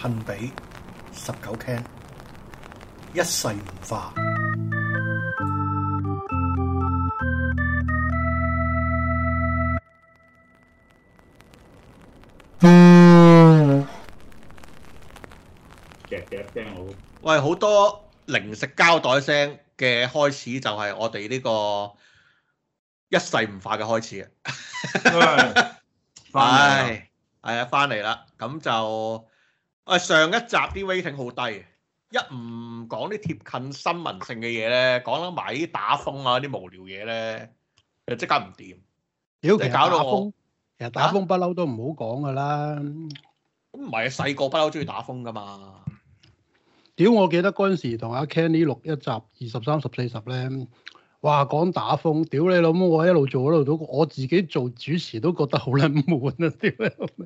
幸比十九 Ken，一世唔化。嗒嗒聲。好，喂，好多零食膠袋聲嘅開始，就係我哋呢個一世唔化嘅開始嘅。係、 哎，係啊，翻嚟啦，咁就。啊上一集啲 rating 好低，一唔講啲貼近新聞性嘅嘢咧，講得埋啲打風啊啲無聊嘢咧，就即刻唔掂。屌，其搞到風其實打風，實打風不嬲都唔好講㗎啦。咁唔係啊，細個不嬲中意打風㗎嘛。屌，我記得嗰陣時同阿 Kenny 錄一集二十三十四十咧，話講打風。屌你老母，我一路做一路都我自己做主持都覺得好撚悶啊！屌。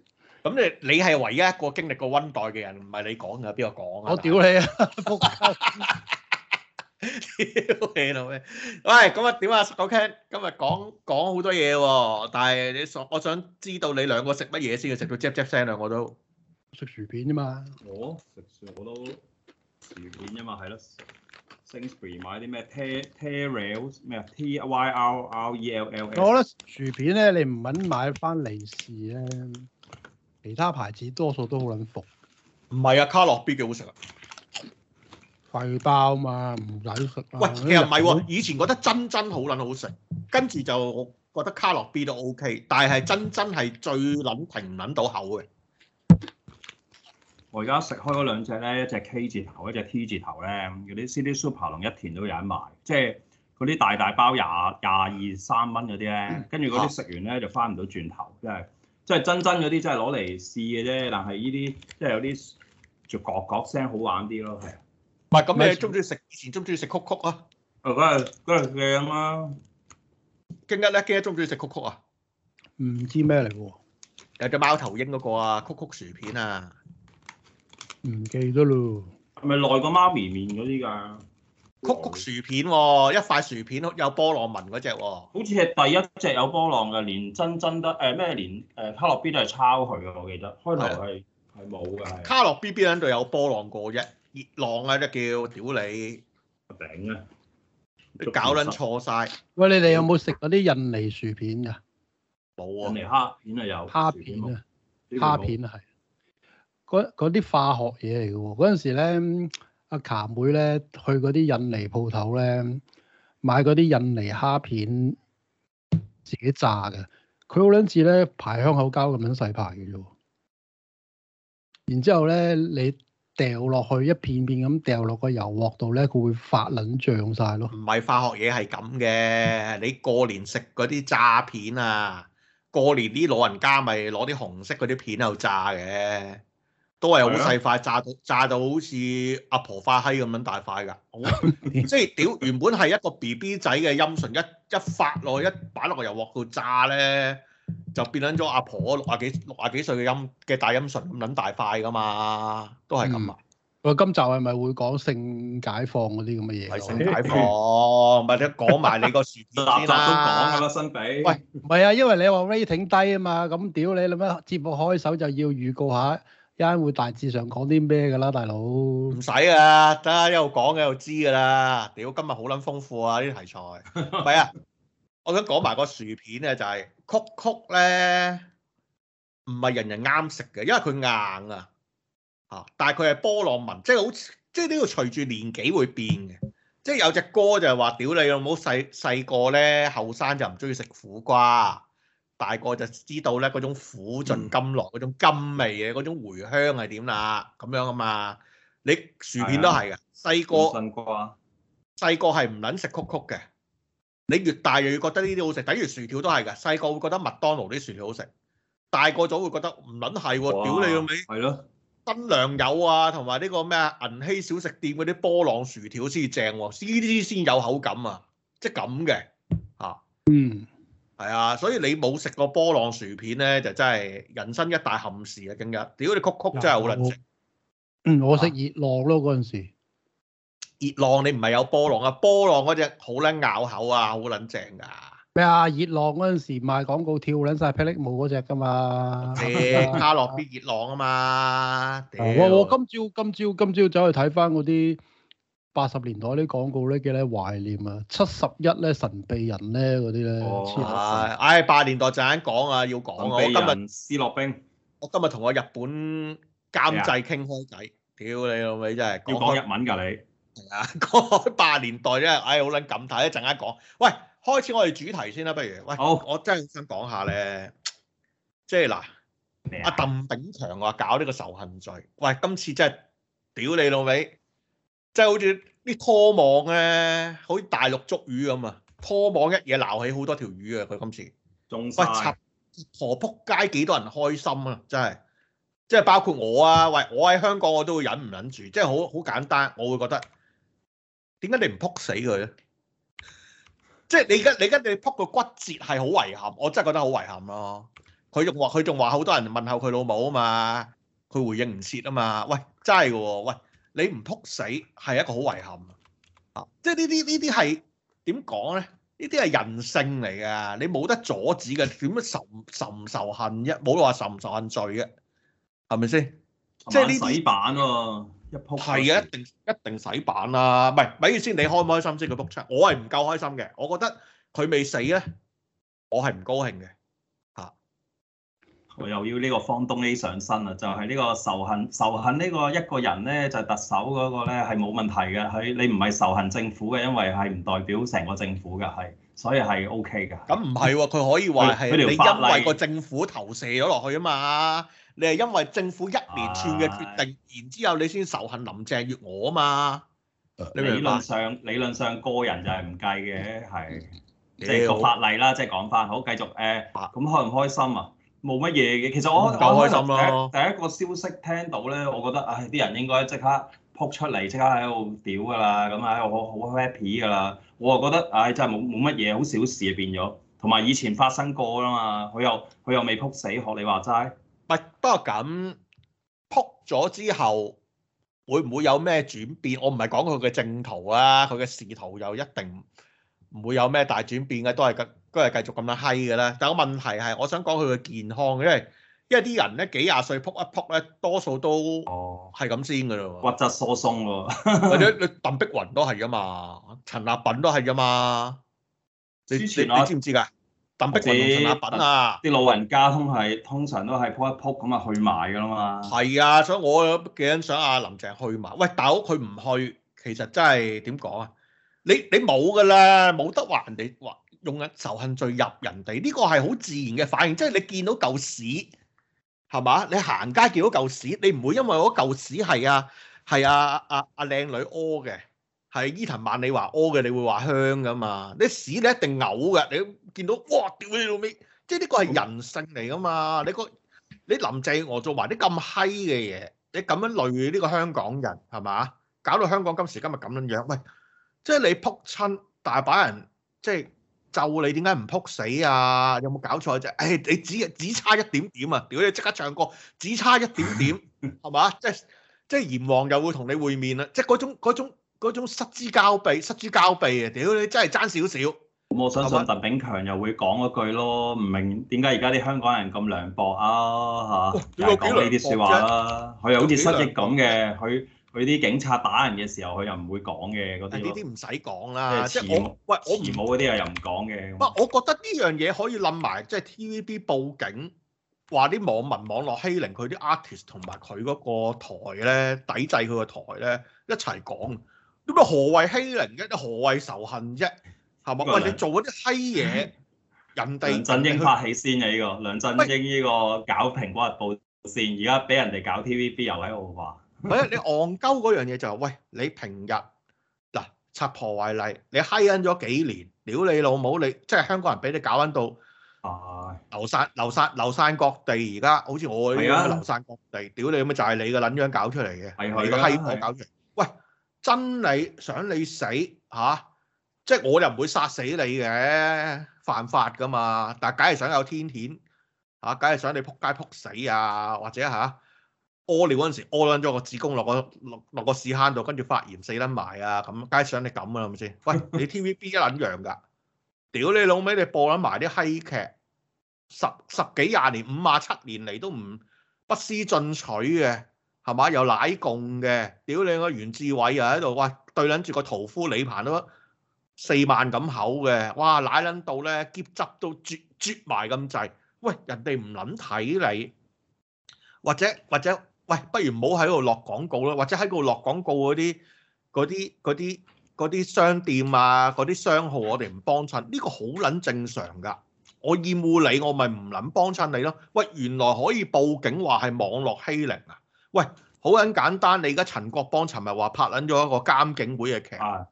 咁你你係唯一一個經歷過温代嘅人，唔係你講嘅，邊個講啊？我屌你啊！屌你老味！喂，咁啊點啊？十九 Ken 今日講講好多嘢喎，但係你想我想知道你兩個食乜嘢先至食到 zap zap 聲？兩個都食薯片啫嘛？我食薯我都薯片啫嘛，係咯。Sainsbury 買啲咩 T T R L 咩 T Y R L E L L？我覺得薯片咧，你唔肯買翻嚟試咧。其他牌子多數都好撚服，唔係啊！卡樂 B 幾好食啊，細包嘛，唔撚食啊。喂，其實唔係喎，都以前覺得珍珍好撚好食，跟住就我覺得卡樂 B 都 OK，但係珍珍係最撚停撚到口嘅。嗯、我而家食開嗰兩隻咧，一隻 K 字頭，一隻 T 字頭咧，嗰啲 City Super 同一田都有得賣，即係嗰啲大大包廿廿二,二三蚊嗰啲咧，跟住嗰啲食完咧就翻唔到轉頭，即係、嗯。嗯即係真真嗰啲，即係攞嚟試嘅啫。但係呢啲即係有啲就咯咯聲好玩啲咯，係啊。唔係咁，你中唔中意食？以前中唔中意食曲曲啊？誒，嗰日嗰日正啊！京一咧，京一中唔中意食曲曲啊？唔知咩嚟喎？有隻貓頭鷹嗰個啊，曲曲薯片啊，唔記得咯。係咪耐過媽咪麵嗰啲㗎？曲曲薯片喎，一塊薯片有波浪紋嗰隻喎。好似係第一隻有波浪嘅，連真真得誒咩連誒卡洛 B 都係抄佢嘅，我記得。開頭係係冇嘅。卡洛 B 邊喺度有波浪過啫，熱浪啊，都叫屌你。頂啊！搞撚錯晒！喂，你哋有冇食嗰啲印尼薯片㗎？冇啊。印尼蝦片啊有。蝦片啊，蝦片係。嗰啲化學嘢嚟嘅喎，嗰陣時咧。阿卡妹咧去嗰啲印尼鋪頭咧買嗰啲印尼蝦片，自己炸嘅。佢好撚似咧排香口膠咁樣細排嘅啫。然之後咧，你掉落去一片片咁掉落個油鑊度咧，佢會發撚脹晒咯。唔係化學嘢係咁嘅。你過年食嗰啲炸片啊，過年啲老人家咪攞啲紅色嗰啲片喺度炸嘅。都係好細塊，炸到炸到好似阿婆，婆化閪咁樣大塊㗎， 即係屌原本係一個 B B 仔嘅陰唇，一一發落一擺落個油鑊度炸咧，就變緊咗阿婆六廿幾六廿幾歲嘅陰嘅大陰唇咁樣大塊㗎嘛，都係咁啊、嗯！喂，今集係咪會講性解放嗰啲咁嘅嘢？性解放，唔係 你講埋你個樹枝都講咁啊，幸比。喂，唔係啊，因為你話 rating 低啊嘛，咁屌你啦咩？節目開首就要預告下。一陣會大致上講啲咩㗎啦，大佬？唔使啊，得一路講嘅，一路知㗎啦。屌，今日好撚豐富啊！呢啲題材。唔係啊，我想講埋個薯片咧、就係，就係曲曲咧，唔係人人啱食嘅，因為佢硬啊。嚇、啊！但係佢係波浪紋，即係好，即係都要隨住年紀會變嘅。即係有隻歌就係話：屌你老母，細細個咧，後生就唔中意食苦瓜。大個就知道咧，嗰種苦盡甘來，嗰種甘味嘅嗰種回香係點啦？咁樣啊嘛，你薯片都係嘅。細個細個係唔撚食曲曲嘅，你越大又要覺得呢啲好食。等於薯條都係嘅，細個會覺得麥當勞啲薯條好食，大個咗會覺得唔撚係喎，屌你個味。係咯，新良友啊，同埋呢個咩銀禧小食店嗰啲波浪薯條先正，呢啲先有口感啊，即係咁嘅嚇。嗯。係 啊，所以你冇食過波浪薯片咧，就真係人生一大憾事啊！今日，屌你曲曲真係好撚正。嗯，我食熱浪咯嗰陣時。熱浪你唔係有波浪啊？波浪嗰隻好撚咬口啊，好撚正噶。咩啊？熱浪嗰陣時賣廣告跳撚晒霹靂舞嗰隻噶嘛？正，卡樂 B 熱浪啊嘛。我我今朝今朝今朝走去睇翻嗰啲。八十年代啲廣告咧，叫咧懷念啊！七十一咧，神秘人咧，嗰啲咧唉，八、哦哎、年代陣間講啊，要講、啊、兵我今日思樂冰，我今日同我日本監製傾開偈。屌的你老味，真係要講日文㗎、啊、聊你？八、嗯那個、年代啫！唉、哎，好撚感慨，一陣間講。喂，開始我哋主題先啦，不如喂，我真係想講下咧，即係嗱，阿鄧炳強話搞呢個仇恨罪，喂，今次好真係屌你老味。即係好似啲拖網咧、啊，好似大陸捉魚咁啊！拖網一嘢撈起好多條魚啊！佢今次仲了喂，何仆街幾多人開心啊！真係，即係包括我啊！喂，我喺香港我都會忍唔忍住，即係好好簡單，我會覺得點解你唔仆死佢咧？即係你而家你而家你仆個骨折係好遺憾，我真係覺得好遺憾咯、啊。佢仲話佢仲話好多人問候佢老母啊嘛，佢回應唔切啊嘛，喂真係噶喎，喂！你唔撲死係一個好遺憾啊！即係呢啲呢啲係點講咧？呢啲係人性嚟㗎，你冇得阻止嘅。點樣受唔受，受恨一冇話唔受恨嘅罪嘅，係咪先？即係啲洗版喎，係啊的，一定一定洗版啦。唔係，比如先你開唔開心先佢撲出，我係唔夠開心嘅。我覺得佢未死咧，我係唔高興嘅。我又要呢個方東熙上身啊！就係呢個仇恨仇恨呢個一個人咧，就係特首嗰個咧，係冇問題嘅。佢，你唔係仇恨政府嘅，因為係唔代表成個政府嘅係，所以係 OK 嘅。咁唔係喎，佢可以話係你因為個政府投射咗落去啊嘛。你係因為政府一連串嘅決定，然之後你先仇恨林鄭月娥啊嘛。理論上理論上個人就係唔計嘅，係即係個法例啦，即係講返好繼續誒。咁開唔開心啊？冇乜嘢嘅，其實我夠開心咯。第一個消息聽到咧，嗯、我覺得唉啲、哎、人應該即刻撲出嚟，即刻喺度屌㗎啦，咁啊喺度好 happy 㗎啦。我啊覺得唉、哎、真係冇冇乜嘢，好小事變咗，同埋以前發生過啦嘛，佢又佢又未仆死，學你話齋。不過咁仆咗之後，會唔會有咩轉變？我唔係講佢嘅正途啊，佢嘅仕途又一定。唔會有咩大轉變嘅，都係都係繼續咁樣嗨嘅啦。但個問題係，我想講佢嘅健康，因為因為啲人咧幾廿歲撲一撲咧，多數都係咁先噶咯。骨質疏鬆喎，或者鄧碧雲都係噶嘛，陳立品都係噶嘛。之前你，你，你知唔知噶？鄧碧雲、陳立品啊，啲老人家通係通常都係撲一撲咁啊去埋噶啦嘛。係啊，所以我幾欣賞阿林鄭去埋。喂，大佬佢唔去，其實真係點講啊？你你冇噶啦，冇得話人哋話用啊仇恨罪入人哋，呢個係好自然嘅反應。即係你見到嚿屎係嘛？你行街見到嚿屎，你唔會因為嗰嚿屎係啊係啊啊啊靚女屙嘅，係伊藤萬里華屙嘅，你會話香噶嘛？你屎你一定嘔嘅，你見到哇屌你老味，即係呢個係人性嚟噶嘛？你個你林鄭娥做埋啲咁閪嘅嘢，你咁樣累呢個香港人係嘛？搞到香港今時今日咁樣樣，喂。即係你撲親大把人，即係就你點解唔撲死啊？有冇搞錯啫？誒、哎，你只只差一點點啊！屌你即刻唱歌，只差一點點係嘛？ 即係即係，閻王又會同你會面啦！即係嗰種嗰種失之交臂，失之交臂啊！屌你真係爭少少。我相信鄧炳強又會講一句咯，唔明點解而家啲香港人咁涼薄啊？嚇、啊，點解講你啲説話啦，佢又好似失憶咁嘅，佢。佢啲警察打人嘅時候，佢又唔會講嘅，嗰啲呢啲唔使講啦。即係我武，喂，詞武嗰啲又又唔講嘅。唔，我覺得呢樣嘢可以冧埋，即係 TVB 報警，話啲網民網絡欺凌佢啲 artist，同埋佢嗰個台咧，抵制佢個台咧，一齊講。咁啊，何謂欺凌啫？何謂仇恨啫？係嘛？喂，你做嗰啲閪嘢，嗯、人哋梁振英拍起先嘅呢個，梁振英呢喂個搞蘋果日報先，而家俾人哋搞 TVB 又喺度話。唔係、 嗯，你戇鳩嗰樣嘢就係、是，喂，你平日嗱柒婆為例，你嗨恩咗幾年，屌你老母，你即係香港人俾你搞到流散流散流散各，各地，而家好似我咁樣流散各地，屌你咁啊，就係你嘅撚樣搞出嚟嘅，啊、你個嗨我搞出嚟。啊啊、喂，真理想你死嚇、啊，即係我又唔會殺死你嘅，犯法㗎嘛。但係梗係想有天譴嚇，梗、啊、係想你撲街撲死啊，或者嚇。啊屙尿嗰陣時，屙撚咗個子宮落個落落個屎坑度，跟住發炎死撚埋啊！咁街上你咁啊，係咪先？喂，你 TVB 一撚樣噶，屌你老味！你播撚埋啲閪劇，十十幾廿年五啊七年嚟都唔不，不思進取嘅，係嘛？又奶共嘅，屌你個袁志偉又喺度喂對撚住個屠夫李鵬都四萬咁口嘅，哇！奶撚到咧，結集到絕絕埋咁滯，喂！人哋唔撚睇你，或者或者。喂，不如唔好喺度落廣告啦，或者喺度落廣告嗰啲啲啲啲商店啊，嗰啲商號我、這個，我哋唔幫襯，呢個好撚正常噶。我厭惡你，我咪唔撚幫襯你咯。喂，原來可以報警話係網絡欺凌啊？喂，好撚簡單，你而家陳國邦尋日話拍撚咗一個監警會嘅劇，的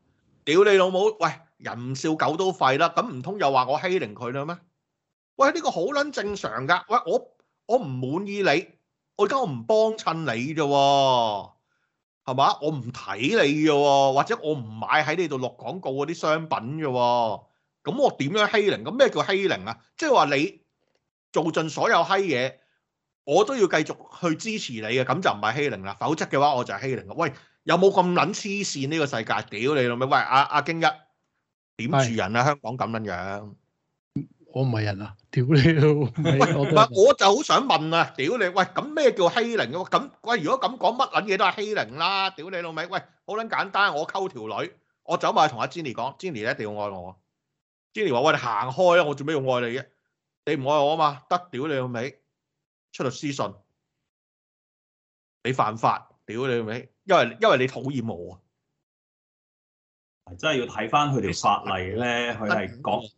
屌你老母！喂，人笑狗都廢啦，咁唔通又話我欺凌佢啦咩？喂，呢、這個好撚正常噶。喂，我我唔滿意你。我而家我唔幫襯你嘅喎，係嘛？我唔睇你嘅喎，或者我唔買喺你度落廣告嗰啲商品嘅喎。咁我點樣欺凌？咁咩叫欺凌啊？即係話你做盡所有欺嘢，我都要繼續去支持你嘅，咁就唔係欺凌啦。否則嘅話，我就係欺凌啦。喂，有冇咁撚黐線呢個世界？屌你老味！喂，阿阿京一點住人啊！香港咁樣樣。我唔係人啊！屌你！喂，唔係我就好想問啊！屌你！喂，咁咩叫欺凌啊？咁喂，如果咁講，乜撚嘢都係欺凌啦！屌你老味！喂，好撚簡單，我溝條女，我走埋同阿 Jenny 講，Jenny 一定要愛我。Jenny 話：喂，你行開啦！我做咩要愛你嘅？你唔愛我啊嘛？得，屌你老味！出到私信，你犯法！屌你老味！因為因為你討厭我啊！真係要睇返佢條法例咧，佢係講。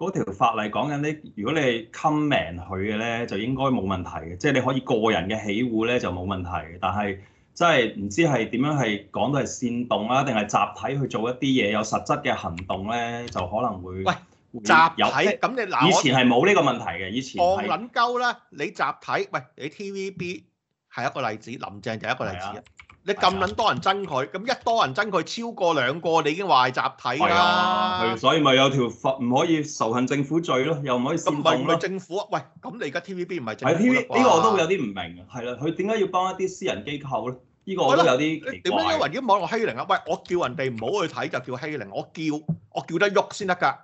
嗰條法例講緊啲，如果你係 condemn 佢嘅咧，就應該冇問題嘅。即係你可以個人嘅起戶咧就冇問題，但係真係唔知係點樣係講到係煽動啊，定係集體去做一啲嘢有實質嘅行動咧，就可能會喂集體咁有你嗱，以前係冇呢個問題嘅，以前戇撚鳩啦，你集體喂你 TVB 係一個例子，林鄭就一個例子。你咁撚多人憎佢，咁一多人憎佢超過兩個，你已經壞集體啦。係啊，所以咪有條法唔可以仇恨政府罪咯，又唔可以煽動咯。政府啊，喂，咁你而家 TVB 唔係政府啊？TVB 呢個我都會有啲唔明啊，係啦，佢點解要幫一啲私人機構咧？呢個我都有啲點解話叫網絡欺凌啊？喂，我叫人哋唔好去睇就叫欺凌，我叫我叫得喐先得㗎。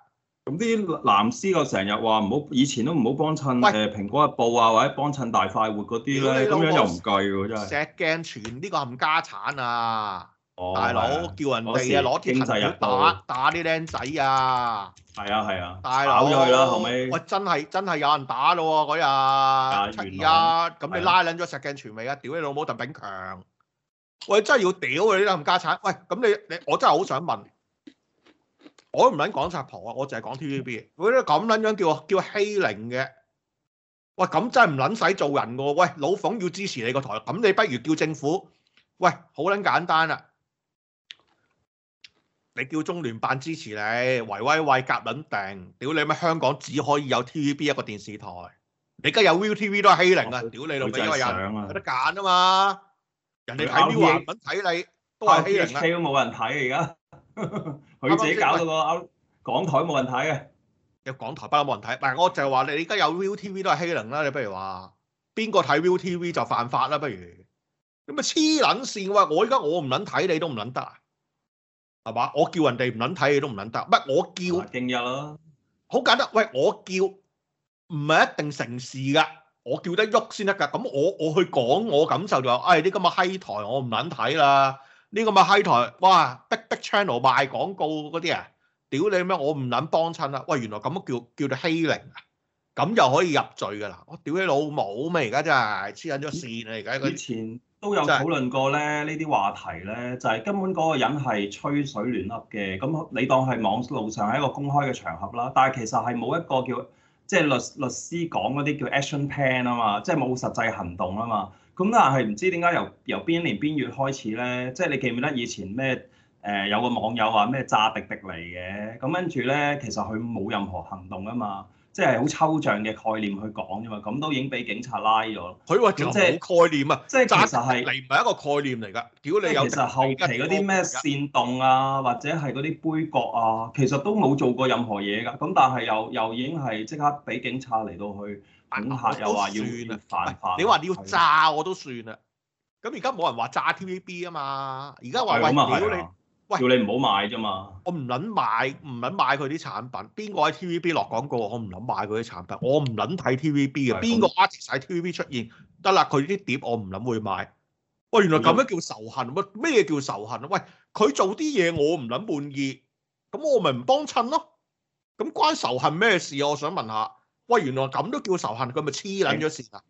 咁啲藍絲個成日話唔好，以前都唔好幫襯誒蘋果日報啊，或者幫襯大快活嗰啲咧，咁樣又唔計噶，真係。石鏡泉呢個冚家產啊！大佬叫人哋啊攞啲打打啲僆仔啊！係啊係啊！大佬，去喇，後尾。我真係真係有人打咯喎！嗰日七月一，咁你拉捻咗石鏡泉未啊？屌你老母鄧炳強！我真係要屌你啲冚家產！喂，咁你你我真係好想問。我唔撚講柒婆啊，我淨係講 TVB。嗰啲咁撚樣叫啊叫欺凌嘅，喂咁真係唔撚使做人噶喎！喂，老馮要支持你個台，咁你不如叫政府，喂好撚簡單啦！你叫中聯辦支持你，維威威夾撚定，屌你咩香港只可以有 TVB 一個電視台。你而家有 ViuTV 都係欺凌啊！屌你老味，有有得揀啊嘛！人哋睇 ViuTV 睇你都係欺凌啊！冇人睇啊而家。佢 自己搞到個是港台冇人睇嘅，有港台不過冇人睇，但係我就係話你而家有 Viu TV 都係欺凌啦。你不如話邊個睇 Viu TV 就犯法啦？不如咁咪黐捻線。喂，我而家我唔捻睇你都唔捻得啊？係嘛？我叫人哋唔捻睇你都唔捻得，唔我叫。定有咯，好簡單。喂，我叫唔係一定成事噶，我叫得喐先得噶。咁我我去講我感受就話、是：，哎，你咁嘅閪台我唔捻睇啦。呢個咪欺台哇！Big Big Channel 賣廣告嗰啲啊，屌你咩？我唔撚幫襯啦，啊。喂，原來咁樣叫叫做欺凌啊，咁就可以入罪噶啦？我屌你老母咩？而家真係黐緊咗線啊！而家嗰以前都有討論過咧，呢啲、就是、話題咧，就係、是、根本嗰個人係吹水亂噏嘅。咁你當係網路上係一個公開嘅場合啦，但係其實係冇一個叫即係、就是、律律師講嗰啲叫 action plan 啊嘛，即係冇實際行動啊嘛。咁但係唔知點解由邊一年邊月開始呢？即係你記唔記得以前咩？呃，有個網友話咩炸滴滴嚟嘅，咁跟住呢其實佢冇任何行動啊嘛。即係好抽象嘅概念去講啫嘛，咁都已經俾警察拉咗。佢話即係概念啊，即係其實係嚟唔係一個概念嚟㗎。屌你其實後期嗰啲咩煽動啊，嗯、或者係嗰啲杯葛啊，其實都冇做過任何嘢㗎。咁但係又又已經係即刻俾警察嚟到去揾客，又話要犯法。你話你要炸我都算啦。咁而家冇人話炸 TVB 啊嘛，而家話為屌你。嗯喂，叫你唔好買啫嘛，我唔捻買，唔捻買佢啲產品。邊個喺 TVB 落廣告？我唔捻買佢啲產品，我唔捻睇 TVB 嘅。邊個 artist 喺 TVB 出現？得啦的，佢啲碟我唔捻會買。喂，原來咁樣叫仇恨？乜咩叫仇恨啊？喂，佢做啲嘢我唔捻滿意，咁我咪唔幫襯咯、啊。咁關仇恨咩事啊？我想問下。喂，原來咁都叫仇恨？佢咪黐撚咗線啊！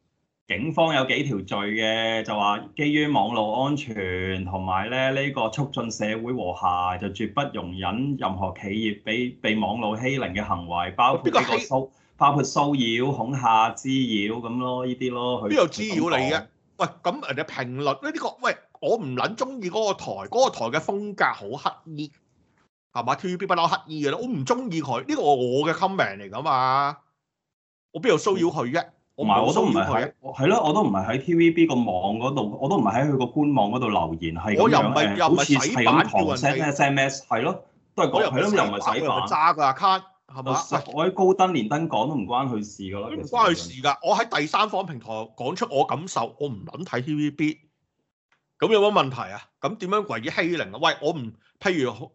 警方有幾條罪嘅，就話基於網絡安全同埋咧呢個促進社會和諧，就絕不容忍任何企業俾被網絡欺凌嘅行為，包括呢個騷，包括騷擾、恐嚇、滋擾咁咯，呢啲咯。邊有滋擾你嘅？喂，咁人哋評論呢啲個，喂，我唔撚中意嗰個台，嗰個台嘅風格好刻意，係嘛？TVB 不嬲刻意嘅啦，我唔中意佢，呢個我我嘅 comment 嚟噶嘛，我邊有騷擾佢啫？同埋我都唔係喺，係咯我都唔係喺 TVB 個網嗰度，我都唔係喺佢個官網嗰度留言，係我又唔似係咁糖睇咩 send 咩，係咯，都係講係咯，又唔係洗版實。我揸個 account 係嘛？我喺高登連登講都唔關佢事噶咯。唔關佢事㗎，我喺第三方平台講出我感受，我唔撚睇 TVB。咁有乜問題啊？咁點樣為之欺凌啊？喂，我唔，譬如好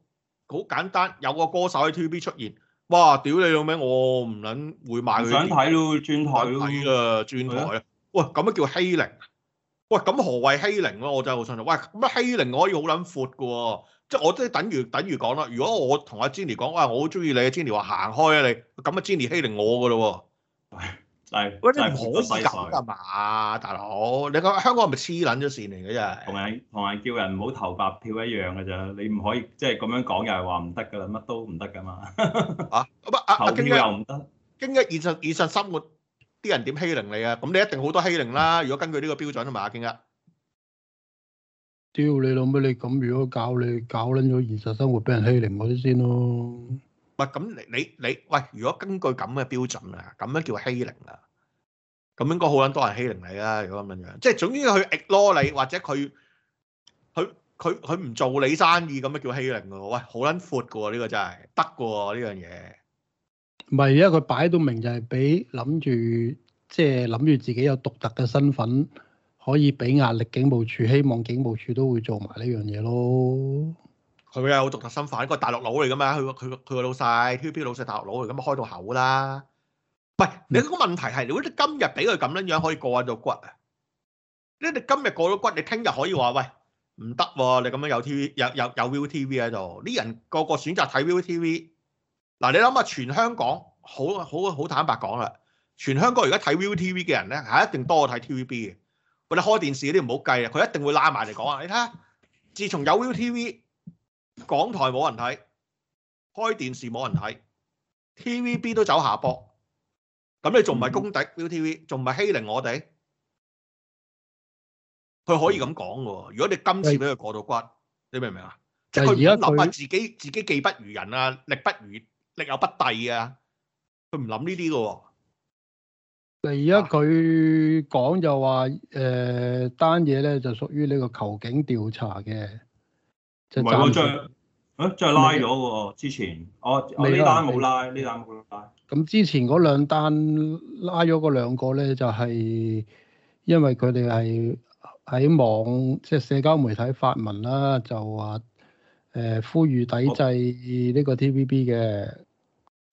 簡單，有個歌手喺 TVB 出現。哇！屌你老味，我唔撚會買佢。想睇咯，轉台咯，轉台啊！的喂，咁乜叫欺凌？喂，咁何謂欺凌咧？我真係好想問。喂，乜欺凌我可以好撚闊嘅喎？即係我即係等於等於講啦。如果我同阿 Jenny 講：「喂，我好中意你」，Jenny 話行開啊你，咁啊 Jenny 欺凌我㗎咯喎。 喂，你唔好搞啊嘛，大佬！你講香港係咪黐撚咗線嚟嘅真係？同埋同埋叫人唔好投白票一樣嘅咋，你唔可以即係咁樣講又係話唔得㗎啦，乜都唔得噶嘛嚇！唔啊，阿阿京又唔得，京一現實現實生活啲人點欺凌你啊？咁你一定好多欺凌啦！如果根據呢個標準吖嘛，京一屌你老母！你咁如果搞你搞撚咗現實生活俾人欺凌嗰啲先咯～喂，咁你你你，喂，如果根據咁嘅標準啊，咁樣叫欺凌啊，咁應該好撚多人欺凌你啦，啊，如果咁樣，即係總之佢蝕多你，或者佢佢佢佢唔做你生意，咁樣叫欺凌喎。喂，好撚闊嘅喎，啊，呢個真係得嘅喎，呢樣嘢。唔係，啊，而家佢擺到明就係俾諗住，即係諗住自己有獨特嘅身份，可以俾壓力警務處，希望警務處都會做埋呢樣嘢咯。佢又獨特心法，個大陸佬嚟㗎嘛？佢佢佢個老細 TVB 老細大陸佬嚟，咁咪開到口啦？喂，你個問題係，如果你今日俾佢咁樣樣可以過喺度骨，骨啊？你你今日過咗骨，你聽日可以話喂唔得喎？你咁樣有 TV 有有有 ViuTV 喺度，啲人個個選擇睇 ViuTV。嗱，你諗下全香港好好好坦白講啦，全香港而家睇 ViuTV 嘅人咧係一定多過睇 TVB 嘅。喂，你開電視嗰啲唔好計啦，佢一定會拉埋嚟講啊！你睇下，自從有 ViuTV。港台冇人睇，開電視冇人睇，TVB 都走下坡，咁你仲唔係公敵？ViuTV 仲唔係欺凌我哋？佢可以咁講噶，如果你今次俾佢過到骨，是 你明唔明啊？在即係佢唔諗下自己自己技不如人啊，力不如力有不逮啊，佢唔諗呢啲噶。而家佢講就話，誒單嘢咧就屬於呢個求警調查嘅。就係嗰誒、即係拉咗喎。麼之前，我、哦、呢麼、哦、單冇拉，呢麼單冇拉。咁、嗯嗯、之前嗰兩單拉咗嗰兩個咧，就係因為佢哋係喺網，即係社交媒體發文啦，就話誒呼籲抵制呢個 TVB 嘅。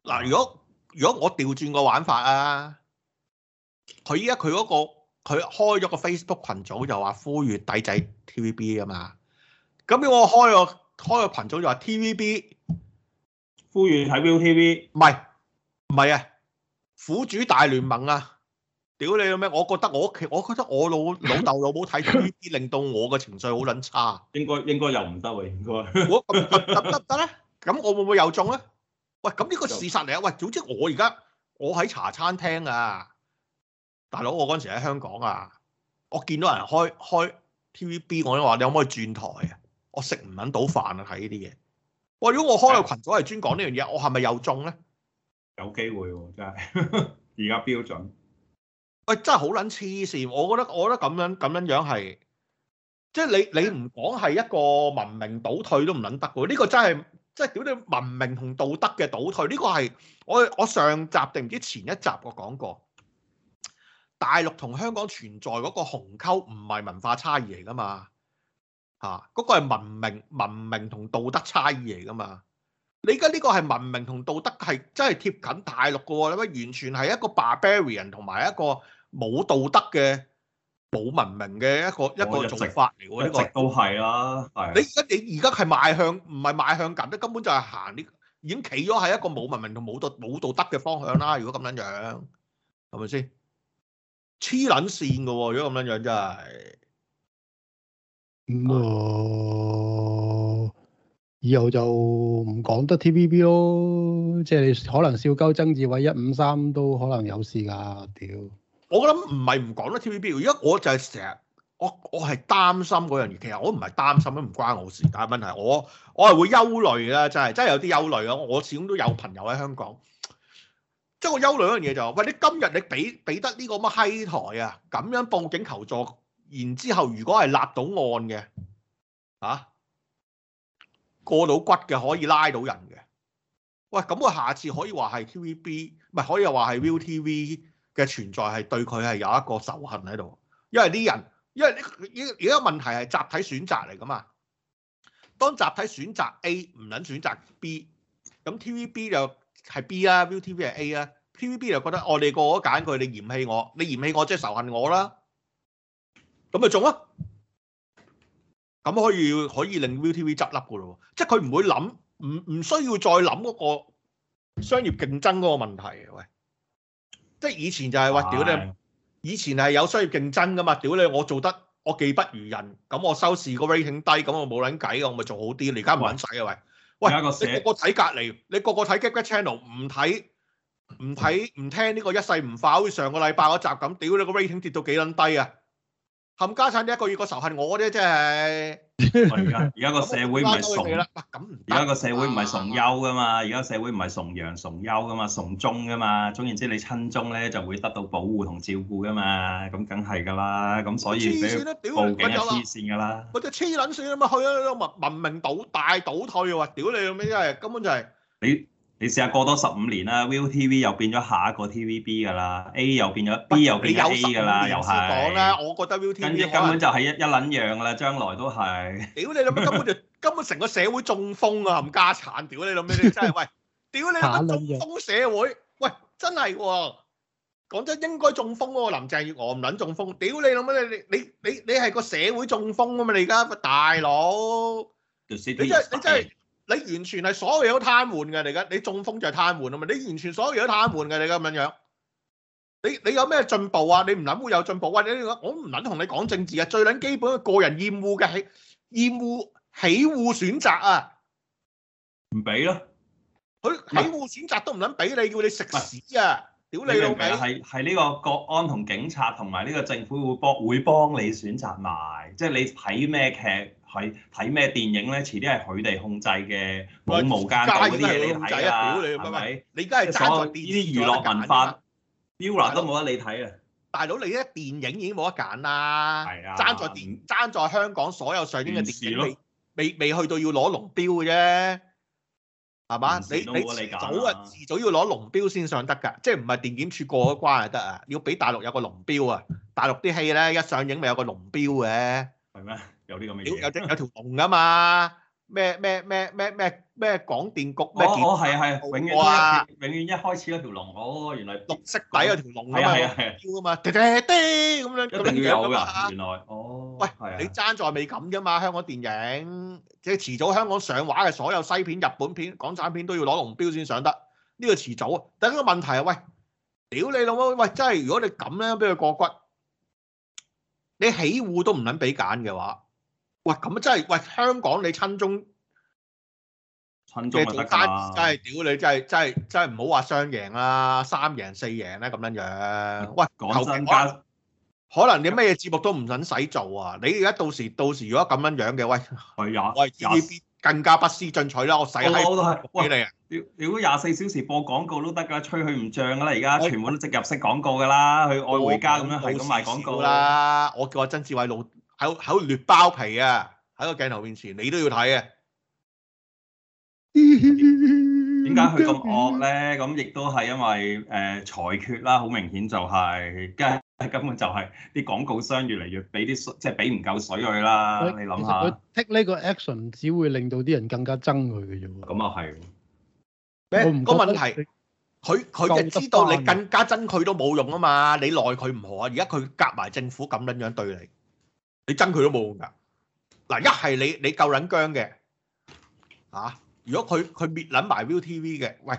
嗱、嗯，如果如果我調轉個玩法啊，佢依家佢嗰個佢開咗個 Facebook 群組，就話呼籲抵制 TVB 啊嘛。咁樣我開個開個羣組就話 TVB 呼籲睇 ViuTV，唔係唔係啊，苦主大聯盟啊！屌你咩？我覺得我屋企，我覺得我老老豆老母睇 TVB，令到我嘅情緒好撚差。應該應該又唔得喎，應該。我咁得得唔得咧，咁我會唔會又中咧？喂，咁呢個事實嚟啊！喂，總之我而家我喺茶餐廳啊，大佬我嗰陣時喺香港啊，我見到人開開 TVB，我都話你可唔可以轉台啊？我食唔撚到飯啊！睇呢啲嘢，喂！如果我開個群組嚟專講呢樣嘢，我係咪又中呢？有機會喎、啊，真係而家標準。喂、欸！真係好撚黐線，我覺得我覺得咁樣咁樣樣係，即係你你唔講係一個文明倒退都唔撚得喎。呢個真係即係屌你文明同道德嘅倒退，呢個係我我上集定唔知前一集我講過，大陸同香港存在嗰個鴻溝唔係文化差異嚟噶嘛？吓，嗰、啊那個係文明、文明同道德差異嚟噶嘛？你而家呢個係文明同道德係真係貼緊大陸噶，你乜完全係一個 barbarian 同埋一個冇道德嘅、冇文明嘅一個一個做法嚟嘅。呢個都係啦，係。你而家你而家係邁向，唔係邁向緊，根本就係行呢，已經企咗喺一個冇文明同冇道冇道德嘅方向啦。如果咁樣樣，係咪先？黐撚線噶，如果咁樣樣真係。咁、嗯、以後就唔講得 TVB 咯，即係你可能笑鳩曾志偉一五三都可能有事㗎屌！我覺得唔係唔講得 TVB，如果我就係成日，我我係擔心嗰樣嘢。其實我唔係擔心，都唔關我事。但係問題我，我我係會憂慮啦，真係真係有啲憂慮啊！我始終都有朋友喺香港，即係我憂慮一樣嘢就係、是：喂，你今日你俾俾得呢個乜嘅閪台啊，咁樣報警求助？然之後，如果係立到案嘅，嚇、啊、過到骨嘅，可以拉到人嘅。喂，咁我下次可以話係 TVB，唔係可以話係 ViuTV 嘅存在係對佢係有一個仇恨喺度。因為啲人，因為呢呢個問題係集體選擇嚟噶嘛。當集體選擇 A 唔撚選擇 B，咁 TVB 就係 B 啦、啊、，ViuTV 係 A 啦、啊、，TVB 就覺得我哋、哦、個個揀佢，你嫌棄我，你嫌棄我即係、就是、仇恨我啦。咁咪中啊？咁可以可以令 ViuTV 執笠噶咯喎，即係佢唔會諗，唔唔需要再諗嗰個商業競爭嗰個問題。喂，即係以前就係話屌你，的以前係有商業競爭噶嘛？屌你，我做得我技不如人，咁我收視個 rating 低，咁我冇撚計，我咪做好啲。你而家唔撚使啊？喂，喂，你個個睇隔離，你個個睇 Gag Channel 唔睇唔睇唔聽呢個一世唔化，好似上個禮拜嗰集咁，屌你個 rating 跌到幾撚低啊？冚家產，你一個月個仇恨我啫，即係。而家而家個社會唔係崇，而家個社會唔係崇優噶嘛，而家社會唔係崇洋崇優噶嘛，崇中噶嘛，總言之你親中咧就會得到保護同照顧噶嘛，咁梗係噶啦，咁所以你報警係黐線噶啦。我真黐撚線啊！咪去啊！文文明倒大倒退啊！話屌你咁樣，真係根本就係你。你試下過多十五年啦，Viu TV 又變咗下一個 TVB 噶啦，A 又變咗，B 又變咗 A 噶啦，又係。你有時講啦，我覺得 Viu TV 根本就係一一撚樣啦，將來都係。屌你諗乜？根本就根本成個社會中風啊，冚家產！屌你諗乜？你真係喂！屌你個中風社會，喂真係喎！講真，應該中風喎，林鄭月娥唔撚中風。屌你諗乜？你你你你係個社會中風啊嘛！你而家個大佬，你真係你真係。你完全係所有嘢都癱瘓嘅嚟噶，你中風就係癱瘓啊嘛！你完全所有嘢都癱瘓嘅你咁樣樣，你你有咩進步啊？你唔撚會有進步啊？你我唔撚同你講政治啊，最撚基本嘅個人厭惡嘅係厭惡喜惡選擇啊，唔俾咯，佢喜惡選擇都唔撚俾你，叫你食屎啊！屌你老味啊！係係呢個國安同警察同埋呢個政府會幫會幫你選擇埋，即係你睇咩劇。睇睇咩電影咧？遲啲係佢哋控制嘅無毛間道啲嘢你睇啊，係咪？你而家梗係揸住啲娛樂文化，標籤都冇得你睇啊！大佬，你依家電影已經冇得揀啦，爭在電爭在香港所有上映嘅電影未未未去到要攞龍標嘅啫，係嘛？你你早啊，遲早要攞龍標先上得㗎，即係唔係電檢處過一關就得啊？要俾大陸有個龍標啊！大陸啲戲咧一上映咪有個龍標嘅，係咩？有啲咁嘅嘢，有隻有條龍啊嘛，咩咩咩咩咩咩廣電局咩？哦哦，係啊係啊，永遠一始，永遠一開始嗰條龍，哦，原來綠色底有條龍啊嘛，標啊嘛，叮叮叮咁樣咁樣樣啊嘛，原來哦，喂，你爭在未咁噶嘛，香港電影即係遲早香港上畫嘅所有西片、日本片、港產片都要攞龍標先上得，呢個遲早啊，但係個問題係喂，屌你老母，喂真係如果你咁咧俾佢過骨，你起戶都唔撚俾揀嘅話。喂，咁真係，喂香港你親中，親中真得係屌你真係，真係真係真係唔好話雙贏啦，三贏四贏啦，咁樣樣。喂，講更加可能你咩嘢節目都唔準使做啊！你而家到時到時如果咁樣樣嘅，喂，我我更加不思進取啦，我使你如果廿四小時播廣告都得噶，吹佢唔漲啦！而家我全部都植入式廣告噶啦，去愛回家咁樣去咁賣廣告啦。我叫阿曾志偉老。喺喺度裂包皮啊！喺個鏡頭面前，你都要睇啊。點解佢咁惡咧？咁亦都係因為誒裁決啦，好明顯就係，梗係根本就係啲廣告商越嚟越俾啲水，即係俾唔夠水佢啦。你諗下，佢 take 呢個 action 只會令到啲人更加憎佢嘅啫。咁啊係。咩？個問題，佢佢就知道你更加憎佢都冇用啊嘛！你奈佢唔何，而家佢夾埋政府咁樣樣對你。你憎佢都冇用噶，嗱一係你你夠捻僵嘅，啊如果佢佢滅諗埋 ViuTV 嘅，喂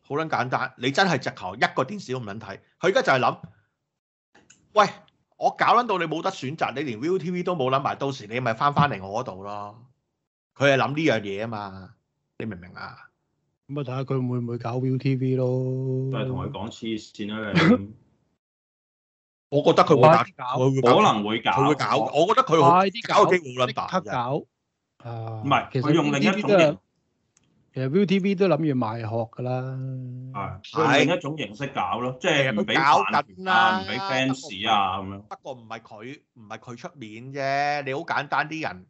好捻簡單，你真係直頭一個電視都唔捻睇，佢而家就係諗，喂我搞捻到你冇得選擇，你連 ViuTV 都冇諗埋，到時你咪翻翻嚟我嗰度咯，佢係諗呢樣嘢啊嘛，你明唔明啊？咁啊睇下佢會唔會搞 ViuTV 咯，都係同佢講黐線啦。我覺得佢會搞，可能會搞。我覺得佢快啲搞嘅機會冇咁大。即刻搞，唔係佢用另一種，其實 ViuTV 都諗住賣殼噶啦，用另一種形式搞咯，即係唔俾網民啊，唔俾 fans 啊咁樣。不過唔係佢，唔係佢出面啫。你好簡單啲人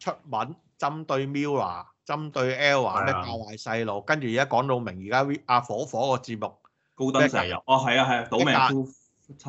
出文，針對 Mirror，針對 Ella，咩教壞細路，跟住而家講到明，而家阿火火個節目高登石油，哦係啊係啊，賭命。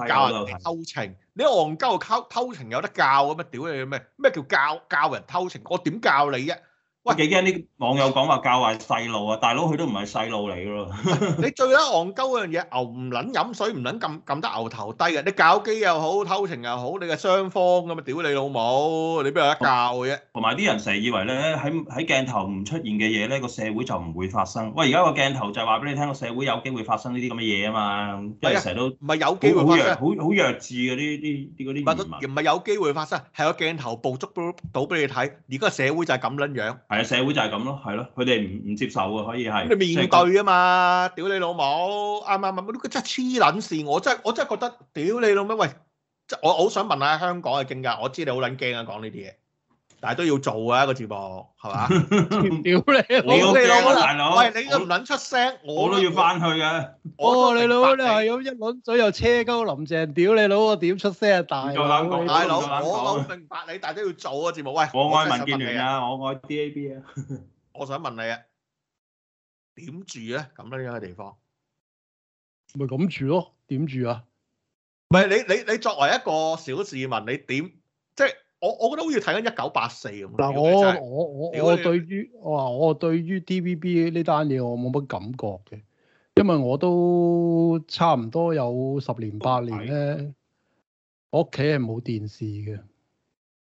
教人偷情？你憨鳩溝偷情有得教咁啊？屌你咩？咩叫教教人偷情？我點教你啫？喂，幾驚啲網友講話教壞細路啊！大佬佢都唔係細路嚟㗎咯。你最撚戇鳩嘅樣嘢，牛唔撚飲水，唔撚撳撳得牛頭低嘅。你搞基又好，偷情又好，你係雙方咁啊！屌你老母，你邊有得教嘅啫？同埋啲人成日以為咧，喺喺鏡頭唔出現嘅嘢咧，個社會就唔會發生。喂，而家個鏡頭就係話俾你聽，個社會有機會發生呢啲咁嘅嘢啊嘛。因為成日都唔係有機會發生，好好弱智嗰啲啲啲嗰啲。唔係唔係有機會發生，係個鏡頭捕捉到到俾你睇，而家個社會就係咁撚樣。社會就係咁咯，係咯，佢哋唔唔接受嘅，可以係。你面對啊嘛，屌你老母，啱啱乜乜都真係黐撚事。我真係我真係覺得屌你老咩喂！即我我好想問，問下香港嘅政界，我知你好撚驚啊，講呢啲嘢。但係都要做啊！一個節目係嘛？屌你老！你老啊！大佬，喂，你都唔撚出聲，我都要翻去啊！哦，你老啊，係咁一輪嘴又車鳩林鄭，屌你老啊！點出聲啊？大大佬，大佬，我好明白你大都要做個節目。喂，我愛民建聯啊，我愛 DAB 啊！我想問你啊，點住咧？咁樣嘅地方，咪咁住咯？點住啊？唔係你你你作為一個小市民，你點即係？我我覺得好似睇緊一九八四咁。嗱，我我我我對於哇，我對於 TVB 呢單嘢我冇乜感覺嘅，因為我都差唔多有十年八年咧，我屋企係冇電視嘅，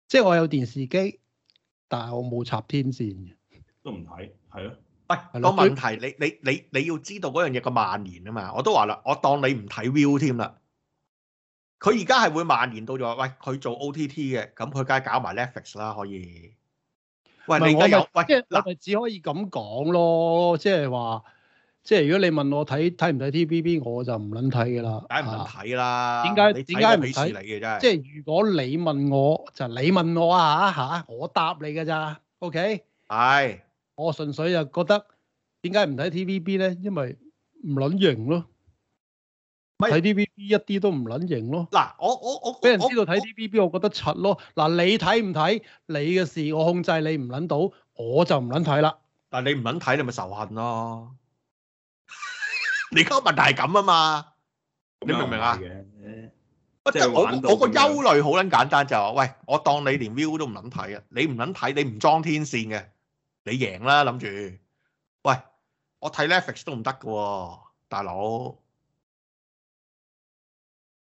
即係我有電視機，但係我冇插天線嘅，都唔睇，係咯。喂、哎，個問題對你你你你要知道嗰樣嘢個蔓延啊嘛，我都話啦，我當你唔睇 View 添啦。佢而家係會蔓延到咗，喂，佢做 OTT 嘅，咁佢梗係搞埋 Netflix 啦，可以。喂，你而家有？喂，嗱，咪只可以咁講咯，即係話，即係如果你問我睇睇唔睇 TVB，我就唔撚睇㗎喇。梗係唔睇啦，點解？點解唔睇？即係如果你問我，就你問我啊嚇嚇，我答你㗎咋，OK？係，我純粹就覺得點解唔睇 TVB 咧？因為唔撚型咯。睇 TVB 一啲都唔撚型咯。嗱，我我我俾人知道睇 TVB，我覺得柒咯。嗱，你睇唔睇，你嘅事，我控制你唔撚到，我就唔撚睇啦。但你唔撚睇，你咪仇恨咯。 你今日問題係咁啊嘛？你明唔明啊？即是我我個憂慮好撚簡單，就係、是、話，喂，我當你連 view 都唔撚睇啊，你唔撚睇，你唔裝天線嘅，你贏啦諗住。喂，我睇 Netflix 都唔得噶，大佬。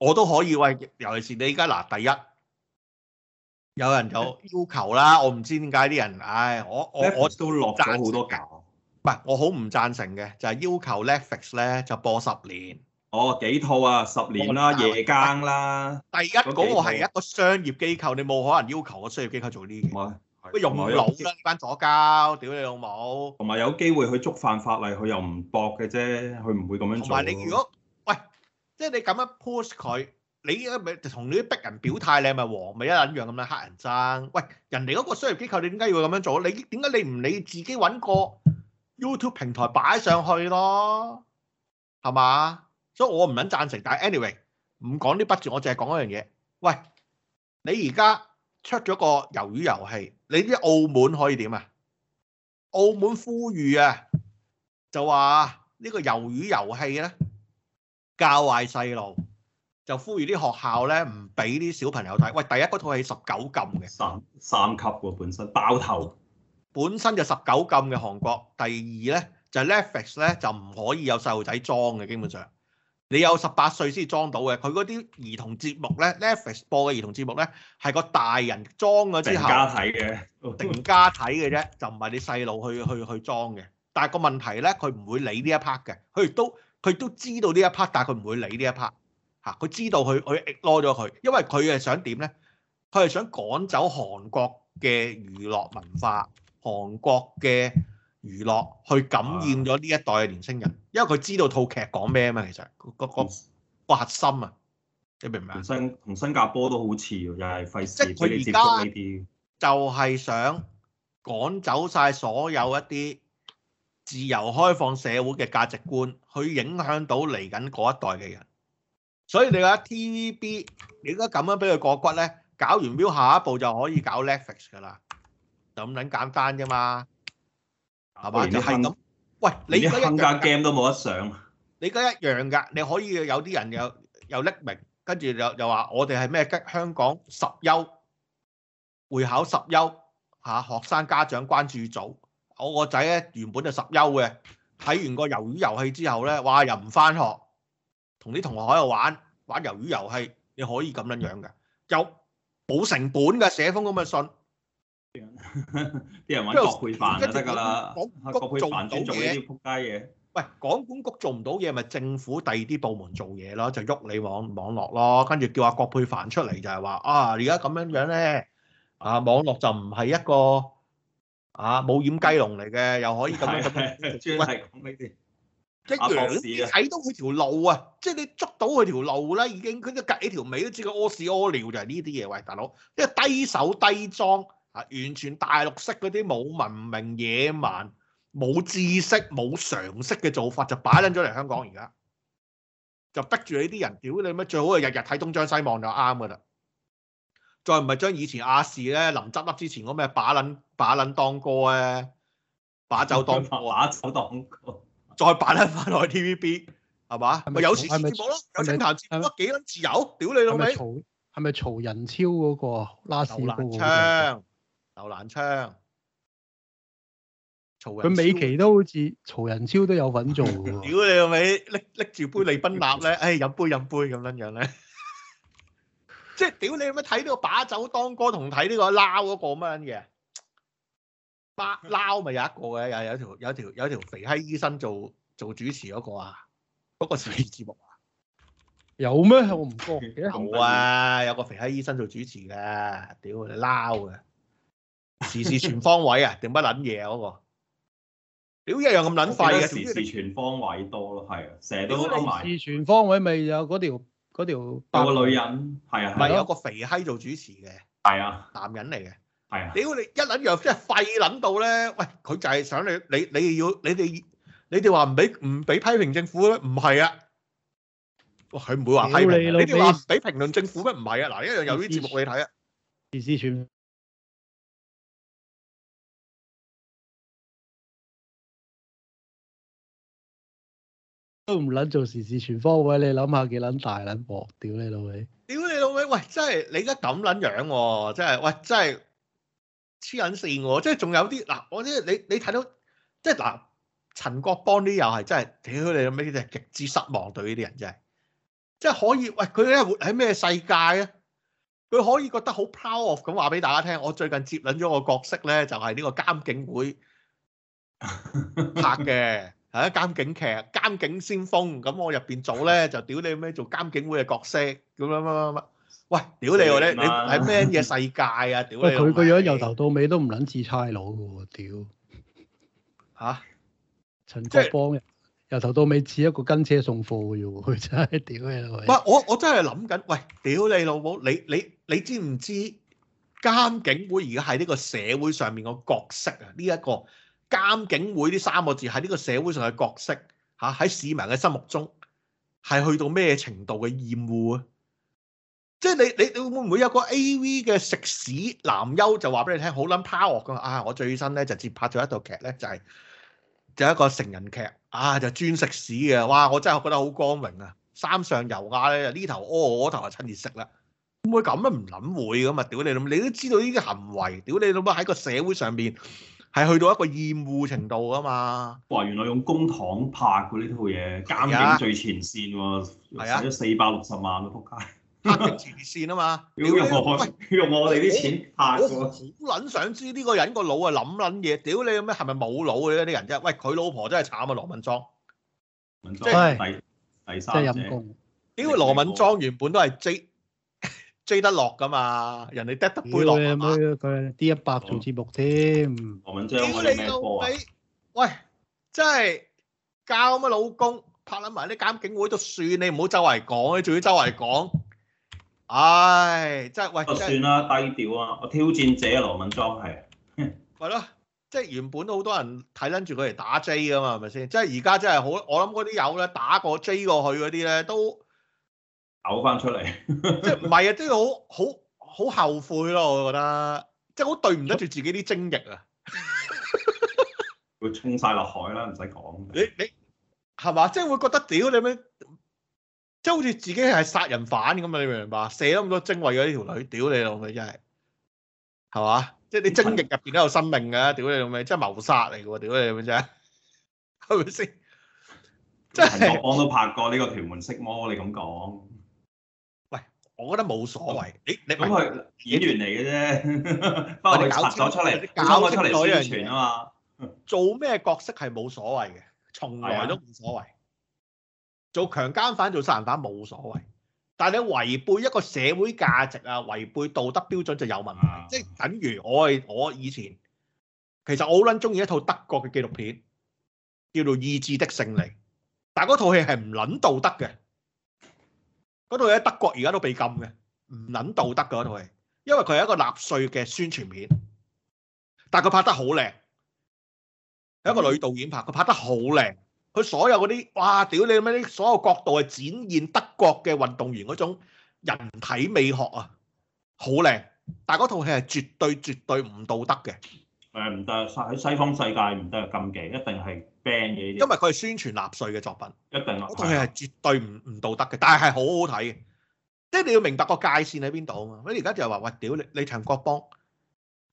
我都可以喂，尤其是你而家嗱，第一有人就要求啦，我唔知點解啲人，唉，我我我都落咗好多架，唔係我好唔贊成嘅，就係要求 Netflix 咧就播十年，哦幾套啊十年啦，夜更啦。第一嗰個係一個商業機構，你冇可能要求個商業機構做啲嘢，乜用腦啦班左膠，屌你老母！同埋有機會佢觸犯法例，佢又唔搏嘅啫，佢唔會咁樣做。同埋你如果即係你咁樣 post 佢，你咪同你啲逼人表態，你係咪王？咪一撚樣咁樣黑人憎？喂，人哋嗰個商業機構，你點解要咁樣做？你點解你唔你自己揾個 YouTube 平台擺上去咯？係嘛？所以我唔肯贊成。但係 anyway，唔講呢筆字，我淨係講一樣嘢。喂，你而家出咗個魷魚遊戲，你啲澳門可以點啊？澳門呼籲啊，就話呢個魷魚遊戲咧。教壞細路，就呼籲啲學校咧唔俾啲小朋友睇。喂，第一嗰套係十九禁嘅，三三級、哦、本身包頭，本身就十九禁嘅韓國。第二咧就是、Netflix 咧就唔可以有細路仔裝嘅，基本上有你有十八歲先裝到嘅。佢嗰啲兒童節目咧，Netflix 播嘅兒童節目咧係個大人裝咗之後，成家睇嘅，定家睇嘅啫，就唔係你細路去去去裝嘅。但係個問題咧，佢唔會理呢一 part 嘅，佢亦都。佢都知道呢一 part，但係佢唔會理呢一 part 嚇。佢知道佢佢 ignore 咗佢，因為佢係想點咧？佢係想趕走韓國嘅娛樂文化、韓國嘅娛樂去感染咗呢一代嘅年輕人，因為佢知道套劇講咩啊嘛。其實個個個核心啊，你明唔明啊？同新同新加坡都好似，又係費事俾你接觸呢啲，就係想趕走晒所有一啲。自由開放社會嘅價值觀，去影響到嚟緊嗰一代嘅人。所以你話 TVB 你應該咁樣俾佢過骨咧，搞完 Viu 下一步就可以搞 Netflix 噶啦，就咁撚簡單啫嘛，係嘛？你係咁？喂，你而家更加 game 都冇得上。你而家一樣㗎，你可以有啲人又又匿名，跟住又又話我哋係咩，香港十優會考十優嚇學生家長關注組。我個仔咧原本就十優嘅，睇完個魷魚遊戲之後咧，哇！又唔翻學，同啲同學喺度玩玩魷魚遊戲，你可以咁樣樣嘅，有保成本嘅，寫封咁嘅信，啲 人揾郭佩凡得噶啦。郭佩凡做嘢，仆街嘢。喂，港管局做唔到嘢，咪政府第二啲部門做嘢咯，就喐你網網絡咯，跟住叫阿郭佩凡出嚟，就係話啊，而家咁樣樣咧，啊網絡就唔係一個。啊，冇掩雞籠嚟嘅，又可以咁樣喂，專係講呢啲，即係， 睇、 啊、到佢條路啊，即、就、係、是、你捉到佢條路啦，已經佢都趷起條尾都出事出事出，都知佢屙屎屙尿就係呢啲嘢喂，大佬，即係低手低裝嚇、啊，完全大陸式嗰啲冇文明野蠻、冇知識、冇常識嘅做法，就擺撚咗嚟香港而家，就逼住你啲人，屌你咩，最好係日日睇東張西望就啱噶啦。再唔係將以前亞視咧臨執笠之前嗰咩把撚把撚當歌咧、啊，把酒當歌，把酒當歌，再把撚翻返落去 TVB 係嘛？咪有時事節目咯，有清談節目，幾撚自由？屌你老味！係咪曹仁超嗰、嗰個拉手蘭昌，劉蘭昌，曹仁超佢 美期都好似曹仁超都有份做喎。屌你老味，拎拎住杯利賓納咧，哎飲杯飲杯咁樣樣咧。即係屌你，乜睇呢個把酒當歌同睇呢個撈嗰個乜嘅？嘢？巴撈咪有一個嘅，有條有條有條有條肥閪醫生做做主持嗰個啊，嗰個時事節目 啊，有咩我唔覺。好啊，有個肥閪醫生做主持嘅，屌你撈嘅時事全方位啊，定乜撚嘢啊嗰個？屌 一樣咁撚廢嘅時事全方位多咯，係啊，成日都都埋。時事全方位咪有嗰條。嗰條個女人，係是啊，咪有、啊、個肥閪做主持嘅，係啊，男人嚟嘅，係啊，屌你，你一撚樣，即係廢撚到咧！喂，佢就係想你，你你要你哋，你哋話唔俾唔俾批評政府咩？唔係啊，佢唔會話批評你哋話唔俾評論政府咩？唔係你啊，嗱，一樣有啲節目你睇啊，電視傳。都唔捻做時事全方位，你諗下幾捻大捻鑊？屌你老味，屌你老味、哦！喂，真係你而家咁捻樣喎，真係、啊啊、喂，真係黐捻線！即係仲有啲嗱，我啲你你睇到即係嗱，陳國邦啲又係真係，屌你老味啲係極之失望對呢啲人真係，即係可以喂佢咧活喺咩世界啊？佢可以覺得好 power Of，咁話俾大家聽，我最近接捻咗個角色咧，就係、是、呢個監警會拍嘅。 喺監警劇《監警先鋒》，咁我入邊做咧就屌你咩做監警會嘅角色咁樣乜乜乜，喂屌你我咧，你喺咩嘢世界啊屌你！喂佢個樣由頭到尾都唔撚似差佬嘅喎，屌嚇！陳國邦由頭到尾似一個跟車送貨嘅啫喎，佢真係屌你老母！喂我我真係諗緊，喂屌你老母！你你你知唔知監警會而家喺呢個社會上面個角色啊？呢一個監警會呢三個字喺呢個社會上嘅角色，嚇，喺市民嘅心目中係去到咩程度嘅厭惡啊？即係你你你會唔會有個 A.V. 嘅食屎男優就話俾你聽，好撚 power 嘅啊！我最新咧就接拍咗一套劇咧，就係、係、就係、一個成人劇啊，就係、專食屎嘅哇！我真係覺得好光榮啊！三上悠亞咧，呢頭屙、哦、我嗰頭就趁熱食啦！會咁乜唔諗會咁啊。屌你老母，你都知道呢啲行為，屌你老母喺個社會上邊？係去到一個厭惡程度啊嘛！哇！原來用公帑拍嗰呢套嘢《監獄最前線》喎，使咗四百六十萬喎，仆街。拍前線啊嘛！屌 用，用我哋啲錢拍，好撚想知呢個人個腦啊諗撚嘢！屌你咁咩？係咪冇腦嘅呢啲人啫？喂，佢老婆真係慘啊！羅敏莊，即係第、哎、第三隻。屌羅敏莊原本都係 J。追得落噶嘛？人哋得得杯落啊嘛！佢 D100 做節目添。屌你老味、啊！喂，真係教咩老公拍撚埋啲監警會都算你，唔好周圍講，仲要周圍講。唉，真係喂，算啦，低調啊！我挑戰者羅文莊係。係咯，即 係原本好多人睇撚住佢嚟打 J 噶嘛，係咪先？即係而家真係好，我諗嗰啲友咧打過 J 過去嗰啲咧都。嘔翻出嚟，即係唔係啊？即係好好好後悔咯，我覺得，即係好對唔得住自己啲精液啊！會沖晒落海啦，唔使講。你你係嘛？即係會覺得屌你咩？即係好似自己係殺人犯咁啊！你明唔明白啊？射咗咁多精為咗呢條女，屌你老味真係，係嘛？即係你精液入邊都有生命噶，屌你老味，即係謀殺嚟噶喎，屌你老味真係，係咪先？即係陳國邦都拍過呢個《屯門色魔》，你咁講。我覺得冇所謂，你你咁佢演員嚟嘅啫，包括佢搞咗出嚟，搞咗出嚟宣傳啊嘛。做咩角色係冇所謂嘅，從來都冇所謂。做強姦犯、做殺人犯冇所謂，但係你違背一個社會價值啊，違背道德標準就有問題。啊、即係等於我係我以前，其實我好捻中意一套德國嘅紀錄片，叫做《意志的勝利》，但係嗰套戲係唔捻道德嘅。嗰套嘢喺德國而家都被禁嘅，唔撚道德㗎嗰套戲，因為佢係一個納粹嘅宣傳片，但係佢拍得好靚，係一個女導演拍，佢拍得好靚，佢所有嗰啲哇，屌你咩啲所有角度係展現德國嘅運動員嗰種人體美學啊，好靚，但係嗰套戲係絕對絕對唔道德嘅。誒唔得，喺西方世界唔得咁嘅，一定係。因為佢係宣傳納粹嘅作品，一定套戲佢係絕對唔唔道德嘅，但係係好好睇嘅。即係你要明白個界線喺邊度啊嘛！你而家就係話：喂，屌你！你陳國邦，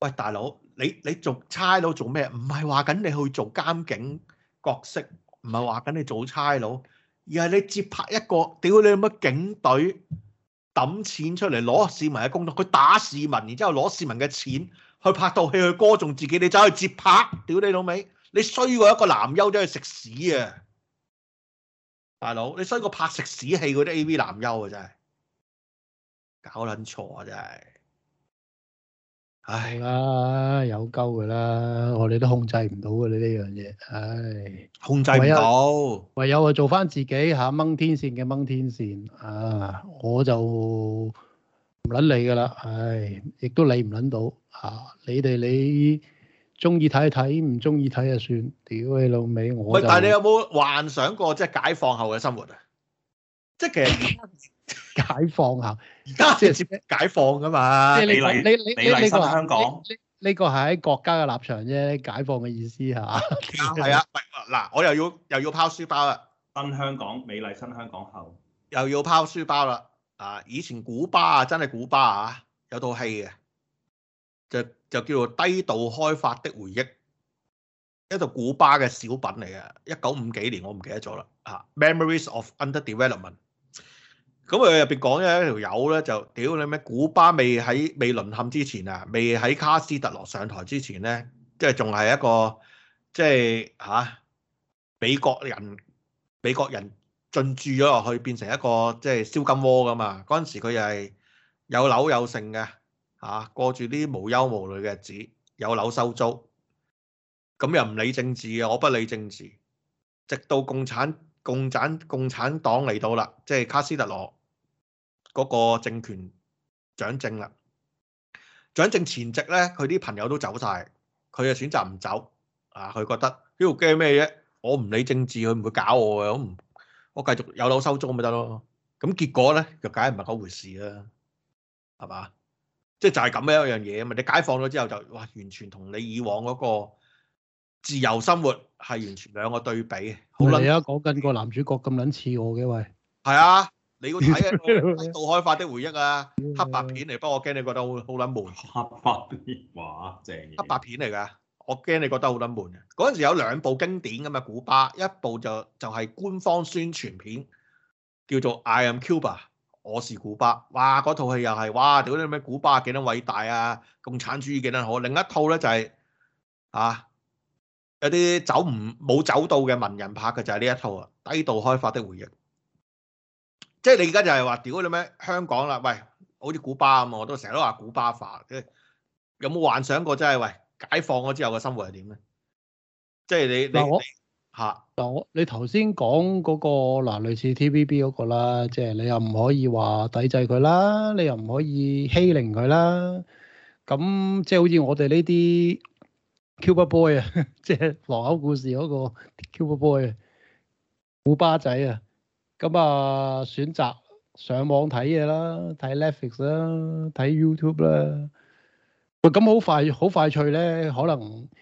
喂大佬，你你做差佬做咩？唔係話緊你去做監警角色，唔係話緊你做差佬，而係你接拍一個屌你乜警隊揼錢出嚟攞市民嘅公道，佢打市民，然之後攞市民嘅錢去拍套戲去歌頌自己，你走去接拍，屌你老味。你衰過一個男優都要食屎啊，大佬！你衰過拍食屎戲嗰啲 AV 男優啊，真係搞捻錯啊，真係。唉啦，有鳩噶啦，我哋都控制唔到噶呢呢樣嘢，唉，控制唔到。唯有啊做翻自己嚇掹天線嘅掹天線啊，我就唔捻理噶啦，唉，亦都理唔捻到啊，你哋你。中意睇睇，唔中意睇就算。屌你老味，我。喂，但係你有冇幻想過即係解放後嘅生活啊？即係其實解放後，而家先接解放噶嘛？美、 就是、你，你，你美麗新香港呢、呢個係喺國家嘅立場啫，解放嘅意思嚇。係啊，嗱，我又要又要拋書包啦！新香港美麗新香港後又要拋書包啦！啊，以前古巴啊，真係古巴啊，有套戲嘅。就就叫做低度開發的回憶，一道古巴嘅小品嚟嘅，一九五幾年我唔記得咗啦。嚇，Memories of Underdevelopment。咁佢入邊講咗，一條友咧就屌你咩？古巴未喺未淪陷之前啊，未喺卡斯特羅上台之前咧，即係仲係一個即係嚇美國人美國人進駐咗落去，變成一個即係燒金窩噶嘛。嗰陣時佢又係有樓有剩嘅。啊，過住啲無憂無慮嘅日子，有樓收租，咁又唔理政治嘅，我不理政治，直到共產共產共產黨嚟到啦，即係卡斯特羅嗰個政權掌政啦，掌政前夕咧，佢啲朋友都走晒，佢啊選擇唔走，啊佢覺得，呢度驚咩啫，我唔理政治，佢唔會搞我嘅，我唔，我繼續有樓收租咪得咯，咁結果咧，就梗係唔係嗰回事啦，係嘛？即係就係咁樣一樣嘢啊嘛！你解放咗之後就哇，完全同你以往嗰個自由生活係完全兩個對比。我哋而家講緊個男主角咁撚似我嘅喂。係 啊，你要睇《低度開發的回憶》啊，黑白片嚟，不過我驚你覺得好好撚悶。 黑，白黑白片哇，正嘢。黑白片嚟噶，我驚你覺得好撚悶。嗰陣時有兩部經典咁嘅古巴，一部就就係官方宣傳片，叫做《I Am Cuba》。我是古巴，哇！嗰套戲又係，哇！屌你咩古巴幾多偉大啊？共產主義幾多好？另一套咧就係啊，有啲走唔冇走到嘅文人拍嘅就係呢一套啊，低度開發的回憶。即係你而家就係話屌你咩香港啦？喂，好似古巴啊嘛，我都成日都話古巴化，即係有冇幻想過真係喂解放咗之後嘅生活係點咧？即係你你。你你嚇！嗱、啊，我你頭先講嗰個嗱、啊，類似 TVB 嗰個啦，即係你又唔可以話抵制佢啦，你又唔可以欺凌佢啦。咁即係好似我哋呢啲 Cuba Boy 啊，即係《狼口故事》嗰個 Cuba Boy 古巴仔啊，咁啊，選擇上網睇嘢啦，睇 Netflix 啦，睇 YouTube 啦。喂，咁好快好快脆咧，可能～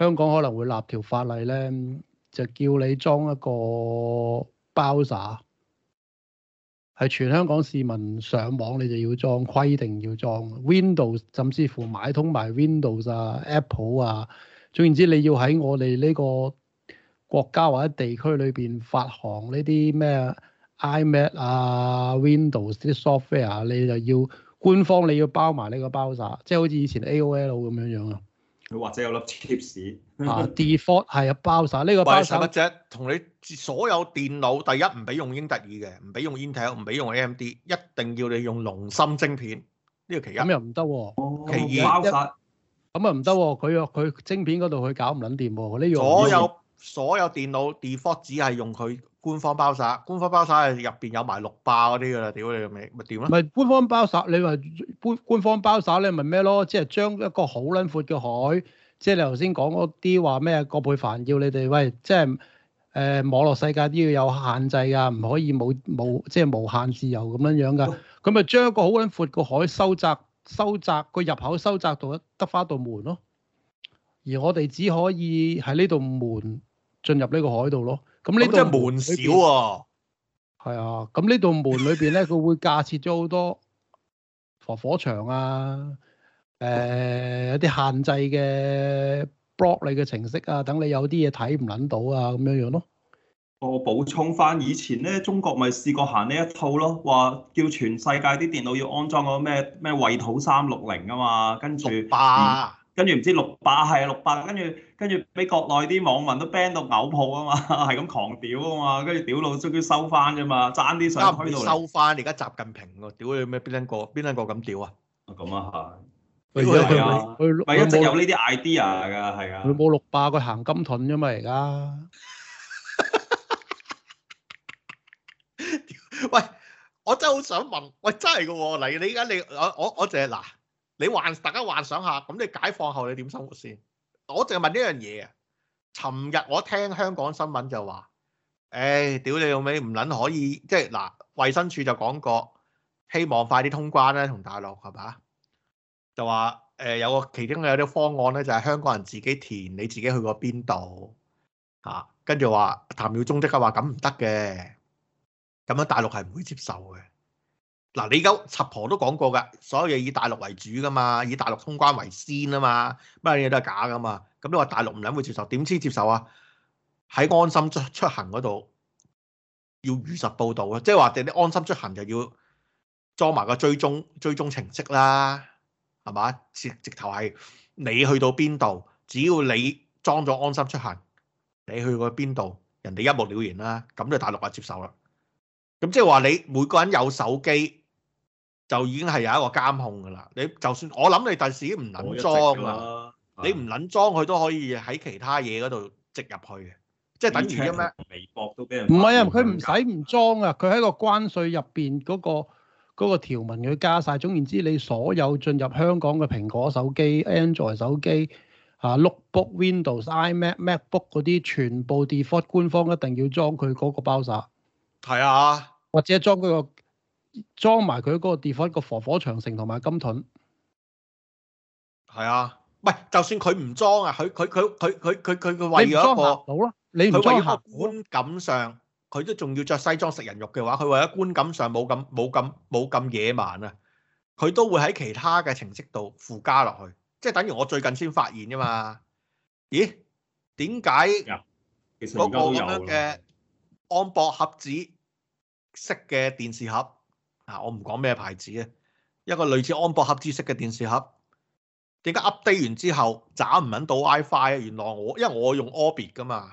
香港可能會立條法例咧，就叫你裝一個 browser，係全香港市民上網你就要裝，規定要裝 Windows，甚至乎買通埋 Windows 啊、Apple 啊，總言之，你要喺我哋呢個國家或者地區裏邊發行呢啲咩 iMac 啊、Windows 啲 software，你就要官方你要包埋呢個 browser，即係好似以前 AOL 咁樣樣啊。或者有粒貼士啊，default 係啊，包晒呢、這個包晒乜啫？同你所有電腦第一唔俾用英特爾嘅，唔俾用 Intel，唔俾用 AMD，一定要你用龍芯晶片呢、這個其一咁又唔得、啊，哦、其二包晒，咁啊唔得，佢又佢晶片嗰度佢搞唔撚掂，你用所有右的所有電腦 default 只係用佢。官方包晒，官方包晒係入邊有埋綠霸嗰啲噶啦，屌你咪咪點啊？咪官方包晒，你話官官方包晒咧，咪咩咯？即係將一個好撚闊嘅海，即係你頭先講嗰啲話咩？郭培凡要你哋喂，即係誒、呃、網絡世界都要有限制噶，唔可以冇冇即係無限自由咁樣樣噶。咁咪將一個好撚闊個海收窄，收窄個入口，收窄到得返一道門咯。而我哋只可以喺呢道門進入呢個海度咯。咁、啊啊、呢？即係門少喎，係啊！咁呢度門裏邊咧，佢會架設咗好多防火牆啊，誒有啲限制嘅 block 你嘅程式啊，等你有啲嘢睇唔撚到啊，咁樣樣咯。我補充翻，以前咧，中國咪試過行呢一套咯，話叫全世界啲電腦要安裝個咩咩衞土三六零啊嘛，跟住。跟住唔知六百係六百，跟住跟住俾國內啲網民都 band 到嘔泡啊嘛，係咁狂屌啊嘛，跟住屌到終於收翻啫嘛，爭啲先收翻。而家習近平喎，屌你咩邊撚個邊撚個咁屌啊？咁啊嚇，係啊，佢一直有呢啲 idea 㗎，係啊。佢冇六百，佢行金盾啫嘛，而家、 嗯。喂，我真係好想問，喂真係嘅喎，嚟你而家你我我我淨係嗱。你幻大家幻想下，咁你解放後你點生活先？我淨係問呢樣嘢啊！尋日我聽香港新聞就話，誒、哎，屌你老味，唔撚可以，即係嗱，衞生署就講過，希望快啲通關咧，同大陸係嘛？就話誒、呃，有個其中嘅有啲方案咧，就係、是、香港人自己填，你自己去過邊度嚇？跟住話，譚耀宗即刻話，咁唔得嘅，咁樣大陸係唔會接受嘅。嗱，你而家柒婆都講過噶，所有嘢以大陸為主噶嘛，以大陸通關為先啊嘛，乜嘢都係假噶嘛。咁你話大陸唔諗會接受，點先接受啊？喺安心出出行嗰度要如實報道啊，即係話你安心出行就要裝埋個追蹤追蹤程式啦，係嘛？直直頭係你去到邊度，只要你裝咗安心出行，你去過邊度，人哋一目了然啦、啊。咁就大陸啊接受啦。咁即係話你每個人有手機。就已經係有一個監控㗎啦。你就算我諗你第時唔撚裝，裝啊，你唔撚裝佢都可以喺其他嘢嗰度植入去嘅，即係等於咁樣。微博都俾人唔係啊，佢唔使唔裝啊，佢喺個關稅入邊嗰個嗰、嗰個、條文佢加晒。總言之，你所有進入香港嘅蘋果手機、Android 手機、啊，Notebook、Windows、iMac、MacBook 嗰啲，全部 default 官方一定要裝佢嗰個 browser。係啊，或者裝嗰個。裝埋佢嗰個地方個防火長城同埋金盾。係啊，喂，就算佢唔裝啊，佢佢佢佢佢佢佢為咗一個你裝吓佬咯，你唔裝吓觀感上佢都仲要着西裝食人肉嘅話，佢為咗觀感上冇咁冇咁冇咁野蠻啊，佢都會喺其他嘅程式度附加落去，即係等於我最近先發現啫嘛，咦，點解嗰個咁樣嘅安博盒子式嘅電視盒？啊！我唔講咩牌子嘅，一個類似安博盒知識嘅電視盒，點解 update 完之後找唔揾到 WiFi 啊？Fi? 原來我因為我用 Orbit 噶嘛，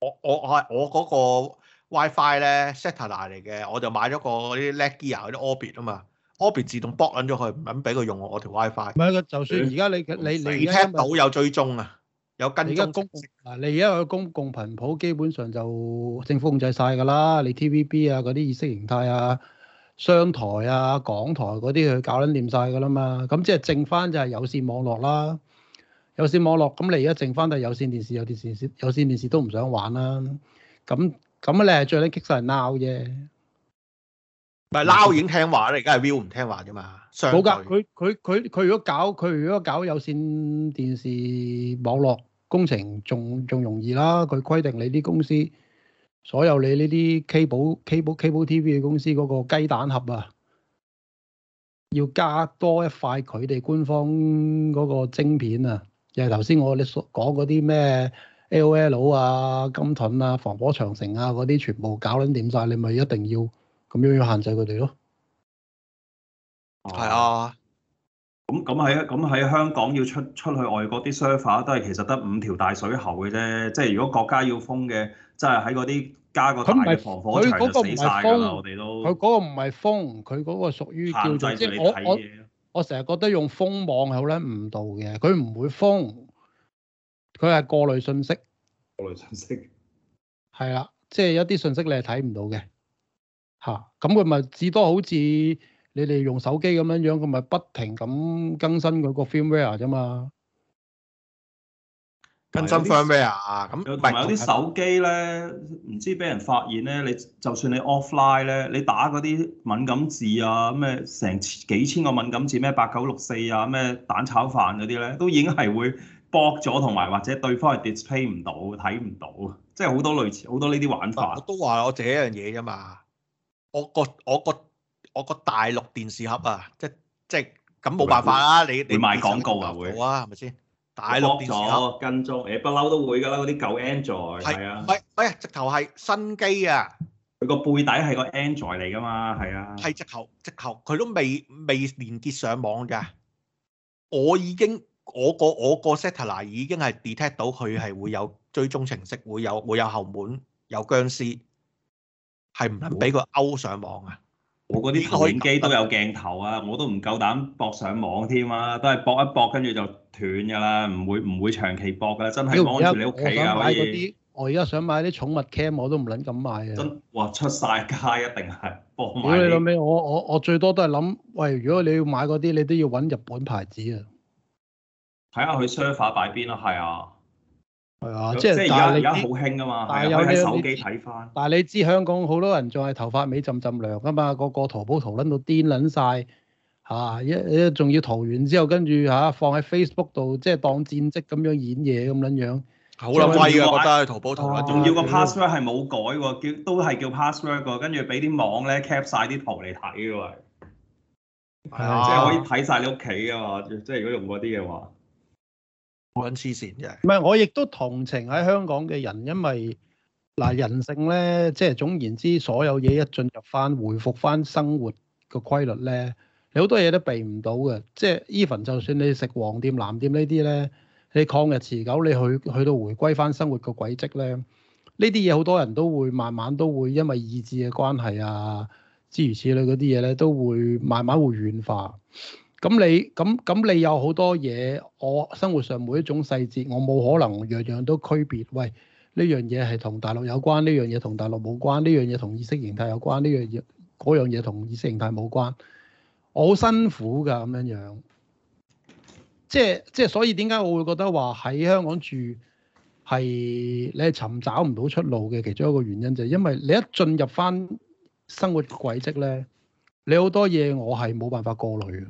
我我我我嗰個 WiFi 咧 Setna 嚟嘅，我就買咗個嗰啲 Led Gear 嗰啲 Orbit 啊嘛、嗯、Orbit 自動 block 咗佢，唔肯俾佢用我我條 WiFi。唔係佢就算而家你你你你聽到你有追蹤啊，有跟。而家公啊，公正你而家個公共頻譜基本上就政府控制晒㗎啦，你 TVB 啊嗰啲意識形態啊。商台啊、港台嗰啲佢搞捻掂晒噶啦嘛，咁即係剩翻就係有線網絡啦。有線網絡咁你而家剩翻就係有線電視、有線電視、有線電視都唔想玩啦。咁咁咧最屘激曬 now 啫。唔係 now 已經聽話咧，而家係 view 唔聽話啫嘛。好噶。佢佢佢佢佢如果搞佢如果搞有線電視網絡工程仲仲容易啦，佢規定你啲公司。所有你呢啲 K 寶、K 寶、K 寶 TV 嘅公司嗰個雞蛋盒啊，要加多一塊佢哋官方嗰個晶片啊，又係頭先我你講嗰啲咩 Lol 啊、金盾啊、防火長城啊嗰啲，全部搞撚掂晒，你咪一定要咁樣要限制佢哋咯。係啊，咁咁喺咁喺香港要出出去外國啲 server 都係其實得五條大水喉嘅啫，即係如果國家要封嘅。即係喺嗰啲加個大防火牆就死曬㗎啦！我哋都佢嗰個唔係封，佢嗰個屬於叫做我我我成日覺得用封網係好難誤導嘅，佢唔會封，佢係過濾信息。過濾信息係啦，即係、就是、一啲信息你係睇唔到嘅嚇。咁佢咪至多好似你哋用手機咁樣樣，佢咪不停咁更新嗰個 firmware 啫嘛。更新翻咩啊？咁同埋有啲手機咧，唔知俾人發現咧，你就算你 offline 咧，你打嗰啲敏感字啊，咩成幾千個敏感字咩八九六四啊，咩蛋炒飯嗰啲咧，都已經係會博咗，同埋或者對方係 display 唔到，睇唔到，即係好多類似好多呢啲玩法。我都話我這樣嘢㗎嘛，我個我個我個大陸電視盒啊，即即咁冇辦法啦，你你買廣告啊會啊，係咪先？落咗跟蹤，誒不嬲都會㗎啦，嗰啲舊 Android 係啊，唔係，誒直頭係新機啊，佢個背底係個 Android 嚟㗎嘛，係啊，係直頭，直頭佢都未未連結上網㗎，我已經我個我個 Settler 已經係 detect 到佢係會有追蹤程式，會有會有後門，有殭屍，係唔能俾佢勾上網啊！我嗰啲投影機都有鏡頭啊，我都唔夠膽搏上網添啊，都係搏一搏，跟住就斷㗎啦，唔會唔會長期搏㗎，真係放住你屋企啊，嗰啲我而家想買嗰啲以，我而家想買啲寵物 cam，我都唔撚敢買啊。真，哇！出晒街一定係搏唔到。你諗咩？我我我最多都係諗，喂，如果你要買嗰啲，你都要揾日本牌子看看啊。睇下佢商 u r f e r 擺邊啦，係啊。係啊，即係而家好興噶嘛，但係有啲喺手機睇返，但係你知香港好多人仲係頭髮尾浸浸涼噶嘛，個個淘寶圖捻到癲捻晒，吓一仲要淘完之後，跟住吓放喺 Facebook 度，即係當戰績咁樣演嘢咁捻樣，好卵威啊！我，我覺得去淘寶淘，仲、啊、要個 password 係冇改喎，都叫都係叫 password 個，跟住俾啲網咧 cap 晒啲圖嚟睇噶喎，啊，即係可以睇晒你屋企噶嘛，即係如果用嗰啲嘅話。揾黐線唔係我亦都同情喺香港嘅人，因為嗱人性咧，即係總言之，所有嘢一進入翻回，回復翻生活個規律咧，你好多嘢都避唔到嘅。即係 even 就算你食黃店藍店呢啲咧，你抗日持久，你去去到回歸翻生活嘅軌跡咧，呢啲嘢好多人都會慢慢都會因為意志嘅關係啊，諸如此類嗰啲嘢咧，都會慢慢會軟化。咁你咁咁，你有好多嘢。我生活上每一種細節，我冇可能樣樣都區別。喂，呢樣嘢係同大陸有關，呢樣嘢同大陸冇關，呢樣嘢同意識形態有關，呢樣嘢嗰樣嘢同意識形態冇關。我好辛苦㗎，咁樣樣，即係即係，即係、所以點解我會覺得話喺香港住係你係尋找唔到出路嘅其中一個原因，就係因為你一進入翻生活軌跡咧，你好多嘢我係冇辦法過濾嘅。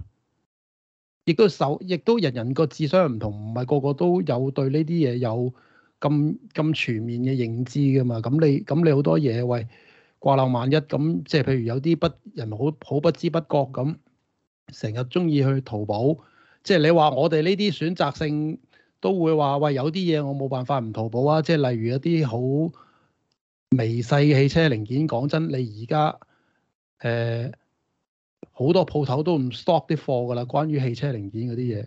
亦都手，亦都人人個智商唔同，唔係個個都有對呢啲嘢有咁咁全面嘅認知噶嘛？咁你咁你好多嘢，喂，掛漏萬一咁，即係譬如有啲不人好好不知不覺咁，成日鍾意去淘寶，即係你話我哋呢啲選擇性都會話，喂，有啲嘢我冇辦法唔淘寶啊！即係例如一啲好微細汽車零件，講真，你而家誒。呃好多鋪頭都唔 stock 啲貨㗎啦，關於汽車零件嗰啲嘢，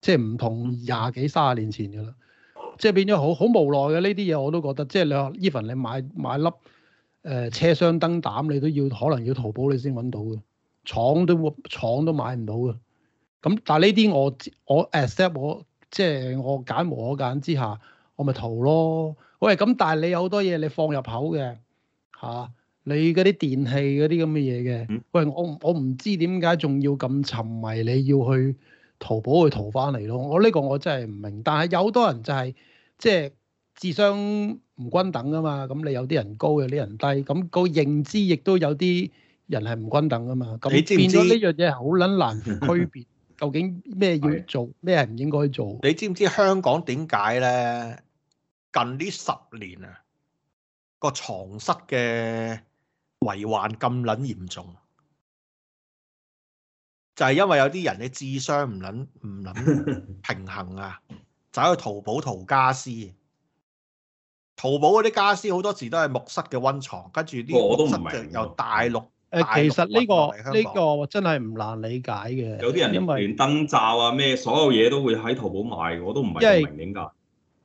即係唔同廿幾卅年前㗎啦，即係變咗好好無奈嘅呢啲嘢，我都覺得即係你話 even 你買買粒誒、呃、車廂燈膽，你都要可能要淘寶你先揾到嘅，廠都廠都買唔到嘅。咁但係呢啲我我 accept 我即係我揀無可揀之下，我咪淘咯。喂，咁但係你有好多嘢你放入口嘅嚇。啊你嗰啲電器嗰啲咁嘅嘢嘅，喂，我我唔知點解仲要咁沉迷你要去淘寶去淘翻嚟咯，我呢個我真係唔明。但係有好多人就係即係智商唔均等啊嘛，咁你有啲人高，有啲人低，咁個認知亦都有啲人係唔均等啊嘛，咁你知唔知？變咗呢樣嘢好撚難區別，究竟咩要做，咩係唔應該做？你知唔知香港點解咧？近呢十年啊，個藏失嘅。遺患咁撚嚴重，就係因為有啲人嘅智商唔撚唔撚平衡啊，走去淘寶淘家私。淘寶嗰啲家私好多時都係木蝨嘅温床，跟住呢都唔就由大陸誒，其實呢個呢個真係唔難理解嘅。因為有啲人連燈罩啊咩，所有嘢都會喺淘寶買，我都唔係咁明點解。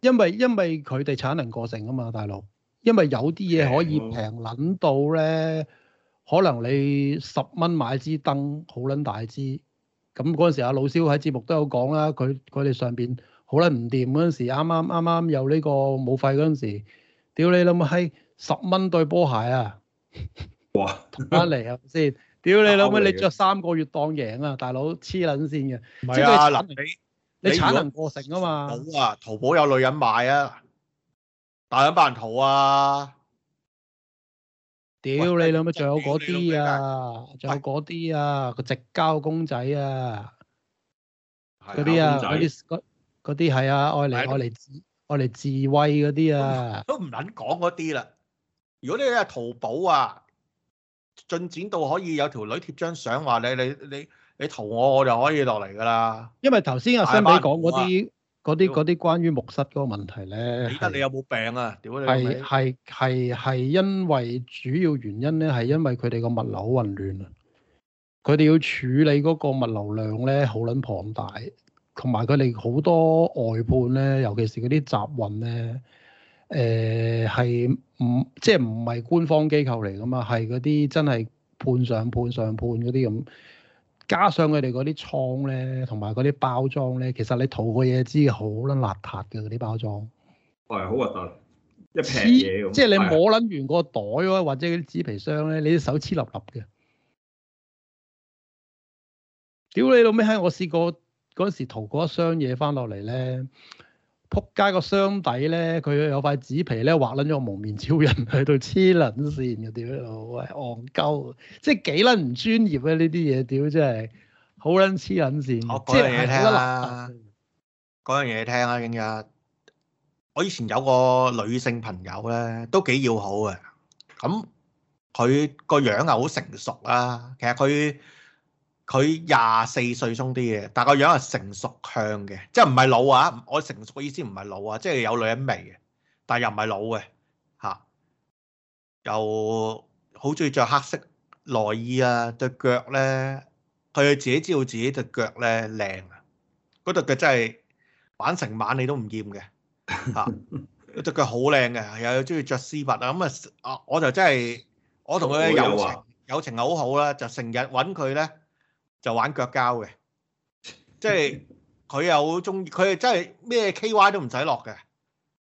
因為因為佢哋產能過剩啊嘛，大陸。因為有啲嘢可以平撚到咧，可能你十蚊買支燈，好撚大支。咁嗰陣時，阿老蕭喺節目都有講啦。佢佢哋上邊好撚唔掂嗰陣時，啱啱啱啱有呢個冇費嗰陣時，屌哇你老母閪，十蚊對波鞋啊！ 哇，同翻嚟啊，先？屌你老母，你着三個月當贏啊，大佬黐撚線嘅。唔係啊，你你，你產能過剩啊嘛。好啊，淘寶有女人賣啊！阿欣扮兔啊！屌你老母，仲有嗰啲啊，仲有嗰啲啊，個直、啊啊、交公仔啊，嗰啲啊，嗰啲啲係啊，愛嚟愛嚟愛嚟智慧嗰啲啊，都唔撚講嗰啲啦。如果你喺淘寶啊，進展到可以有條女貼張相話你你你你，你，你，你淘我，我就可以落嚟噶啦。因為頭先阿 Sam 畀講嗰啲。啊嗰啲嗰啲關於木室嗰個問題咧，理得你有冇病啊？係係係係因為主要原因咧，係因為佢哋個物流混亂啊！佢哋要處理嗰個物流量咧，好撚龐大，同埋佢哋好多外判咧，尤其是嗰啲集運咧，誒係唔即係唔係官方機構嚟㗎嘛？係嗰啲真係判上判上判嗰啲咁。加上佢哋嗰啲倉咧，同埋嗰啲包裝咧，其實你淘個嘢之後好撚邋遢嘅嗰啲包裝，係好、哎、核突，一平嘢，即係你摸撚完個袋啊，或者啲紙皮箱咧，你啲手黐笠笠嘅，屌你老味喺我試過嗰時淘嗰一箱嘢翻落嚟咧。仆街個箱底咧，佢有塊紙皮咧，畫撚咗個蒙面超人喺度黐撚線，個屌喂戇鳩，即係幾撚唔專業呀呢啲嘢，屌真係好撚黐撚線。我講樣嘢聽啦，講樣嘢聽啦，今日我以前有個女性朋友咧，都幾要好嘅，咁佢個樣又好成熟啊，其實佢。佢廿四歲鬆啲嘅，但個樣係成熟向嘅，即係唔係老啊？我成熟嘅意思唔係老啊，即係有女人味嘅，但係又唔係老嘅嚇、啊。又好中意着黑色內衣啊，對腳咧，佢自己知道自己對腳咧靚啊，嗰對腳真係玩成晚你都唔厭嘅嚇，嗰、啊、對腳好靚嘅，又有中意着絲襪啊，咁啊啊我就真係我同佢友情友情好好、啊、啦，就成日揾佢咧。就玩腳膠嘅，即係佢又好中意，佢係真係咩 KY 都唔使落嘅。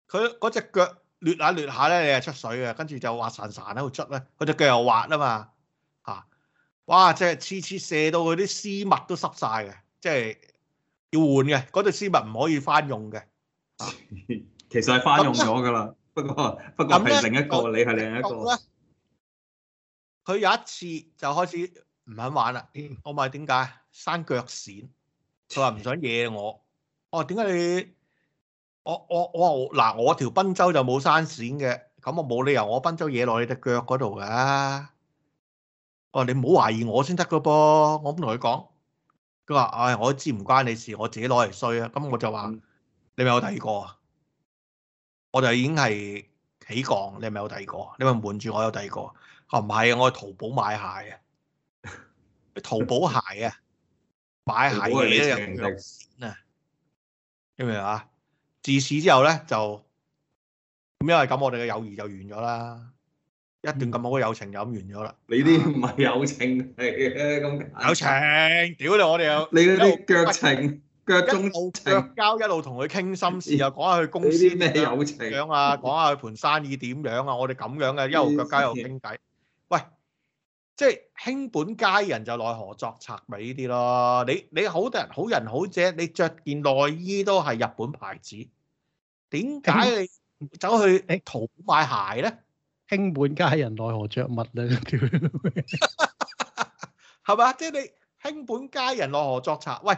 佢嗰隻腳掠下掠下咧，你係出水嘅，跟住就滑潺潺喺度捽咧。佢隻腳又滑啊嘛，嚇、啊！哇！即係次次射到佢啲絲襪都濕晒嘅，即係要換嘅。嗰對絲襪唔可以翻用嘅。啊、 其實係翻用咗㗎啦，不過不過係另一個，就是、你係另一個。佢有一次就開始。唔肯玩啦，我問點解？生腳跣，佢話唔想惹我。哦，點解你？我我我嗱，我條賓州就冇生跣嘅，咁我冇理由我賓州惹落你隻腳嗰度㗎。哦，你唔好懷疑我先得㗎噃。我咁同佢講，佢話，唉、哎，我知唔關你事，我自己攞嚟衰啊。咁我就話，你咪有第二個啊？我就已經係起降，你咪有第二個？你咪瞞住我有第二個？啊，唔係啊，我去淘寶買鞋啊。淘寶鞋啊，擺鞋嘢咧又唔夠錢啊，明唔明啊？自此之後咧就，咁因為咁，我哋嘅友誼就完咗啦，一段咁好嘅友情就咁完咗啦。你啲唔係友情嚟嘅，咁、啊、友情，屌你！我哋有你啲腳情、腳中腳交一路同佢傾心事，又講下佢公司咩友情，樣啊，講下佢盤生意點樣啊，我哋咁樣嘅，一路腳交又傾偈。即係卿本佳人就奈何作賊咪呢啲咯，你你好多人好人好姐，你著件內衣都係日本牌子，點解你走去淘寶買鞋咧？卿本佳人奈何著乜咧？咪係嘛？即係你卿本佳人奈何作賊？喂，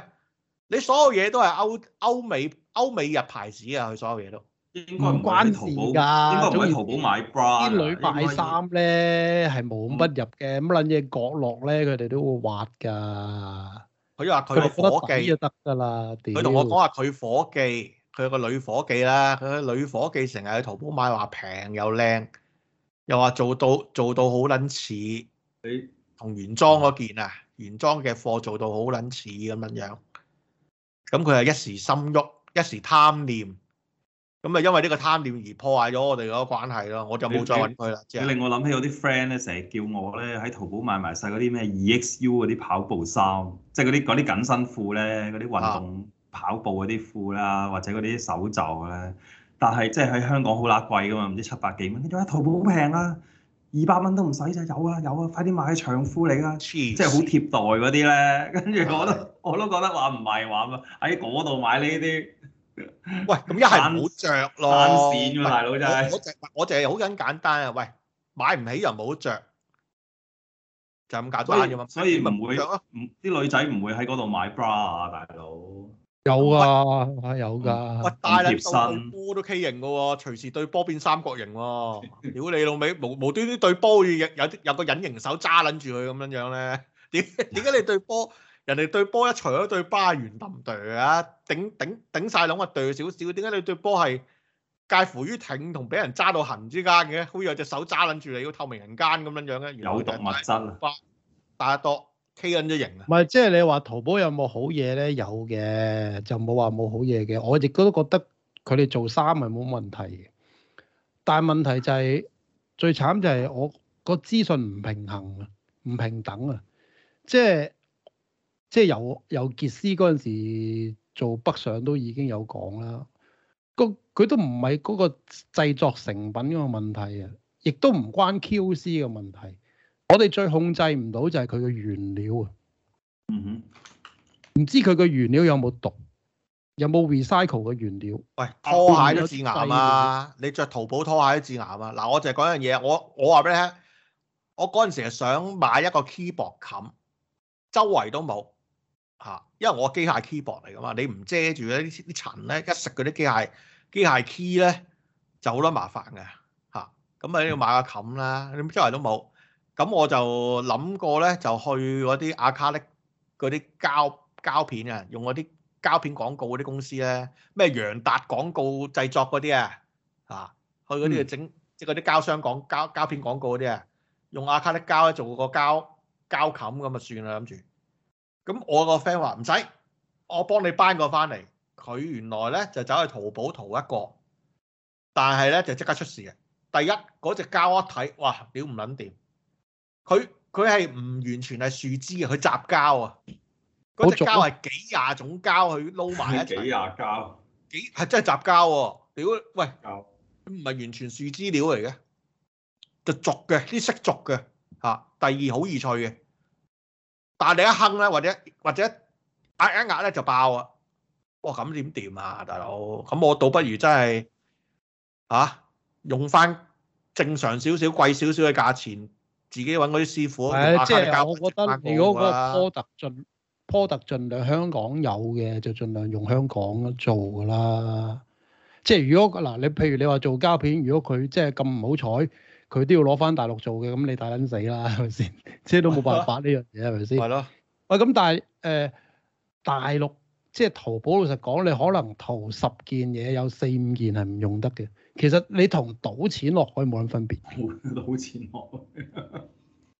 你所有嘢都係歐歐美歐美日牌子啊！佢所有嘢都。應該唔關淘寶噶，應該喺淘寶買 bra 啲女買衫咧係冇乜入嘅，乜撚嘢角落咧佢哋都會滑噶。佢話佢個伙計就得噶啦，佢同我講話佢伙計，佢個女伙計啦，佢女伙計成日喺淘寶買，話平又靚，又話做到做到好撚似，同原裝嗰件啊，原裝嘅貨做到好撚似咁樣樣，咁佢係一時心喐，一時貪念。咁咪因為呢個貪念而破壞咗我哋嗰個關係咯，我就冇再揾佢啦。你令，令我諗起有啲 friend 咧，成日叫我咧喺淘寶買埋晒嗰啲咩 2XU 嗰啲跑步衫，即係嗰啲嗰啲緊身褲咧，嗰啲運動跑步嗰啲褲啦，啊、或者嗰啲手袖咧。但係即係喺香港好揦貴㗎嘛，唔知七百幾蚊。你有啊，淘寶平啊，二百蚊都唔使就有啊，有啊，快啲買，長褲嚟㗎、啊，即係好貼袋嗰啲咧。跟住我都的我都覺得話唔係話喺嗰度買呢啲。喂，咁一係唔好着咯，爛線噶大佬真係，我我淨係好咁簡單啊！喂，買唔起又冇得着，就咁簡單。所以咪唔會，唔啲女仔唔會喺嗰度買 bra 啊，大佬。有噶，有噶。我帶啦，對波都 K 型噶喎，隨時對波變三角形喎。屌你老味，無無端端對波要有啲有個隱形手揸撚住佢咁樣樣咧？點點解你對波？人哋對波一除咗對巴元抌掉啊，頂頂頂曬籠啊，掉少少。點解你對波係介乎於挺同俾人揸到痕之間嘅？好似有隻手揸撚住你，要透明人間咁樣樣咧。有毒物質啊！但係多 K 撚咗型啊！唔係即係你話淘寶有冇好嘢咧？有嘅就冇話冇好嘢嘅。我亦都覺得佢哋做衫係冇問題嘅，但係問題就係最慘就係我個資訊唔平衡啊，唔平等啊，即係。即係由由傑斯嗰陣時做北上都已經有講啦，個佢都唔係嗰個製作成品嘅問題啊，亦都唔關 QC 嘅問題。我哋最控制唔到就係佢嘅原料啊。嗯哼，唔知佢嘅原料有冇毒，有冇 recycle 嘅原料？喂，拖鞋都致癌啊！癌嘛你着淘寶拖鞋都致癌啊！嗱，我就講樣嘢，我我話俾你聽，我嗰陣時係想買一個 Keyboard 冚，周圍都冇。嚇，因為我機械 keyboard 嚟噶嘛，你唔遮住咧，啲啲塵咧一食嗰啲機械機械 key 咧就好多麻煩嘅嚇。咁啊要買個冚啦，你周圍都冇。咁我就諗過咧，就去嗰啲阿卡力嗰啲膠膠片啊，用嗰啲膠片廣告嗰啲公司咧，咩揚達廣告製作嗰啲啊嚇，去嗰啲整即係嗰啲膠箱廣膠膠片廣告嗰啲啊，用阿卡力膠咧做個膠膠冚，咁啊，算啦諗住。咁我個 friend 話唔使，我幫你班個翻嚟。佢原來咧就走去淘寶淘一個，但係咧就即刻出事嘅。第一嗰隻膠一睇，哇！屌唔撚掂，佢佢係唔完全係樹枝嘅，佢雜膠啊。嗰隻膠係幾廿種膠去撈埋一齊。十幾廿膠？幾係真係雜膠喎、啊？屌喂！唔係完全樹枝料嚟嘅，就俗嘅，啲色俗嘅嚇。第二好易脆嘅。但你一哼咧，或者或者壓一壓咧就爆啊！哇，咁點掂啊，大佬？咁我倒不如真係嚇、啊、用翻正常少少、貴少少嘅價錢，自己揾嗰啲師傅。係啊，即係我覺得如果個波特盡，波特盡量香港有嘅就儘量用香港做㗎啦。即係如果嗱、啊，你譬如你話做膠片，如果佢即係咁唔好彩。佢都要攞翻大陸做嘅，咁你大撚死啦，係咪先？即係都冇辦法呢樣嘢，係咪先？係咯 吧。喂，咁但係誒，大陸即係淘寶，老實講，你可能淘十件嘢，有四五件係唔用得嘅。其實你同賭錢落去冇乜分別。賭錢落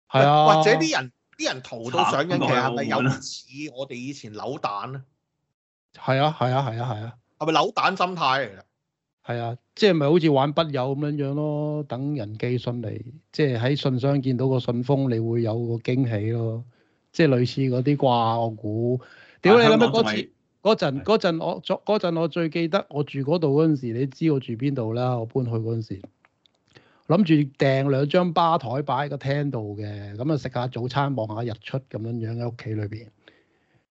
海。係啊。或者啲人啲人淘到上緊期，係咪有似我哋以前扭蛋 啊？係啊，係啊，係啊，係啊。係咪扭蛋心態嚟㗎？ 係啊，即係咪好似玩筆友咁樣樣咯？等人寄信嚟，即係喺信箱見到個信封，你會有個驚喜咯。即係類似嗰啲啩，我估。屌，啊、你諗下嗰次嗰陣嗰陣我嗰陣我最記得我住嗰度嗰陣時，你知我住邊度啦？我搬去嗰陣時，諗住訂兩張吧台擺喺個廳度嘅，咁啊食下早餐，望下日出咁樣樣喺屋企裏邊。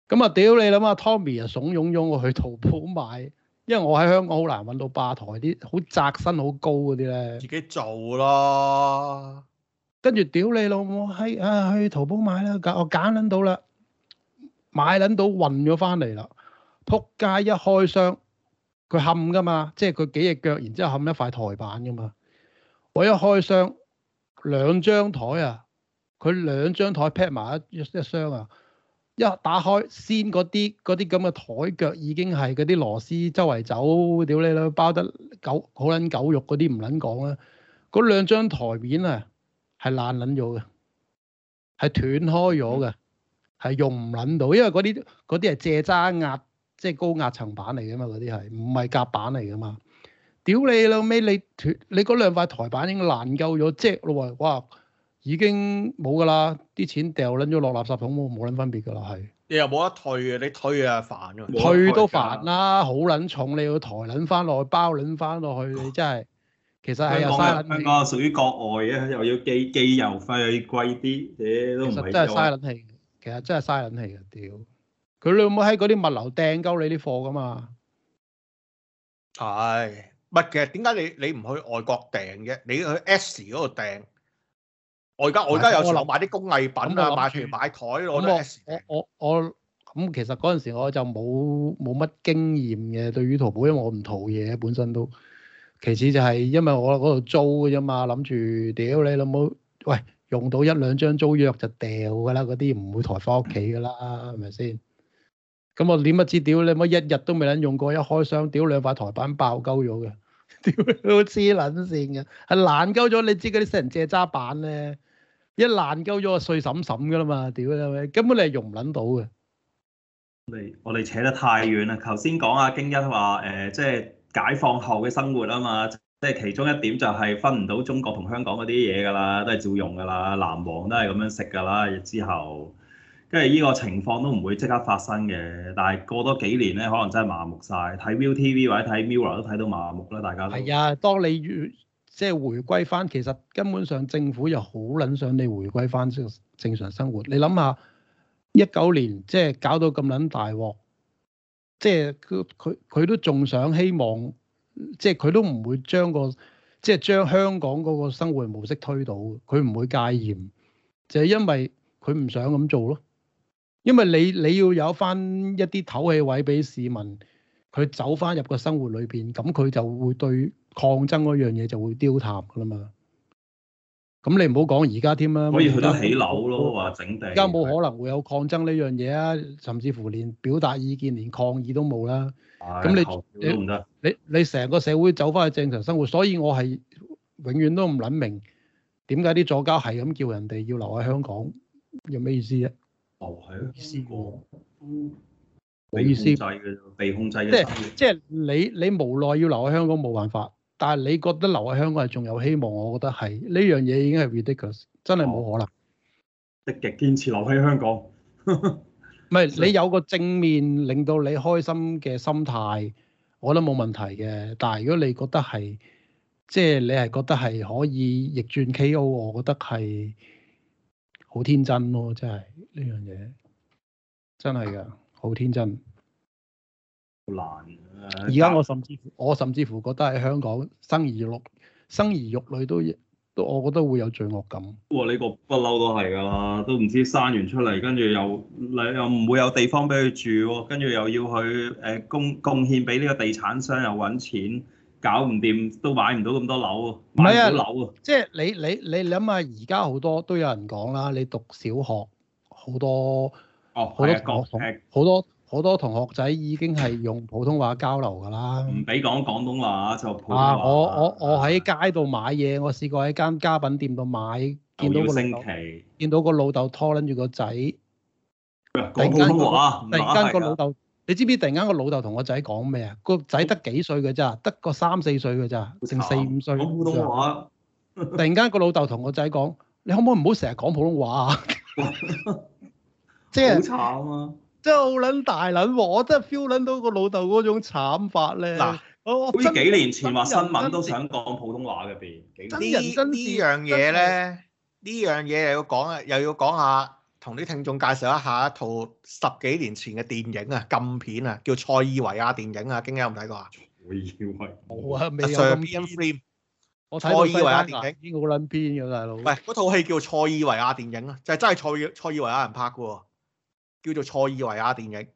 咁啊，屌你諗下，Tommy 啊慫恿恿我去淘寶買。因為我喺香港好難揾到吧台啲好窄身、好高嗰啲咧，自己做咯。跟住屌你老母，係啊、哎、去淘寶買啦，揀我揀撚到啦，買撚到運咗翻嚟啦，撲街一開箱，佢冚㗎嘛，即係佢幾隻腳，然之後冚一塊台板㗎嘛。我一開箱，兩張台啊，佢兩張台劈埋一隻隻箱啊。一打開先，嗰啲嗰啲咁嘅台腳已經係嗰啲螺絲周圍走，屌你老，包得狗好撚狗肉嗰啲唔撚講啦。嗰兩張台面啊，係爛撚咗嘅，係斷開咗嘅，係、嗯、用唔撚到。因為嗰啲嗰啲係借渣壓，即係高壓層板嚟嘅嘛，嗰啲係唔係夾板嚟嘅嘛。屌 你老尾，你斷你嗰兩塊台板已經爛夠咗，即係哇！已經冇噶啦，啲錢掉捻咗落垃圾桶咯，冇捻分別噶啦，係。你又冇得退嘅，你退啊煩啊。退都煩啦，好捻重，你要抬捻翻落去，包捻翻落去，你真係。其實係又嘥捻。香港屬於國外嘅，又要寄寄郵費又要貴啲，嘢都唔係。其實真係嘥捻氣，其實真係嘥捻氣啊，屌！佢你有冇喺嗰啲物流訂夠你啲貨噶嘛？係，乜嘅？其實點解你你唔去外國訂嘅？你去 S 嗰度訂？我而家我而家有我留買啲工藝品啊，買台買台攞 S。我我我咁其實嗰陣時我就冇冇乜經驗嘅，對於淘寶，因為我唔淘嘢本身都。其次就係因為我嗰度租嘅啫嘛，諗住屌你老母，喂，用到一兩張租約就掉㗎啦，嗰啲唔會抬返屋企㗎啦，係咪先？咁我點不知屌你老母一日都未撚用過，一開箱屌兩塊台板爆鳩咗嘅，屌黐撚線嘅，係爛鳩咗，你知嗰啲新人借渣板咧。一爛鳩咗啊！稅審審嘅啦嘛，屌你，根本你係用唔撚到嘅。嚟我哋扯得太遠啦。頭先講阿京一話誒，即係解放後嘅生活啊嘛，即係其中一點就係分唔到中國同香港嗰啲嘢㗎啦，都係照用㗎啦，南王都係咁樣食㗎啦。之後跟住呢個情況都唔會即刻發生嘅，但係過多幾年咧，可能真係麻木晒。睇 ViuTV 或者睇 Mirror 都睇到麻木啦，大家都係啊。當你越即係回歸翻，其實根本上政府又好撚想你回歸翻正常生活。你諗下，一九年即係、就是、搞到咁撚大鑊，即係佢佢都仲想希望，即係佢都唔會將個即係、就是、將香港嗰個生活模式推倒，佢唔會戒嚴，就係、是、因為佢唔想咁做咯。因為你你要有翻一啲唞氣位俾市民，佢走翻入個生活裏邊，咁佢就會對。抗爭嗰樣嘢就會丟淡噶啦嘛，咁你唔好講而家添啦，可以去得起樓咯，話整地。而家冇可能會有抗爭呢樣嘢啊，是的 甚至乎連表達意見、連抗議都冇啦。咁、哎、呀你你你成個社會走翻去正常生活，所以我係永遠都唔諗明，點解啲作家係咁叫人哋要留喺香港，有咩意思咧？哦，係個意思喎，冇意思。被控制即係即係你你無奈要留喺香港，冇辦法。但係你覺得留喺香港係仲有希望？我覺得係呢樣嘢已經係 ridiculous，真係冇可能。哦、積極堅持留喺香港，唔 係你有個正面令到你開心嘅心態，我覺得冇問題嘅。但係如果你覺得係即係你係覺得係可以逆轉 KO，我覺得係好天真咯、啊，真係呢樣嘢真係㗎，好天真。好難。而家我甚至乎我甚至乎覺得喺香港生兒育生兒育女都，都我覺得會有罪惡感。呢、呢個不嬲都係㗎啦，都唔知生完出嚟，跟住又你又唔會有地方俾佢住喎，跟住又要去誒貢、呃、貢獻俾呢個地產商又揾錢，搞唔掂都買唔到咁多樓喎，買唔到樓喎。即係、啊即係、你你你諗下，而家好多都有人講啦，你讀小學好多哦好多好多。好多同學仔已經係用普通話交流噶啦，唔俾講廣東話就普通話。啊！我我我喺街度買嘢，我試過喺間家品店度買，見到個星期，見到個老豆拖撚住個仔，講普通話。 突然間個老豆，你知唔知？突然間個老豆同個仔講咩啊？個仔得幾歲嘅咋？得個三四歲嘅咋？定四五歲。講普通話。突然間個老豆同個仔講：你可唔可以唔好成日講普通話啊？即係好慘啊！真係好撚大撚喎！我真係 feel 撚到個老豆嗰種慘法咧。嗱，好似幾年前話新聞都想講普通話嘅，邊？呢呢樣嘢咧，呢樣嘢又要講啊，又要講下，同啲聽眾介紹一下一套十幾年前嘅電影啊，禁片啊，叫《塞爾維亞電影》啊，京一有冇睇過啊？塞爾維冇啊，未有咁。我睇過塞爾維亞電影邊個撚編嘅大佬？喂，嗰套戲叫《塞爾維亞電影》啊，就真係塞爾塞爾維亞人拍嘅喎。叫做塞爾維亞電影、嗯，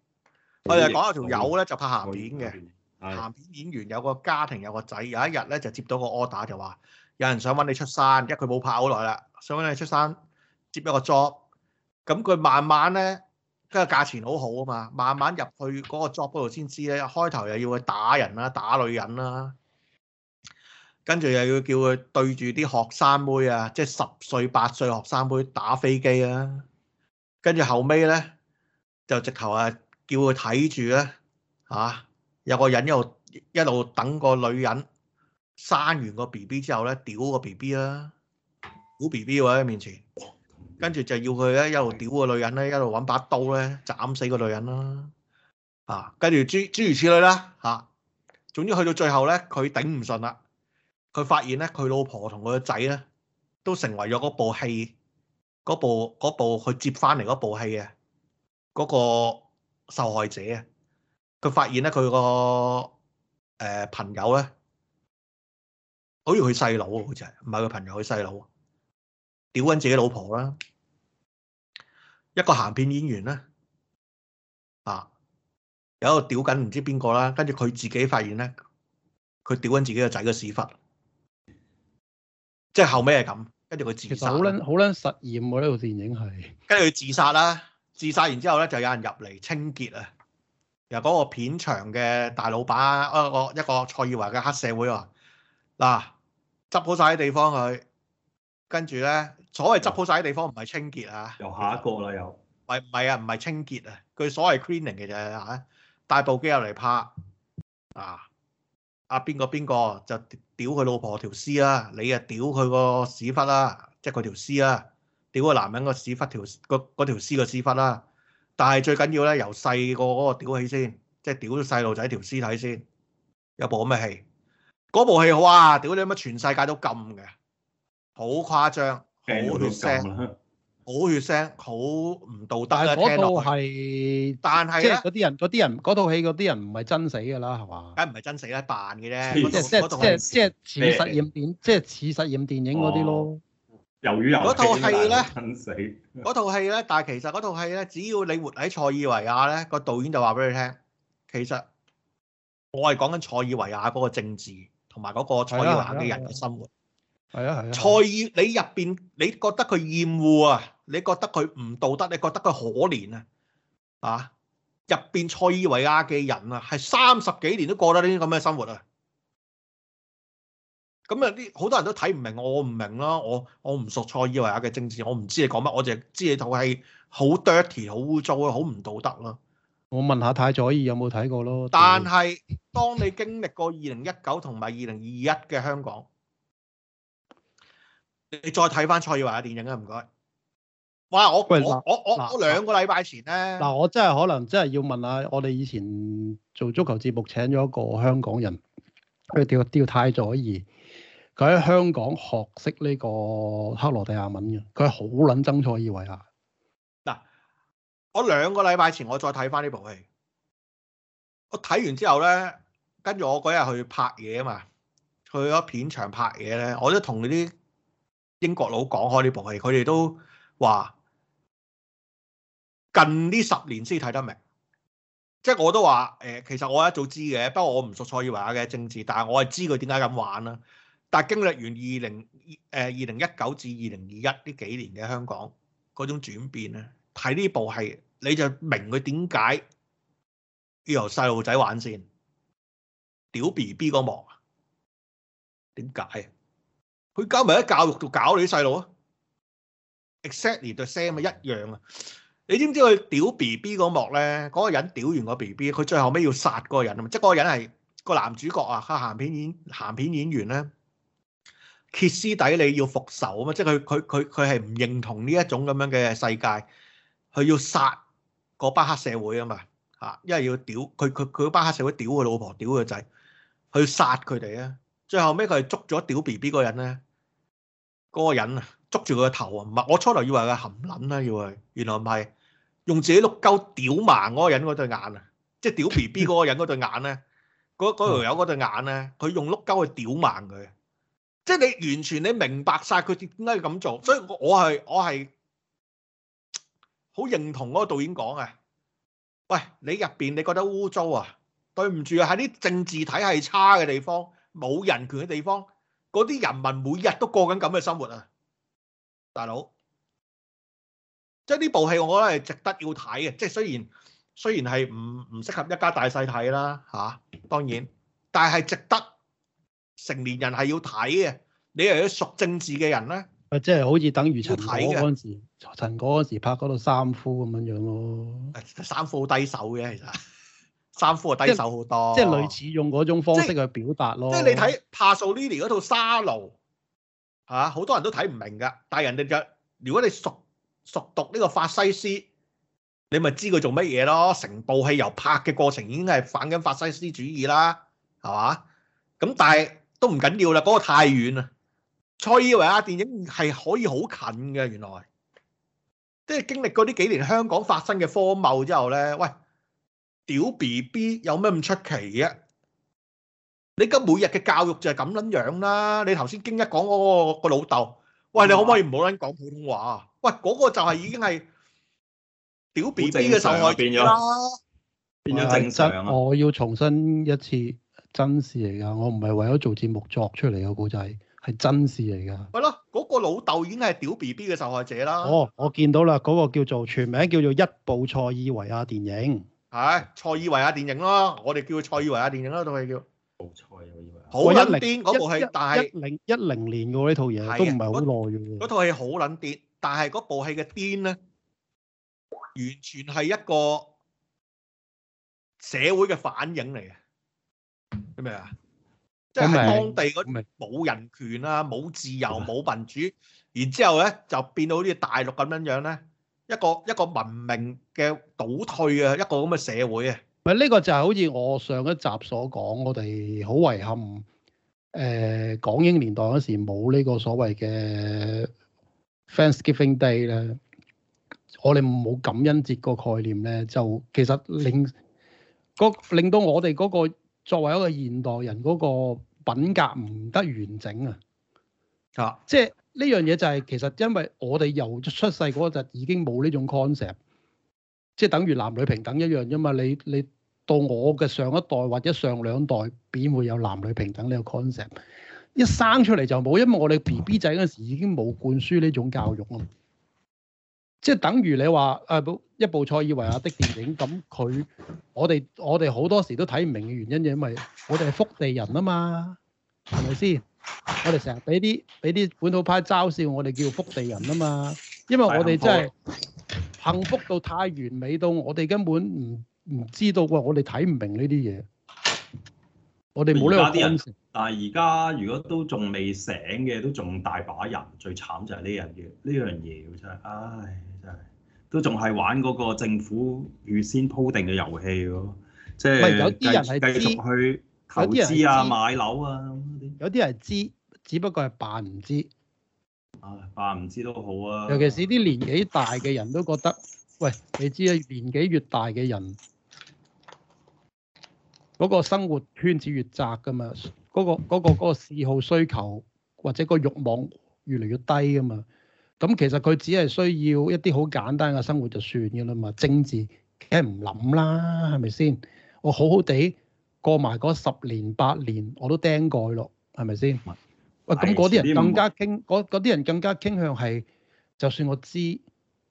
我哋講下條友咧、嗯、就拍鹹片嘅鹹片演員，有個家庭，有個仔。有一日咧就接到個 order，就話有人想揾你出山，因為佢冇拍好耐啦，想揾你出山接一個 job。咁佢慢慢咧，因為價錢好好啊嘛，慢慢入去嗰個 job 嗰度先知咧。開頭又要佢打人啦、啊，打女人啦、啊，跟住又要叫佢對住啲學生妹啊，即係十歲八歲學生妹打飛機啦、啊，跟住後尾咧。就直頭誒，叫佢睇住咧，吓，有個人一路一路等一個女人生完個 B B 之後咧、啊，屌個 B B 啦，屌 B B 喺面前、啊，跟住就要佢咧一路屌個女人咧，一路搵把刀咧斬死個女人啦、啊，啊，跟住諸諸如此類啦，吓、啊，總之去到最後咧，佢頂唔順啦，佢發現咧，佢老婆同佢個仔咧都成為咗嗰部戲嗰部嗰部佢接翻嚟嗰部戲嘅。嗰個受害者啊，佢發現咧、那個，佢個誒朋友咧，好似佢細佬喎，好似係唔係佢朋友？佢細佬屌緊自己老婆啦，一個鹹片演員咧啊，有一個屌緊唔知邊個啦，跟住佢自己發現咧，佢屌緊自己個仔嘅屎忽，即係後尾係咁，跟住佢自殺。其實好撚好撚實驗喎，呢部電影係。跟住佢自殺啦。自殺完之後咧，就有人入嚟清潔啊！由嗰個片場嘅大老闆啊，個一個蔡耀華嘅黑社會話、啊：嗱，執好晒啲地方佢，跟住咧所謂執好晒啲地方唔係清潔啊！又下一個啦又，唔係啊，唔係清潔啊，佢所謂 cleaning 嘅啫嚇、啊，帶部機入嚟拍哪個哪個太太啊，阿邊個邊個就屌佢老婆條屍啦，你、就是、啊屌佢個屎忽啦，即係佢條屍啦。屌個男人個屎忽條，嗰條屍個屎忽啦！但係最緊要咧，由細個嗰個屌起先，即係屌咗細路仔條屍體先。有部咩戲？嗰部戲哇，屌你乜全世界都禁嘅，好誇張，好血腥，好血腥，好唔道德。但係嗰係，即係啲人，嗰啲人，嗰套戲嗰啲人唔係真死噶啦，係嘛？梗唔係真死啦，扮嘅啫，即係即係即係似實驗片，即係似實驗電影嗰啲咯。嗰套戲咧，嗰套戲咧，但係其實嗰套戲咧，只要你活喺塞爾維亞咧，個導演就話俾你聽，其實我係講緊塞爾維亞嗰個政治同埋嗰個塞爾維亞嘅人嘅生活。係啊係啊，塞爾你入邊，你覺得佢厭惡啊？你覺得佢唔道德？你覺得佢可憐啊？啊！入邊塞爾維亞嘅人啊，係三十幾年都過得呢啲噉嘅生活啊？咁啊！啲好多人都睇唔明，我唔明啦。我我唔熟塞爾維亞啊嘅政治，我唔知你講乜，我淨係知你套戲好 dirty、好污糟啊、好唔道德咯。我問下太佐義有冇睇過咯？但係是 當你經歷過二零一九同埋二零二一嘅香港，你再睇翻塞爾維亞嘅電影啊！唔該。哇！我我我我，喂我兩個禮拜前咧嗱，我真係可能真係要問下我哋以前做足球節目請咗一個香港人，佢叫叫泰佐義。佢喺香港學識呢個克羅地亞文嘅，佢好撚憎塞爾維亞。嗱，我兩個禮拜前我再睇翻呢部戲，我睇完之後咧，跟住我嗰日去拍嘢啊嘛，去咗片場拍嘢咧，我都同你啲英國佬講開呢部戲，佢哋都話近呢十年先睇得明，即係我都話誒，其實我一早知嘅，不過我唔熟塞爾維亞嘅政治，但係我係知佢點解咁玩啦。但係經歷完二零誒二零一九至二零二一呢幾年嘅香港嗰種轉變咧，睇呢部戲你就明佢點解要由細路仔玩先屌 B B 嗰幕啊？點解啊？佢交埋喺教育度搞你啲細路啊？Exactly the same 一樣啊！你知唔知佢屌 B B 嗰幕咧？嗰、嗰個人屌完個 B B，佢最後尾要殺嗰個人啊！嘛。即係嗰個人係個男主角啊！鹹片演鹹片演員咧。歇斯底里要復仇啊嘛！即係佢佢佢佢係唔認同呢一種咁樣嘅世界，佢要殺嗰班黑社會啊嘛嚇！因為要屌佢佢佢班黑社會屌佢老婆屌佢仔，去殺佢哋啊！最後尾，佢係捉咗屌 B B 嗰個人咧，嗰個人啊捉住佢個頭啊！唔係我初頭以為佢含撚啦，以為原來唔係用自己碌鳩屌盲嗰個人嗰對眼啊！即係屌 B B 嗰個人嗰對眼咧，嗰條友嗰對眼咧，佢用碌鳩去屌盲佢。即係你完全你明白晒佢點解要咁做，所以我我係我係好認同嗰個導演講嘅。喂，你入邊你覺得污糟啊？對唔住啊，喺啲政治體系差嘅地方、冇人權嘅地方，嗰啲人民每日都過緊咁嘅生活啊，大佬。即係呢部戲我覺得係值得要睇嘅。即係雖然雖然係唔唔適合一家大細睇啦嚇，啊，當然，但係值得。成年人係要睇嘅，你係要熟政治嘅人咧。誒，即係好似等於陳果嗰陣時，陳果嗰陣時拍嗰套三夫咁樣樣咯。三夫好低手嘅其實，三夫啊低手好多。即係類似用嗰種方式去表達咯。即係你睇帕索里尼嗰套沙奴，吓、啊、好多人都睇唔明噶，但係人哋就如果你熟熟讀呢個法西斯，你咪知佢做乜嘢咯？成部戲由拍嘅過程已經係反緊法西斯主義啦，係嘛？咁但係。都唔緊要啦，嗰個太遠啦。塞爾維亞電影係可以好近嘅，原來即係經歷過呢幾年香港發生嘅荒謬之後咧，喂，屌 B B 有咩咁出奇啊？你今每日嘅教育就係咁撚樣啦。你頭先京一講嗰個個老豆，喂，你可唔可以唔好撚講普通話啊？喂，嗰個就係已經係屌 B B 嘅時候啦。變咗變咗正常。我要重新一次。真事嚟噶，我唔係為咗做節目作出嚟嘅故仔，係真事嚟噶。係咯，嗰個老竇已經係屌 B B 嘅受害者啦。哦，我見到啦，嗰個叫做全名叫做《一部塞爾維亞電影》。係塞爾維亞電影咯，我哋叫佢塞爾維亞電影咯，套戲叫。部塞爾維亞。好撚癲嗰部戲，但係一零一零年嘅喎，呢套嘢，都唔係好耐嘅。嗰套戲好撚癲，但係嗰部戲嘅癲咧，完全係一個社會嘅反應嚟嘅。咩啊？即係當地嗰冇人權啊，冇自由，冇民主，然之後咧，就變到好似大陸咁樣樣咧，一個一個文明嘅倒退啊，一個咁嘅社會啊。咪呢個就係好似我上一集所講，我哋好遺憾誒，港英年代嗰時冇呢個所謂嘅 Thanksgiving Day 咧，我哋冇感恩節個概念咧，就其實令嗰令到我哋嗰個。作為一個現代人嗰個品格唔得完整啊！啊，即係呢樣嘢就係、是、其實因為我哋由出世嗰陣已經冇呢種 concept，即係等於男女平等一樣啫嘛。你你到我嘅上一代或者上兩代，邊會有男女平等呢個 concept？一生出嚟就冇，因為我哋 B B 仔嗰時已經冇灌輸呢種教育咯、啊。即係等於你話誒、啊、一部塞爾維亞的電影，咁佢我哋我哋好多時都睇唔明嘅原因，就因為我哋係福地人啊嘛，係咪先？我哋成日俾啲俾啲本土派嘲笑我哋叫福地人啊嘛，因為我哋真係幸福到太完美到，我哋根本唔唔知道喎，我哋睇唔明呢啲嘢，我哋冇呢個分析。但係而家如果都仲未醒嘅，都仲大把人，最慘就係呢樣嘢，呢樣嘢真係唉。都仲係玩嗰個政府預先鋪定嘅遊戲咯，即係繼續去投資啊、買樓啊，有啲人知，只不過係扮唔知。唉、啊，扮唔知都好啊。尤其是啲年紀大嘅人都覺得，喂，你知啦、啊，年紀越大嘅人，嗰個生活圈子越窄噶嘛，嗰個嗰個嗰個嗜好需求或者個慾望越嚟越低噶嘛。咁其實佢只係需要一啲好簡單嘅生活就算噶啦嘛，政治梗係唔諗啦，係咪先？我好好地過埋嗰十年八年，我都釘蓋咯，係咪先？喂、嗯，咁嗰啲人更加傾，啲似乎 人更加傾向係，就算我知，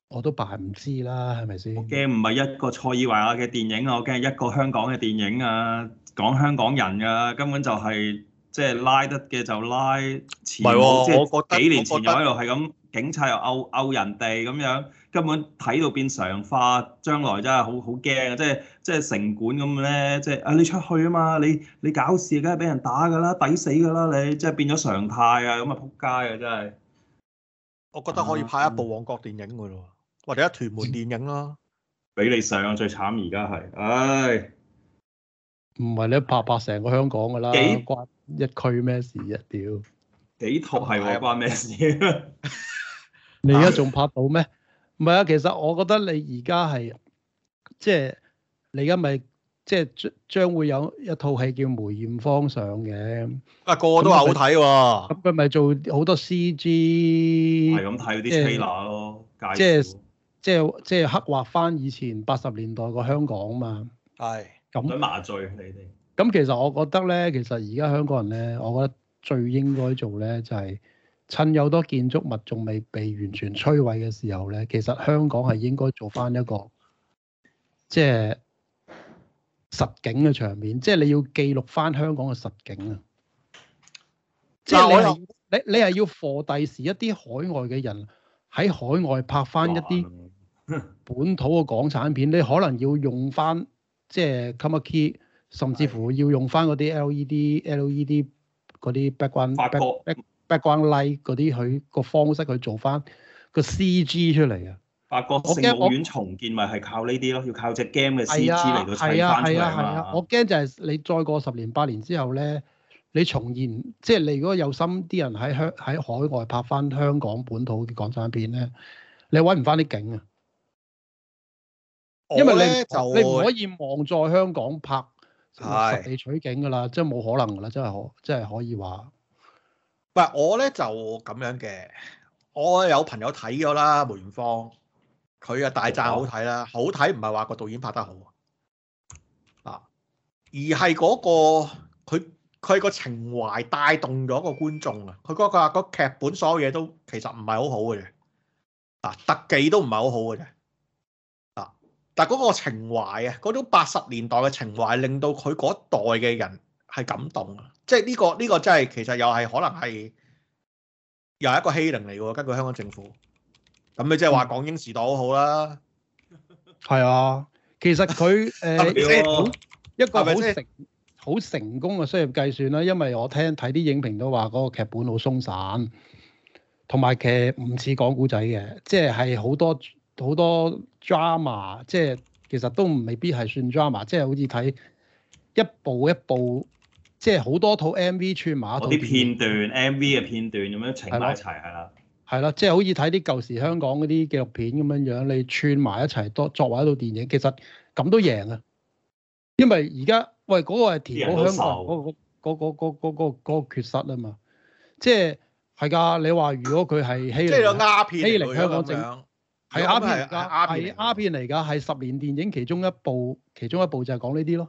我都扮唔知啦，係咪先？我驚唔係一個塞爾維亞嘅電影啊，我驚一個香港嘅電影啊，講香港人啊，根本就係即係拉得嘅就拉前，即係、啊、幾年前又喺度係咁。警察又毆毆人哋咁樣，根本睇到變常化，將來真係好好驚啊！即係即係城管咁咧，即係啊你出去啊嘛，你你搞事梗係俾人打㗎啦，抵死㗎啦你！即係變咗常態啊，咁啊撲街啊真係！我覺得可以拍一部旺角電影㗎咯，或者一屯門電影啦。俾你上最慘而家係，唉唔係你拍拍成個香港㗎啦，幾關一區咩事一、啊、屌幾套係話關咩事、啊？ 你而家仲拍到咩？唔係啊，其實我覺得你而家係即係你而家咪即係將將會有一套戲叫梅艷芳上嘅。啊，個個都話好睇喎、啊。佢咪做好多 CG、就是。係咁睇啲 trailer 咯，即係即係即係刻畫翻以前八十年代個香港啊嘛。係唉。咁那。咁麻醉你哋。咁其實我覺得咧，其實而家香港人咧，我覺得最應該做咧就係、是。趁有多建築物仲未被完全摧毀嘅時候咧，其實香港係應該做翻一個即係實景嘅場面，即係你要記錄翻香港嘅實景啊。即係你是你你係要貨第時一啲海外嘅人喺海外拍翻一啲本土嘅港產片，你可能要用翻即係 camera key，甚至乎要用翻嗰啲 L E D L E D 嗰啲 background。一關 like 嗰啲佢個方式去做翻個 CG 出嚟啊！法國聖母院我我重建咪係靠呢啲咯，要靠隻 game 嘅 CG 嚟到睇翻佢啊，啊，啊，啊嘛！啊啊我驚就係你再過十年八年之後咧，你重現即係你如果有心啲人喺香喺海外拍翻香港本土嘅港產片咧，你搵唔翻啲景啊！因為我咧就你唔可以望在香港拍實地取景噶啦，即係冇可能噶啦，真係可真係可以話。我咧就咁樣嘅，我有朋友睇咗啦，《梅豔芳》，佢啊大讚好睇啦。好睇唔係話個導演拍得好啊，而係嗰個佢佢個情懷帶動咗個觀眾啊。佢嗰個個劇本所有嘢都其實唔係好好嘅啫，特技都唔係好好嘅啫，但係嗰個情懷啊，嗰種八十年代嘅情懷令到佢嗰代嘅人係感動啊。即係、呢、呢個呢、呢個真係其實又係可能係又一個欺凌嚟嘅喎，根據香港政府。咁你即係話港英時代好好啦，係 啊。其實佢誒、呃、 一個好成好、就係、成，成功嘅商業計算啦，因為我聽睇啲影評都話嗰個劇本好鬆散，同埋其實唔似講古仔嘅，即係係好多好多 drama，即係其實都未必係算 drama，即係好似睇一部一部。即係好多套 M V 串埋，嗰啲片段 M V 嘅片段咁樣串埋一齊，係啦的，係啦，即係好似睇啲舊時香港嗰啲紀錄片咁樣樣，你串埋一齊，多作為一套電影，其實咁都贏啊！因為而家喂嗰、嗰個係填補香港嗰、嗰個嗰、嗰個嗰缺失啊嘛，即係係㗎。你話如果佢係欺，即係個鴉片欺凌香港政府，係鴉片嚟㗎，係十年電影其中一部，其中一部就係講呢啲咯。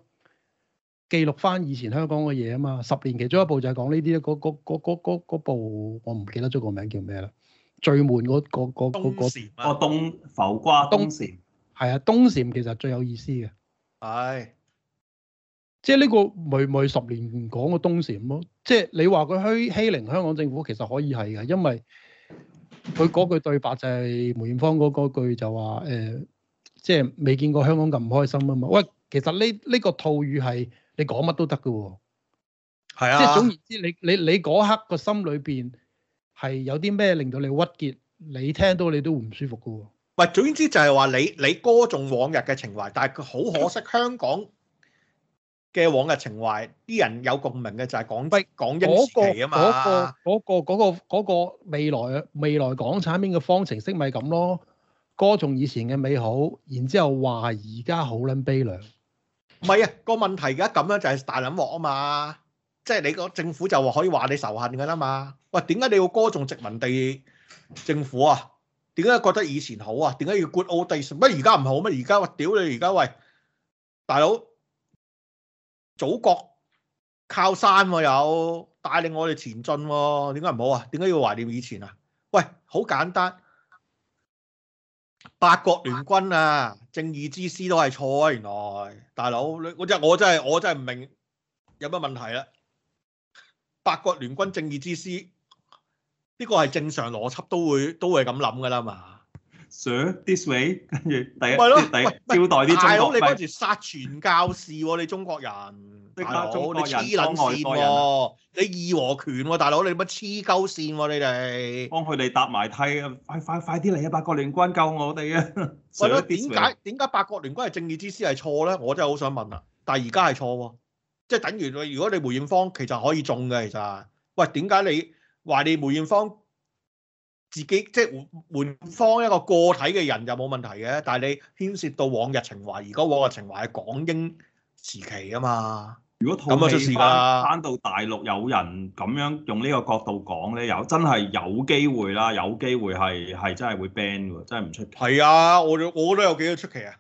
記錄翻以前香港嘅嘢啊嘛，十年其中一部就係講呢啲，嗰部我唔記得咗個名叫咩啦，最悶嗰嗰嗰嗰冬蟬、東、啊、浮瓜冬蟬係啊，冬蟬其實最有意思嘅係，即係呢個咪咪十年講嘅冬蟬咯，即係你話佢欺欺凌香港政府，其實可以係嘅，因為佢嗰句對白就係梅艷芳嗰句就話誒，即係未見過香港咁唔開心啊嘛，喂，其實呢、這、呢個套語係。這個你講乜都得嘅喎，係啊，即係總言之你，你你你嗰刻個心裏邊係有啲咩令到你鬱結，你聽到你都會唔舒服嘅喎、哦。唔總之就，就係話你你歌頌往日嘅情懷，但係佢好可惜，香港嘅往日情懷啲人有共鳴嘅就係港北港英時期啊嘛。嗰、嗰個嗰、嗰個嗰、嗰個嗰、嗰個嗰個嗰個未來啊未來港產片嘅方程式咪咁咯？歌頌以前嘅美好，然之後話而家好撚悲涼。唔係啊，個問題而家咁樣就係、是、大撚鑊啊嘛，即係你個政府就話可以話你仇恨嘅啦嘛。喂，點解你要歌頌殖民地政府啊？點解覺得以前好啊？點解要 good old days？乜而家唔好咩？而家我屌你而家喂，大佬祖國靠山、啊、有帶領我哋前進、啊，點解唔好啊？點解要懷念以前啊？喂，好簡單。八國聯軍啊，正義之師都係錯啊！原來大佬你我真我真係我真係唔明有乜問題啦？八國聯軍正義之師，呢個係正常邏輯都會都會咁諗噶啦嘛。Sir, this way，跟住第一，咪咯，第一招待啲中國。大佬你嗰陣殺傳教士啊，你中國人。大佬，哎、你黐撚線喎！哦、你義和拳喎，大佬，你乜黐鳩線喎？你哋幫佢哋搭埋梯啊！快快快啲嚟、啊！八國聯軍救我哋啊！喂，點解點解八國聯軍係正義之師係錯咧？我真係好想問啦！但係而家係錯喎，即係等於佢，如果你梅艷芳其實可以中嘅，其實喂點解你話你梅艷芳自己即係梅艷芳一個個體嘅人就冇問題嘅？但係你牽涉到往日情懷，而家往日情懷係港英時期啊嘛～如果出事啦，翻到大陸有人咁樣用呢個角度講咧，有真係有機會啦，有機會係係真係會 ban 喎，真係唔出奇。係啊，我我覺得有幾個出奇啊！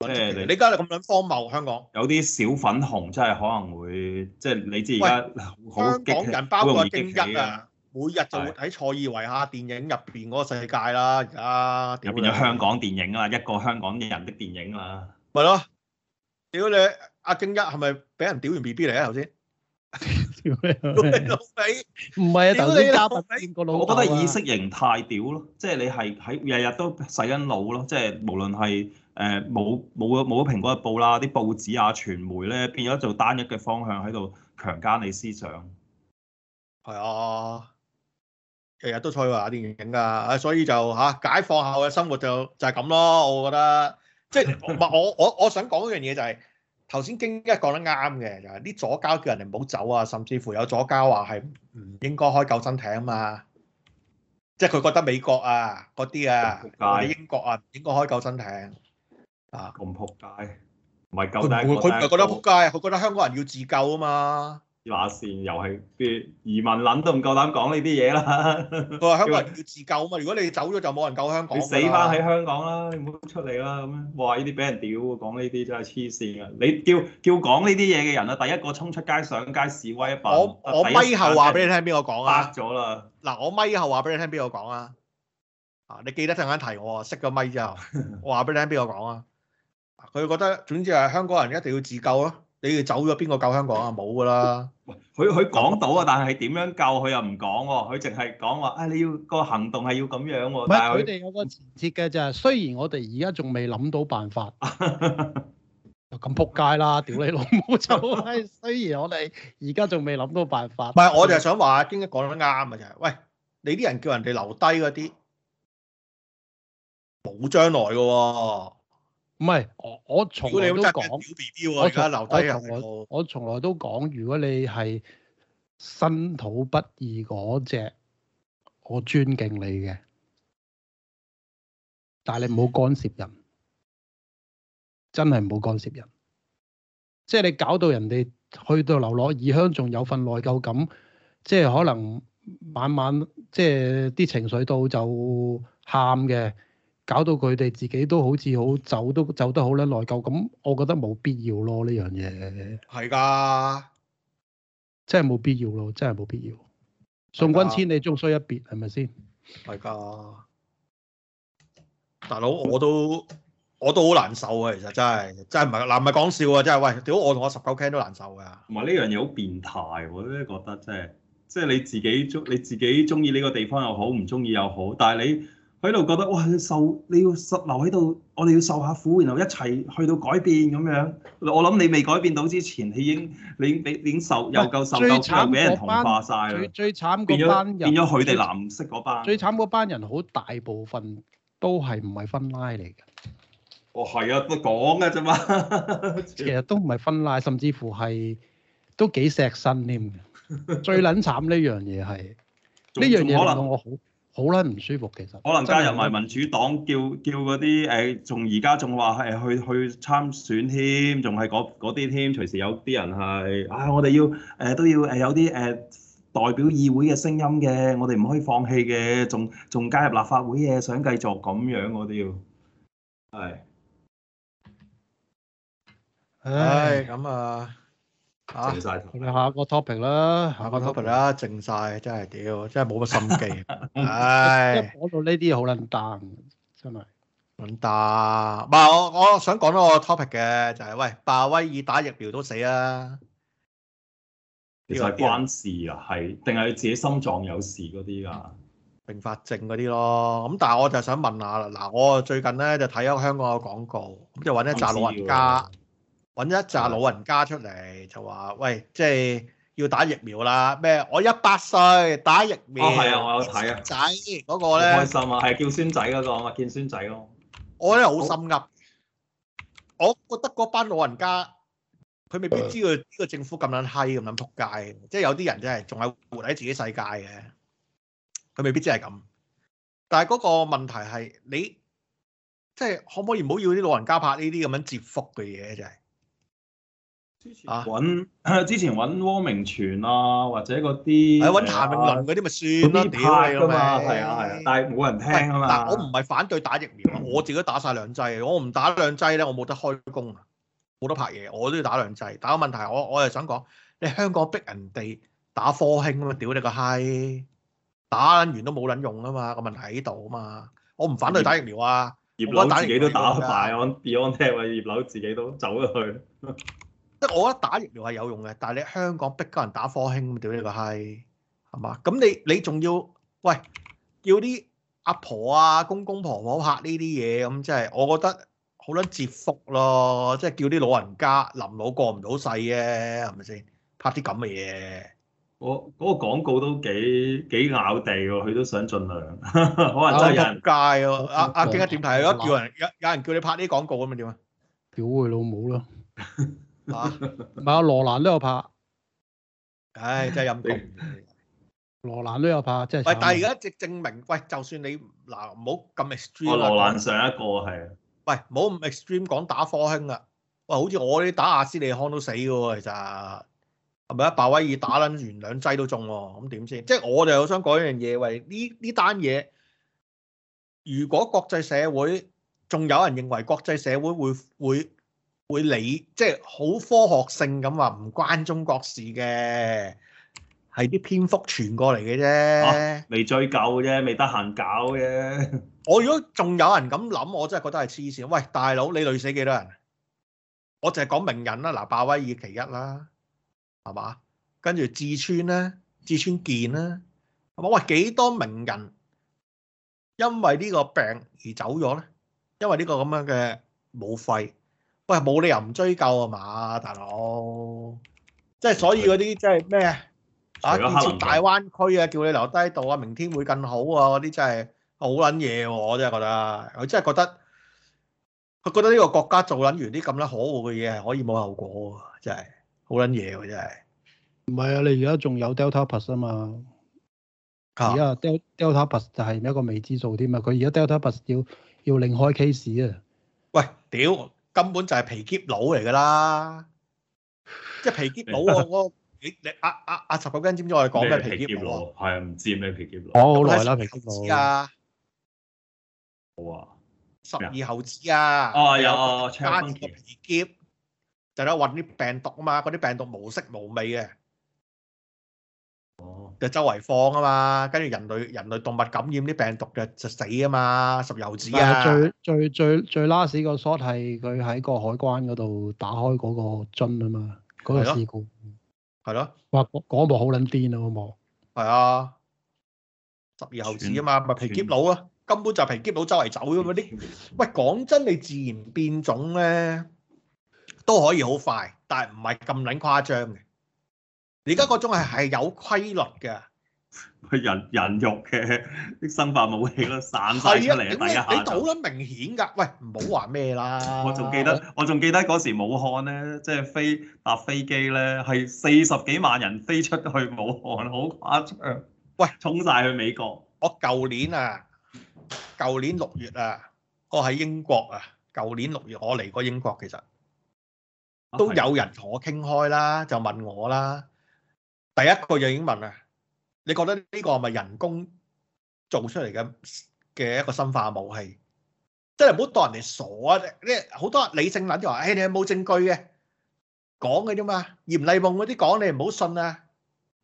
即、就是啊、你而家咁撚荒謬、啊，香港有啲小粉紅真係可能會即係、就是、你知而家香港人包括京一啊，每日就喺《賽爾維亞電影》入邊嗰個世界啦、啊。而家入邊有香港電影啊，一個香港嘅人的電影啊，咪咯，屌你！阿京一係咪俾人屌完 B B 嚟啊？頭先屌咩老鬼唔係啊，屌你老鬼！老啊、我覺得意識形態屌咯，即係你係喺日日都使緊腦咯，即係無論係誒冇冇冇咗《呃、蘋果日報》啦，啲報紙啊、傳媒咧，變咗做單一嘅方向喺度強姦你思想。係啊，日日都彩話睇電影㗎，所以就嚇、啊、解放後嘅生活就就係、是、咁咯。我覺得即係唔係我我我，我想講一樣嘢就係、是。頭先京一講得啱嘅，就係啲左膠叫人哋唔好走啊，甚至乎有左膠話係唔應該開救生艇嘛，即係佢覺得美國啊嗰啲啊，英國啊唔應該開救生艇啊，咁撲街，唔係救生艇，佢佢唔係覺得撲街，佢覺得香港人要自救啊嘛。話線又係啲移民撚都唔夠膽講呢啲嘢啦。佢話香港人要自救啊嘛，叫如果你走咗就冇人救香港，你香港。你死翻喺香港啦，你唔好出嚟啦咁樣。哇！呢啲俾人屌啊，講呢啲真係黐線啊！你叫叫講呢啲嘢嘅人啊，第一個衝出街上街示威啊！我我咪後話俾你聽，邊個講啊？白咗啦！嗱，我咪後話俾你聽，邊個講啊？啊，你記得陣間提我啊，熄個咪之後我話俾你聽，邊個講啊？佢覺得總之係香港人一定要自救咯。你哋走咗，邊個救香港啊？冇噶啦！佢佢講到啊，但係點樣救佢又唔講喎，佢淨係講話啊，你要、這個行動係要咁樣喎。唔係佢哋有個前節嘅就係，雖然我哋而家仲未諗到辦法， 就咁仆街啦！屌你老母走！雖然我哋而家仲未諗到辦法。唔係， 我就係想話，京一講得啱啊，就係，喂，你啲人叫人哋留低嗰啲，冇將來嘅喎、啊。唔係我我從來都講，我同從我從我從來都講，如果你係身土不易嗰隻，我尊敬你嘅，但係你唔好干涉人，嗯、真係唔好干涉人，即係你搞到人哋去到流落異鄉，仲有份內疚感，即係可能晚晚即係啲情緒到就喊嘅。搞到佢哋自己都好似好走都走得好咧內疚，咁我覺得冇必要咯呢樣嘢。係㗎，的真係冇必要咯，真係冇必要。送君千里，終須一別，係咪先？係㗎的，大佬、嗯、我都我都好難受啊！其實真係真係唔係嗱唔係講笑啊！笑真係喂，屌我同我十九 Ken 都難受㗎。同埋呢樣嘢好變態，我都覺得真係，即係你自己鍾你自己鍾意呢個地方又好，唔鍾意又好，但係你。喺度覺得哇，要受你要受留喺度，我哋要受下苦，然後一齊去到改變咁樣。我諗你未改變到之前，你已經你俾點受又夠受夠，又俾、啊、慘人同化晒啦。最最慘班人變咗佢哋藍色嗰班。最慘嗰班人好大部分都係唔係分拉嚟嘅。哦，係啊，都講嘅啫嘛。其實都唔係分拉，甚至乎係都幾錫身添㗎。 最撚慘呢樣嘢係呢樣嘢可能。我好。好啦，唔舒服其實。可能加入埋民主黨，叫叫嗰啲誒，仲而家仲話係去去參選添，仲係嗰啲添。隨時有啲人係，啊，我哋要誒、呃、都要誒有啲誒、呃、代表議會嘅聲音嘅，我哋唔可以放棄嘅，仲仲加入立法會嘅，想繼續咁樣我都要。係。唉，咁唉唉啊。淨晒，我哋下一個 topic 啦，下一個 topic 啦，啊，淨晒，真係屌，真係冇乜心機，唉，講到呢啲好卵蛋，真係，卵蛋。唔係我，我想講多個 topic 嘅，就係、是、喂，鮑威爾打疫苗都死啊，其實係關事啊，係定係自己心臟有事嗰啲啊？併發症嗰啲咯，咁但係我就想問下啦，嗱，我最近咧就睇咗香港嘅廣告，咁就揾一扎老人家。搵一紮老人家出嚟就話喂，即係要打疫苗啦。咩？我一百歲打疫苗。係啊、哦，我有睇啊。仔嗰、嗰個咧開心啊，係叫孫仔嗰個啊嘛，見孫仔咯。我咧好心噏，我，我覺得嗰班老人家佢未必知道呢個政府咁卵閪咁樣扑街即係有啲人真係仲係活喺自己世界嘅，佢未必真係咁。但係嗰個問題係你即係可唔可以唔好要啲老人家拍呢啲咁樣接福嘅嘢？就係。啊！揾之前揾汪明荃啊，或者嗰啲，啊，係揾譚詠麟嗰啲咪算咯屌啊嘛，係啊係啊，啊但係冇人聽啊嘛。但我唔係反對打疫苗啊，我自己都打晒兩劑，我唔打兩劑咧，我冇得開工啊，冇得拍嘢，我都要打兩劑。但係問題，我我係想講，你香港逼人哋打科興啊嘛，屌你個閪，打完都冇撚用啊嘛，個問題喺度啊嘛，我唔反對打疫苗啊。葉劉業，啊，自己都打一排 on beyond 啊，葉劉自己都走咗去。我覺得打疫苗係有用嘅，但係你香港逼個人打科興咁，屌你個閪，係嘛？咁你你仲要喂，叫啲阿婆啊、公公婆婆拍呢啲嘢咁，即係我覺得好撚折福咯，即係叫啲老人家臨老過唔到世嘅，係咪先？拍啲咁嘅嘢，我嗰個廣告都幾幾咬地喎，佢都想盡量，可能真係街阿阿京啊點睇啊？叫人有有人叫你拍啲廣告咁咪點啊？屌佢老母啦！啊！咪阿羅蘭都有拍，唉，真係陰公。羅蘭都有拍，真係。喂，但係而家一直證明，喂，就算你嗱，唔好咁 extreme 啦。羅蘭上一個係。喂，唔好咁 extreme 講打科興啊！喂，好似我啲打阿斯利康都死嘅喎，其實係咪啊？鮑威爾打撚完兩劑都中喎，咁點先？即係我哋又想講一樣嘢，喂，呢呢單嘢，如果國際社會仲有人認為國際社會會會會理即係好科學性咁話唔關中國的事嘅，係啲蝙蝠傳過嚟嘅啫，未追究、啊、搞啫，未得閒搞嘅。我如果仲有人咁諗，我真係覺得係黐線。喂，大佬你累死幾多人？我淨係講名人啦，嗱，鮑威爾其一啦，係嘛？跟住志村咧，志村健咧，係嘛喂，幾多名人因為呢個病而走咗咧？因為呢個咁樣嘅武肺。喂，冇理由唔追究啊嘛，大佬？即係所以嗰啲即係咩啊？建設大灣區啊，叫你留低度啊，明天會更好啊！嗰啲真係好撚嘢喎，我真係覺得，我真係覺得，佢覺得呢個國家做撚完啲咁樣可惡嘅嘢係可以冇後果㗎啊，真係好撚嘢喎，真係。唔係啊，你而家仲有 Delta plus 啊嘛？而家 Delta plus 就係一個未知數添啊！佢而家 Delta plus 要要另開 case 啊！喂，屌！根本就係皮攪佬嚟噶啦，即係皮攪佬我我你你壓壓壓，十九 Ken 知唔知我哋講咩皮攪佬啊？係啊，唔知咩皮攪佬。好耐啦，皮攪佬。我啊，十二猴子啊。啊有，加個皮攪，就喺度揾啲病毒啊嘛，嗰啲病毒無色無味嘅。就周圍放啊嘛，跟住人類人類動物感染啲病毒嘅就死啊嘛，十二猴子啊！最最最最 last 個 shot 係佢喺個海關嗰度打開嗰個樽啊嘛，嗰個事故係咯，哇嗰幕好撚癲啊嗰幕，係啊，十二猴子啊嘛，皮攪佬啊，根本就係皮攪佬周圍走咁嗰啲。喂，講真，你自然變種咧都可以好快，但係唔係咁撚誇張嘅。而家嗰種係有規律嘅、啊，佢人人肉嘅啲生化武器都散晒出嚟，啊、你下。就你倒明顯㗎，喂，唔好話咩啦。我仲記得，我仲記得嗰時武漢咧，即、就、係、是、飛搭飛機咧，係四十幾萬人飛出去武漢，好誇張。呃、喂，衝晒去美國。我舊年啊，舊年六月啊，我喺英國啊，舊年六月我嚟過英國，其實都有人同我傾開啦，就問我啦。第一句就已經問啦，你覺得呢個係咪人工做出嚟嘅嘅一個生化武器？真係唔好當人哋傻啊！啲好多理性人就話，誒，你有冇冇證據嘅講嘅啫嘛，閻麗夢嗰啲講你唔好信啊！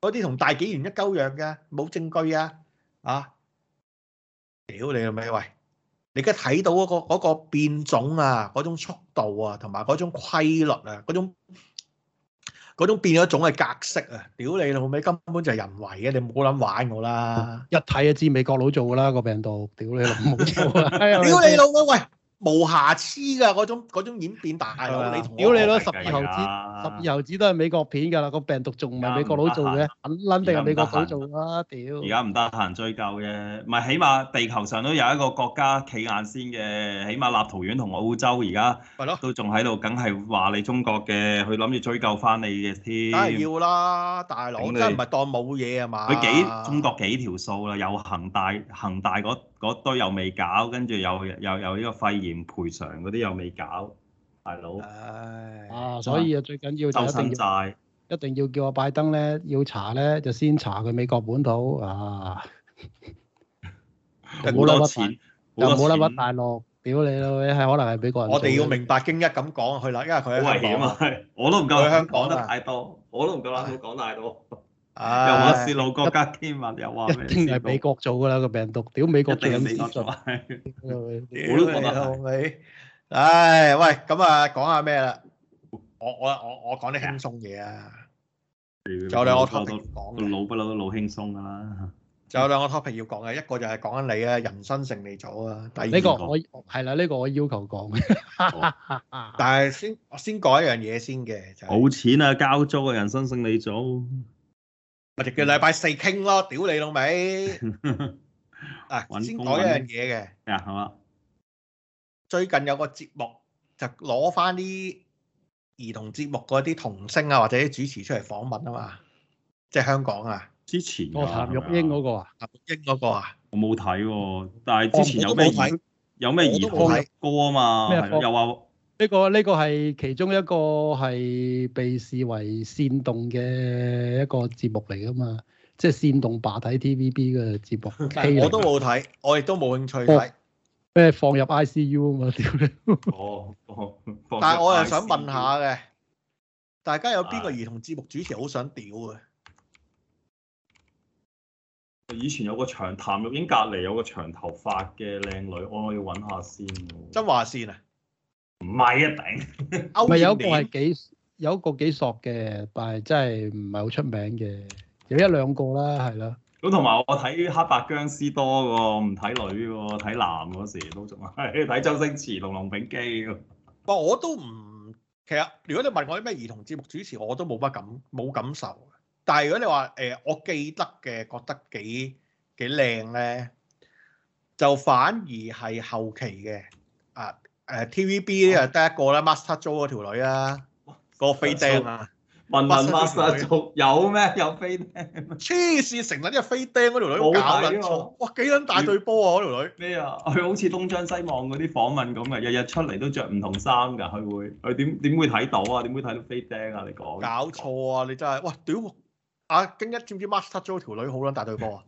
嗰啲同大紀元一鳩樣嘅，冇證據啊！啊，屌你啊，咪喂！你而家睇到嗰個嗰個變種啊，嗰種速度啊，同埋嗰種規律啊，嗰種。嗰種變咗種嘅格式啊！屌你老味根本就係人為嘅，你唔好諗玩我啦！一睇就知美國佬做㗎啦，個病毒，屌你老母！ 屌你老母喂！無瑕疵噶嗰種種演變，大佬你屌你咯，十二猴子，十二猴子都係美國片噶啦，個病毒仲唔係美國佬做嘅，肯定係美國佬做啦。屌，而家唔得閒追究嘅，唔係起碼地球上都有一個國家企硬先嘅，起碼立陶宛同澳洲而家係咯，都仲喺度，梗係話你中國嘅，去諗住追究翻你嘅添。梗係要啦，大佬真係唔係當冇嘢，啊嘛。佢幾中國幾條數啦？有恒大恒大嗰。嗰堆又未搞，跟住又又又呢個肺炎賠償嗰啲又未搞，大佬。唉、哎。啊，所以啊，最緊要就一定要。一定要叫我拜登咧，要查咧就先查佢美國本土啊。冇 多錢。有冇得甩大陸屌你咯？一係可能係俾個人。我哋要明白京一咁講去啦，因為佢喺香港好危險啊！啊我都唔夠喺香港得太多，啊、我都唔夠啦，唔好講太多。啊 又話泄露國家機密，又話一定係美國做㗎啦個病毒，屌美國定係美國做，我都覺得係。唉，喂，咁啊，講下咩啦？我我我我講啲輕鬆嘢啊！仲有兩個 topic，老不嬲都老輕鬆㗎啦。就有兩個 topic 要講嘅，一個就係講緊你啊，人生勝利組啊。第二呢個我係啦，呢個我要求講，但係先我先講一樣嘢先嘅就冇錢啊，交租啊，人生勝利組。我哋叫禮拜四傾咯，屌你老味！啊 找工，先講一樣嘢嘅。啊，係嘛。最近有個節目就攞翻啲兒童節目嗰啲童星啊，或者主持出嚟訪問啊嘛。即係香港啊。之前啊。哦、譚玉英嗰個啊，譚、啊、玉英嗰個啊。我冇睇喎，但係之前有咩兒有咩兒童歌啊嘛，又話。麼呢、這個呢、這個係其中一個係被視為煽動嘅一個節目嚟㗎嘛，即係煽動罷睇 TVB 嘅節目。我都冇睇，嗯、我亦都冇興趣睇。咩放，放入 ICU 啊？嘛，屌 哦，但係我又想問下嘅，大家有邊個兒童節目主持好想屌嘅？以前有個長，譚玉英隔離有個長頭髮嘅靚女，我要揾下先。真話線啊！唔係啊，頂咪有一個係幾有一個幾索嘅，但係真係唔係好出名嘅，有一兩個啦，係咯。咁同埋我睇黑白僵屍多噶，唔睇女噶，睇男嗰時都仲係睇周星馳、龍龍炳基。不過我都唔，其實如果你問我啲咩兒童節目主持，我都冇乜感冇感受。但係如果你話誒、呃，我記得嘅覺得幾幾靚咧，就反而係後期嘅啊。誒 TVB 哇啊，得一個啦，Master Joe 嗰條女啊，嗰個飛釘啊，問問 Master Joe 有咩有飛釘？黐線成日呢個飛釘嗰條女搞錯，哇幾撚大對波啊嗰條、那個、女咩啊？佢好似東張西望嗰啲訪問咁啊，日日出嚟都着唔同衫㗎，佢會佢點點會睇到啊？點會睇到飛釘啊？你講搞錯啊！你真係哇屌啊！京一知唔知 Master Joe 條女好撚大對波啊？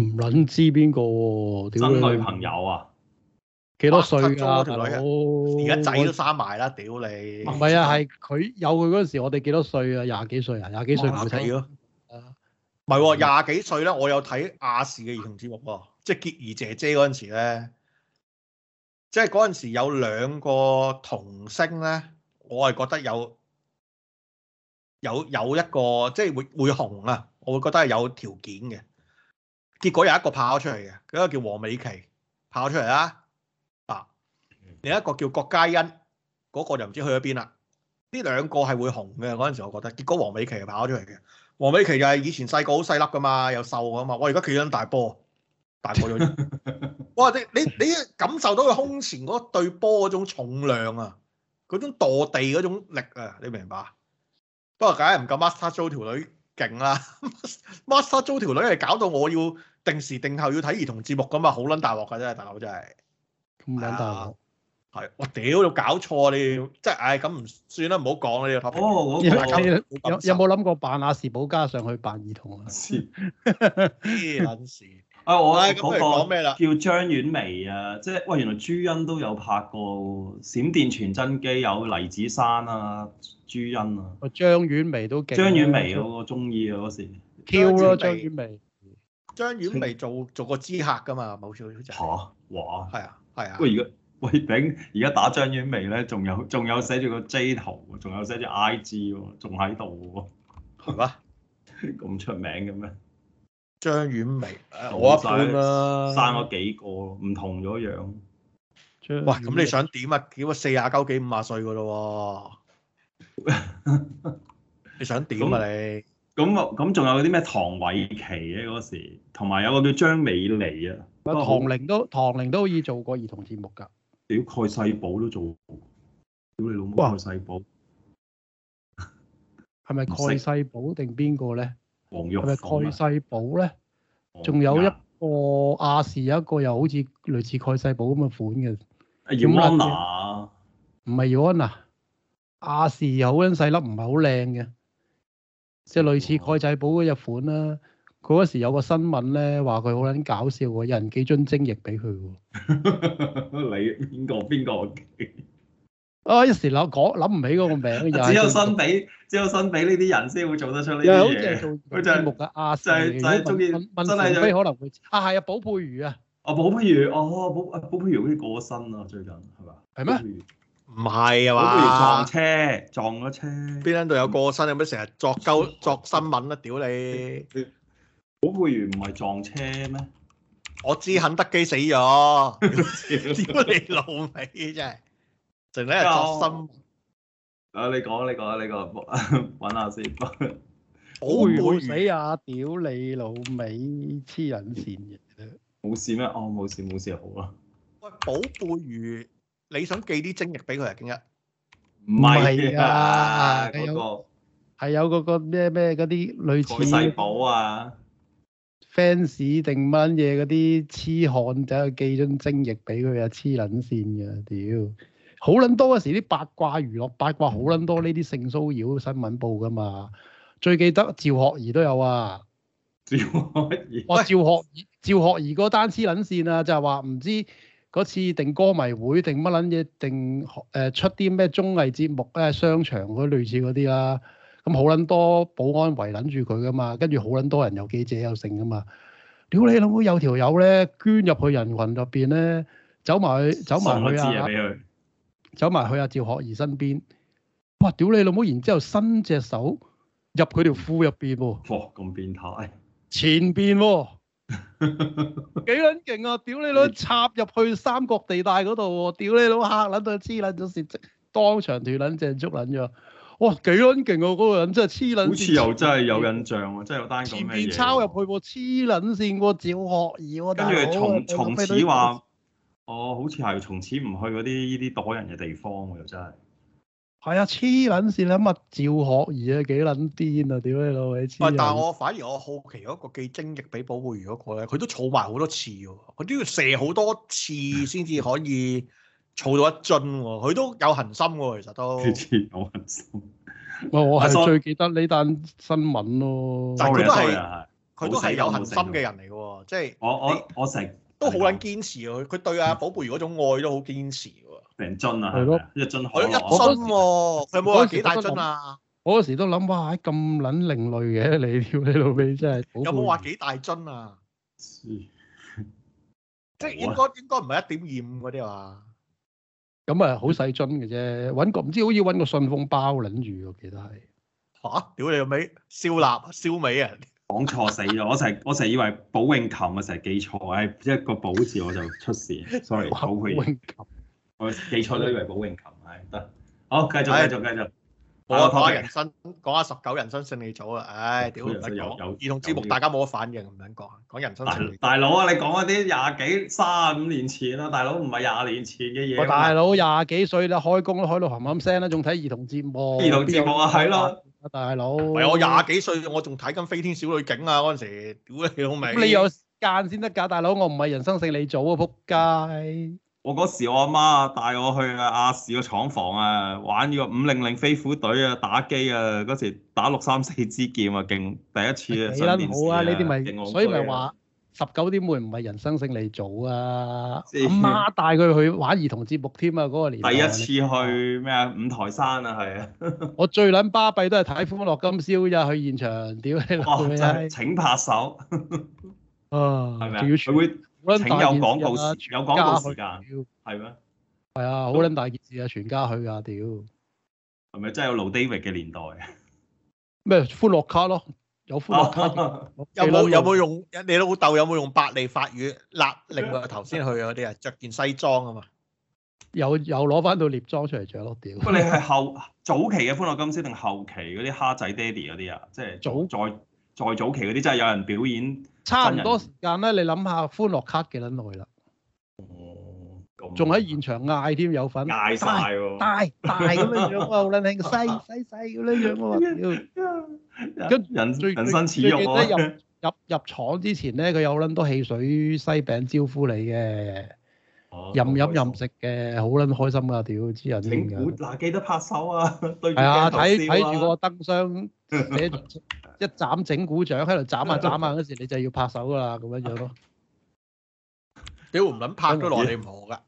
唔撚 知邊個、啊？真女朋友啊？幾多歲噶、啊？條女，而家仔都生埋啦，屌我你！唔係啊，係佢有佢嗰陣時，我哋幾多歲啊？廿幾歲啊？廿幾歲唔睇咯。會啊，唔係廿幾歲咧，我有睇亞視嘅兒童節目喎、啊， 即係潔兒姐姐嗰陣時咧，即係嗰陣時有兩個童星咧，我係覺得有有有一個即係會會紅啊，我會覺得係有條件嘅。結果有一個跑出嚟嘅，嗰個叫黃美琪，跑出嚟啦。另一個叫郭嘉欣，嗰、那個就唔知去咗邊啦。呢兩個係會紅嘅嗰陣時，我覺得，結果黃美琪就跑咗出嚟嘅。黃美琪就係以前細個好細粒噶嘛，又瘦噶嘛。我而家企已大波，大波咗。哇！你你，你感受到佢胸前嗰對波嗰種重量啊，嗰種墮地嗰種力啊，你明唔明白？不過梗係唔夠 Master 租 o 條女勁啦。 Master 租 o 條女係搞到我要定時定候要睇兒童節目噶嘛，好撚大鑊噶、啊、真係大佬真係。咁撚大鑊。係我屌，你搞錯你，即係唉咁唔算啦，唔好講你又偷。有有冇諗過扮亞視寶加上去扮兒童啊？黐撚綫。啊，我嗰個叫張婉媚啊，即係喂，原來朱茵都有拍過閃電傳真機，有黎子珊啊，朱茵啊。張婉媚都幾張婉媚，我中意啊，嗰時 Q 咯，張婉媚，張婉媚做做過知客噶嘛，冇錯，就吓話係啊係啊，不過而家。喂，頂！而家打張婉眉咧，仲有仲有寫住個 J 圖，仲有寫住 IG 喎，仲喺度喎。係咩？咁出名嘅咩？張婉眉，我一般啦。生咗幾個，唔同咗樣。哇！咁你想點啊？點啊？四廿九幾五廿歲噶咯喎！ 你想點啊？你咁啊？咁仲有啲咩？唐偉琪嘅嗰時，同埋有個叫張美妮啊。唐寧都唐寧都可以做過兒童節目㗎。啲蓋世寶都做，屌你老母蓋世寶，係咪蓋世寶定邊個咧？是是呢黃玉，係咪蓋世寶咧？仲、啊、有一個亞視，有一個又好似類似蓋世寶咁嘅款嘅，姚安娜，唔係姚安娜，亞視又好啲細粒，唔係好靚嘅，即、就、係、是、類似蓋世寶嗰隻款啦。啊啊佢嗰時有個新聞咧，話佢好撚搞笑喎，有人幾樽精液俾佢喎。你邊個邊個？啊！一時諗講諗唔起嗰個名。只有幸比，只有幸比呢啲人先會做得出呢啲嘢。佢就係木噶，啊！就係中意問真係可能會啊，係啊，鮑威爾啊。啊，鮑威爾，哦，寶啊，鮑威爾好似過身啦，最近係嘛？係咩？唔係啊嘛？鮑威爾撞車，撞咗車。邊一度有過身？有咩成日作鳩作新聞啦，屌你！寶貝魚唔係撞車咩？我知肯德基死咗，屌你老味真係，淨係作心。啊，你講，你講，你講，搵下先。寶貝魚死啊！屌你老味，黐人線。冇事咩？哦，冇事冇事，好啊。喂，寶貝魚，你想寄啲精液俾佢嚟點啊？唔係啊，係有，係有嗰個咩咩嗰啲類似。古仔寶啊！fans 定乜嘢嗰啲痴漢仔，寄樽精液俾佢啊，黐撚線㗎屌！好撚 多嗰時啲八卦娛樂八卦，好撚多呢啲性騷擾新聞報㗎嘛。最記得趙學而都有啊，趙學而我、哦、趙學而趙學而嗰單黐撚線啊，就係話唔知嗰次定歌迷會定乜撚嘢定誒、呃、出啲咩綜藝節目咧、呃，商場嗰類似嗰啲啦。咁好撚多保安圍撚住佢噶嘛，跟住好撚多人有記者有剩噶嘛。屌你老母有條友咧，捐入去人羣入邊咧，走埋去走埋去啊，走埋去阿趙學而身邊。哇！屌你老母，然之後伸隻手入佢條褲入邊喎。哇！咁變態。前邊喎，幾撚勁啊！屌你老母插入去三角地帶嗰度喎。屌你老母，嚇撚到黐撚咗線，即當場斷撚正捉撚咗。哇，幾撚勁喎！嗰、那個人真係黐撚好似又真係有印象喎、啊，啊、真係有單講咩嘢抄入去喎、啊，黐撚線喎，趙學而喎、啊。跟住從從此話，哦，好似係從此唔去嗰啲呢啲多人嘅地方喎，又真係。係啊，黐撚線啊嘛，趙學而啊，幾撚癲啊？屌你老味？唔係，但係我反而我好奇嗰個寄精液俾寶貝魚嗰、那個咧，佢都儲埋好多次喎、啊，佢都要射好多次先至可以。 儲到一樽喎，佢都有恆心喎，其實都。之前有恆心，我我係最記得呢單新聞咯。但係，佢都係佢都係有恆心嘅人嚟嘅，即係我我我成日都好撚堅持嘅佢，佢對阿寶貝嗰種愛都好堅持嘅喎。成樽啊，係咯，一樽海，一樽喎，佢有冇話幾大樽啊？我嗰時都諗哇，咁撚另類嘅你屌你老味真係。有冇話幾大樽啊？是，即係應該應該唔係一點二五嗰啲嘛？咁啊，細好細樽嘅啫，揾個唔知好似揾個信封包捻住、啊啊，我記得係吓，屌你個尾燒臘燒尾啊！講錯死咗，我成日我成日以為寶詠琴，啊，成日記錯，哎，一個保字我就出事 ，Sorry，寶詠琴，我記錯都以為寶詠琴。係得，好，繼續繼續繼續。繼續繼續。我講下人生，講下十九人生勝利組啊！唉，屌有準講。兒童節目大家冇得反應，唔準講。講人生勝利、哎、生說大佬啊，你講嗰啲廿幾、三十五年前啦，大佬唔係廿年前嘅嘢。大佬廿幾歲啦，開工啦，開到冚冚聲啦，仲睇兒童節目。兒童節目啊，係咯，了大佬哥。唔係我廿幾歲，我仲睇緊《飛天小女警》啊嗰陣時，屌你老味。咁你有時間先得㗎，大佬，我唔係人生勝利組啊，仆街。我嗰時我阿媽帶我去啊亞視個廠房啊，玩呢個五零零飛虎隊啊，打機啊，嗰時打六三四支劍啊，勁第一次啊，上電視。好啊，呢啲咪所以咪話十九點 Ken 唔係人生勝利組啊，阿媽帶佢去玩兒童節目添啊，嗰、嗰個年。第一次去咩啊？五台山啊，係啊。我最撚巴閉都係睇歡樂今宵咋，去現場屌你老味請拍手。係咪佢會。請有廣告時間，有廣告時間，係咩？係啊，好撚大件事啊，全家去噶屌！係咪真係有老 David 嘅年代？咩？歡樂卡咯，有歡樂卡。有冇有冇用？你老豆有冇用百利法語？勒另外頭先去嗰啲啊，着件西裝啊嘛。又又攞翻到獵裝出嚟着咯屌！不過你係後早期嘅歡樂今宵定後期嗰啲蝦仔爹哋嗰啲啊？即係早再再早期嗰啲，真係有人表演。差唔多時間咧，你諗下歡樂卡幾撚耐啦？哦，仲喺現場嗌添，有份嗌曬大大咁樣樣啊，好撚興，細細細咁樣樣啊，屌！跟住人生始終入入入，入廠之前咧，佢有撚多汽水西餅招呼你嘅。任飲任食嘅，好撚開心噶，屌知人。整蠱嗱，記得拍手啊！對住。係啊，睇睇住個燈箱，一一斬整鼓掌，喺度斬下斬下嗰時，你就要拍手噶啦，咁樣樣咯。屌唔諗拍都奈你唔何噶。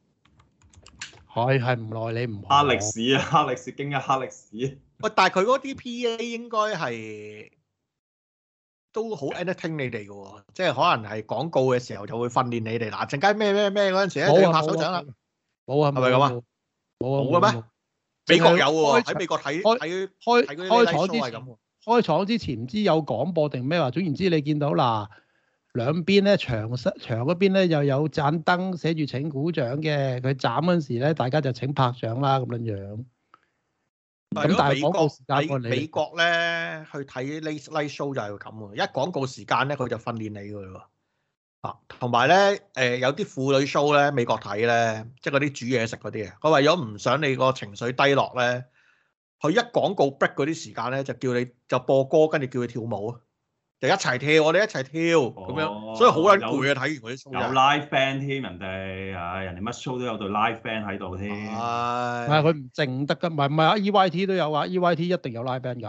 係係奈你唔何。黑歷史啊，黑歷史，京一黑歷史。喂，但係佢嗰啲 PA 應該係。都好 end 得聽你哋嘅喎，即係可能係廣告嘅時候就會訓練你哋嗱，陣間咩咩咩嗰陣時咧、啊、拍手掌啦，冇啊，係咪咁啊？冇啊，冇嘅咩？啊啊、美國有喎，喺美國睇開開開開廠之前，開廠之前唔知有廣播定咩話，總言之你見到嗱兩邊咧牆身牆嗰邊咧又有盞燈寫住請鼓掌嘅，佢斬嗰陣時咧大家就請拍掌啦咁樣樣。咁但係廣告時間，美國咧去睇 late late show 就係咁喎。一廣告時間咧，佢就訓練你嘅喎。啊，同埋咧，誒有啲婦女 show 咧，美國睇咧，即係嗰啲煮嘢食嗰啲啊。佢為咗唔想你個情緒低落咧，佢一廣告 break 嗰啲時間咧，就叫你就播歌，跟住叫你跳舞啊。你一齊跳，我哋一齊跳，咁樣，所以好鬼攰啊！睇完嗰啲有 live band 添，人哋係人哋乜 show 都有對 live band 喺度添，係佢唔靜得㗎，唔係唔係啊！EYT 都有啊，EYT 一定有 live band 㗎。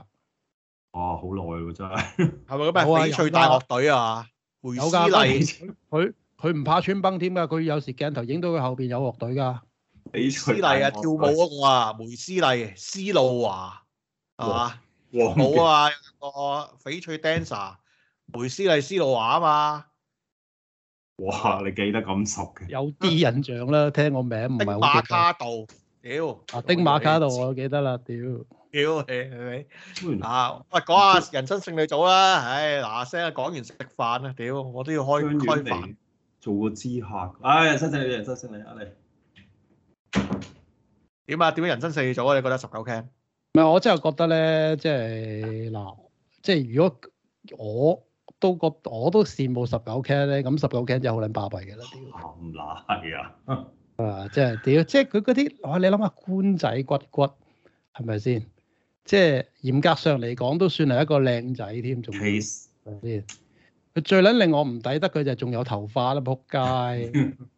哦，好耐喎，真係係咪嗰咩翡翠大樂隊啊？梅思禮佢佢唔怕穿崩添㗎，佢有時鏡頭影到佢後邊有樂隊㗎。翡翠大樂隊啊，跳舞嗰個啊，梅思禮、司露華係嘛？好啊，個翡翠 dancer。梅斯利斯路娃啊嘛，哇！你記得咁熟嘅，有啲印象啦。聽我名唔係好記得，馬卡道，屌啊！丁馬卡道，我記得啦。屌，屌你係咪啊？喂、嗯，講、啊、下人生勝利組啦。唉、哎，嗱聲講完食飯啦。屌，我都要開開飯。做個知客。唉、啊，人生勝利，人生勝利，阿你點啊？點樣、啊、人生勝利組啊？你覺得十九 Ken？唔係我真係覺得咧，即係嗱，即係如果我。到個我都羨慕十九 Ken 咧，咁十九 Ken 就好撚巴閉嘅啦。咁嗱係啊，啊即係屌，即係佢嗰啲哇！你諗下，官仔骨骨係咪先？即係嚴格上嚟講，都算係一個靚仔添，仲咩先？佢最撚令我唔抵得，佢就仲有頭髮啦！撲街，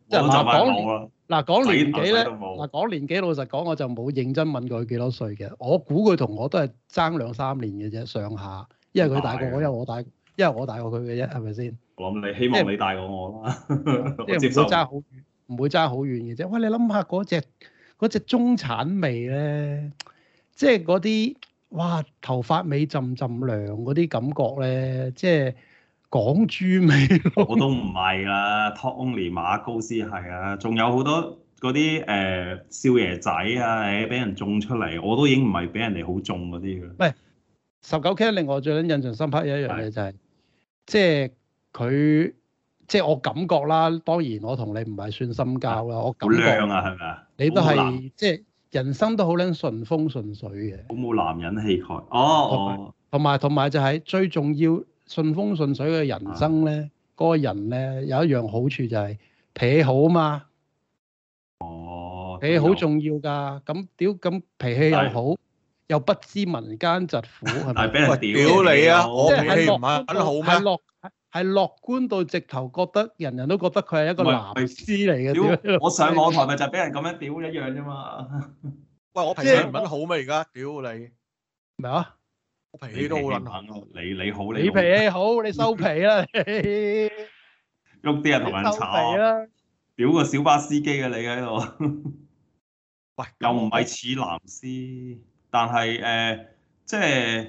即係嗱講年嗱講年紀咧，嗱講年紀，老實講，我就冇認真問過佢幾多歲嘅。我估佢同我都係爭兩三年嘅啫上下，因為佢大過我，因為我大。因為我大過佢嘅啫，係咪先？我諗你希望你大過我啦，即係唔會爭好遠，唔會揸好遠嘅啫。喂，你諗下嗰隻嗰隻中產味咧，即係嗰啲哇頭髮尾浸浸涼嗰啲感覺咧，即係港豬味。我都唔係啦，Tony l 馬高斯係啊，仲有好多嗰啲誒少爺仔啊，誒俾人種出嚟，我都已經唔係俾人哋好種嗰啲。喂十九 K 令我最撚印象深刻一樣嘢就係。即係佢，即係我感覺啦。當然，我同你唔係算深交啦。我感覺好靚啊，係咪啊？你都係即係人生都好撚順風順水嘅。好冇男人氣概哦哦。同埋同埋就係最重要順風順水嘅人生咧，嗰個人咧有一樣好處就係脾氣好啊嘛。哦，脾氣好重要㗎。咁屌咁脾氣又好。又不知民間疾苦，係咪？俾人屌你啊！我脾氣唔好，係好咩？係樂觀到直頭覺得人人都覺得佢係一個男屍嚟嘅。屌！我上網台咪就係俾人咁樣屌一樣啫嘛。喂，我脾氣唔好咩？而家屌你，唔係啊？皮到淪陷咯！你你好，你脾氣好，你收皮啦！喐啲人同人吵啊！屌個小巴司機嘅你喺度，喂，又唔係似男屍。但係誒、呃，即係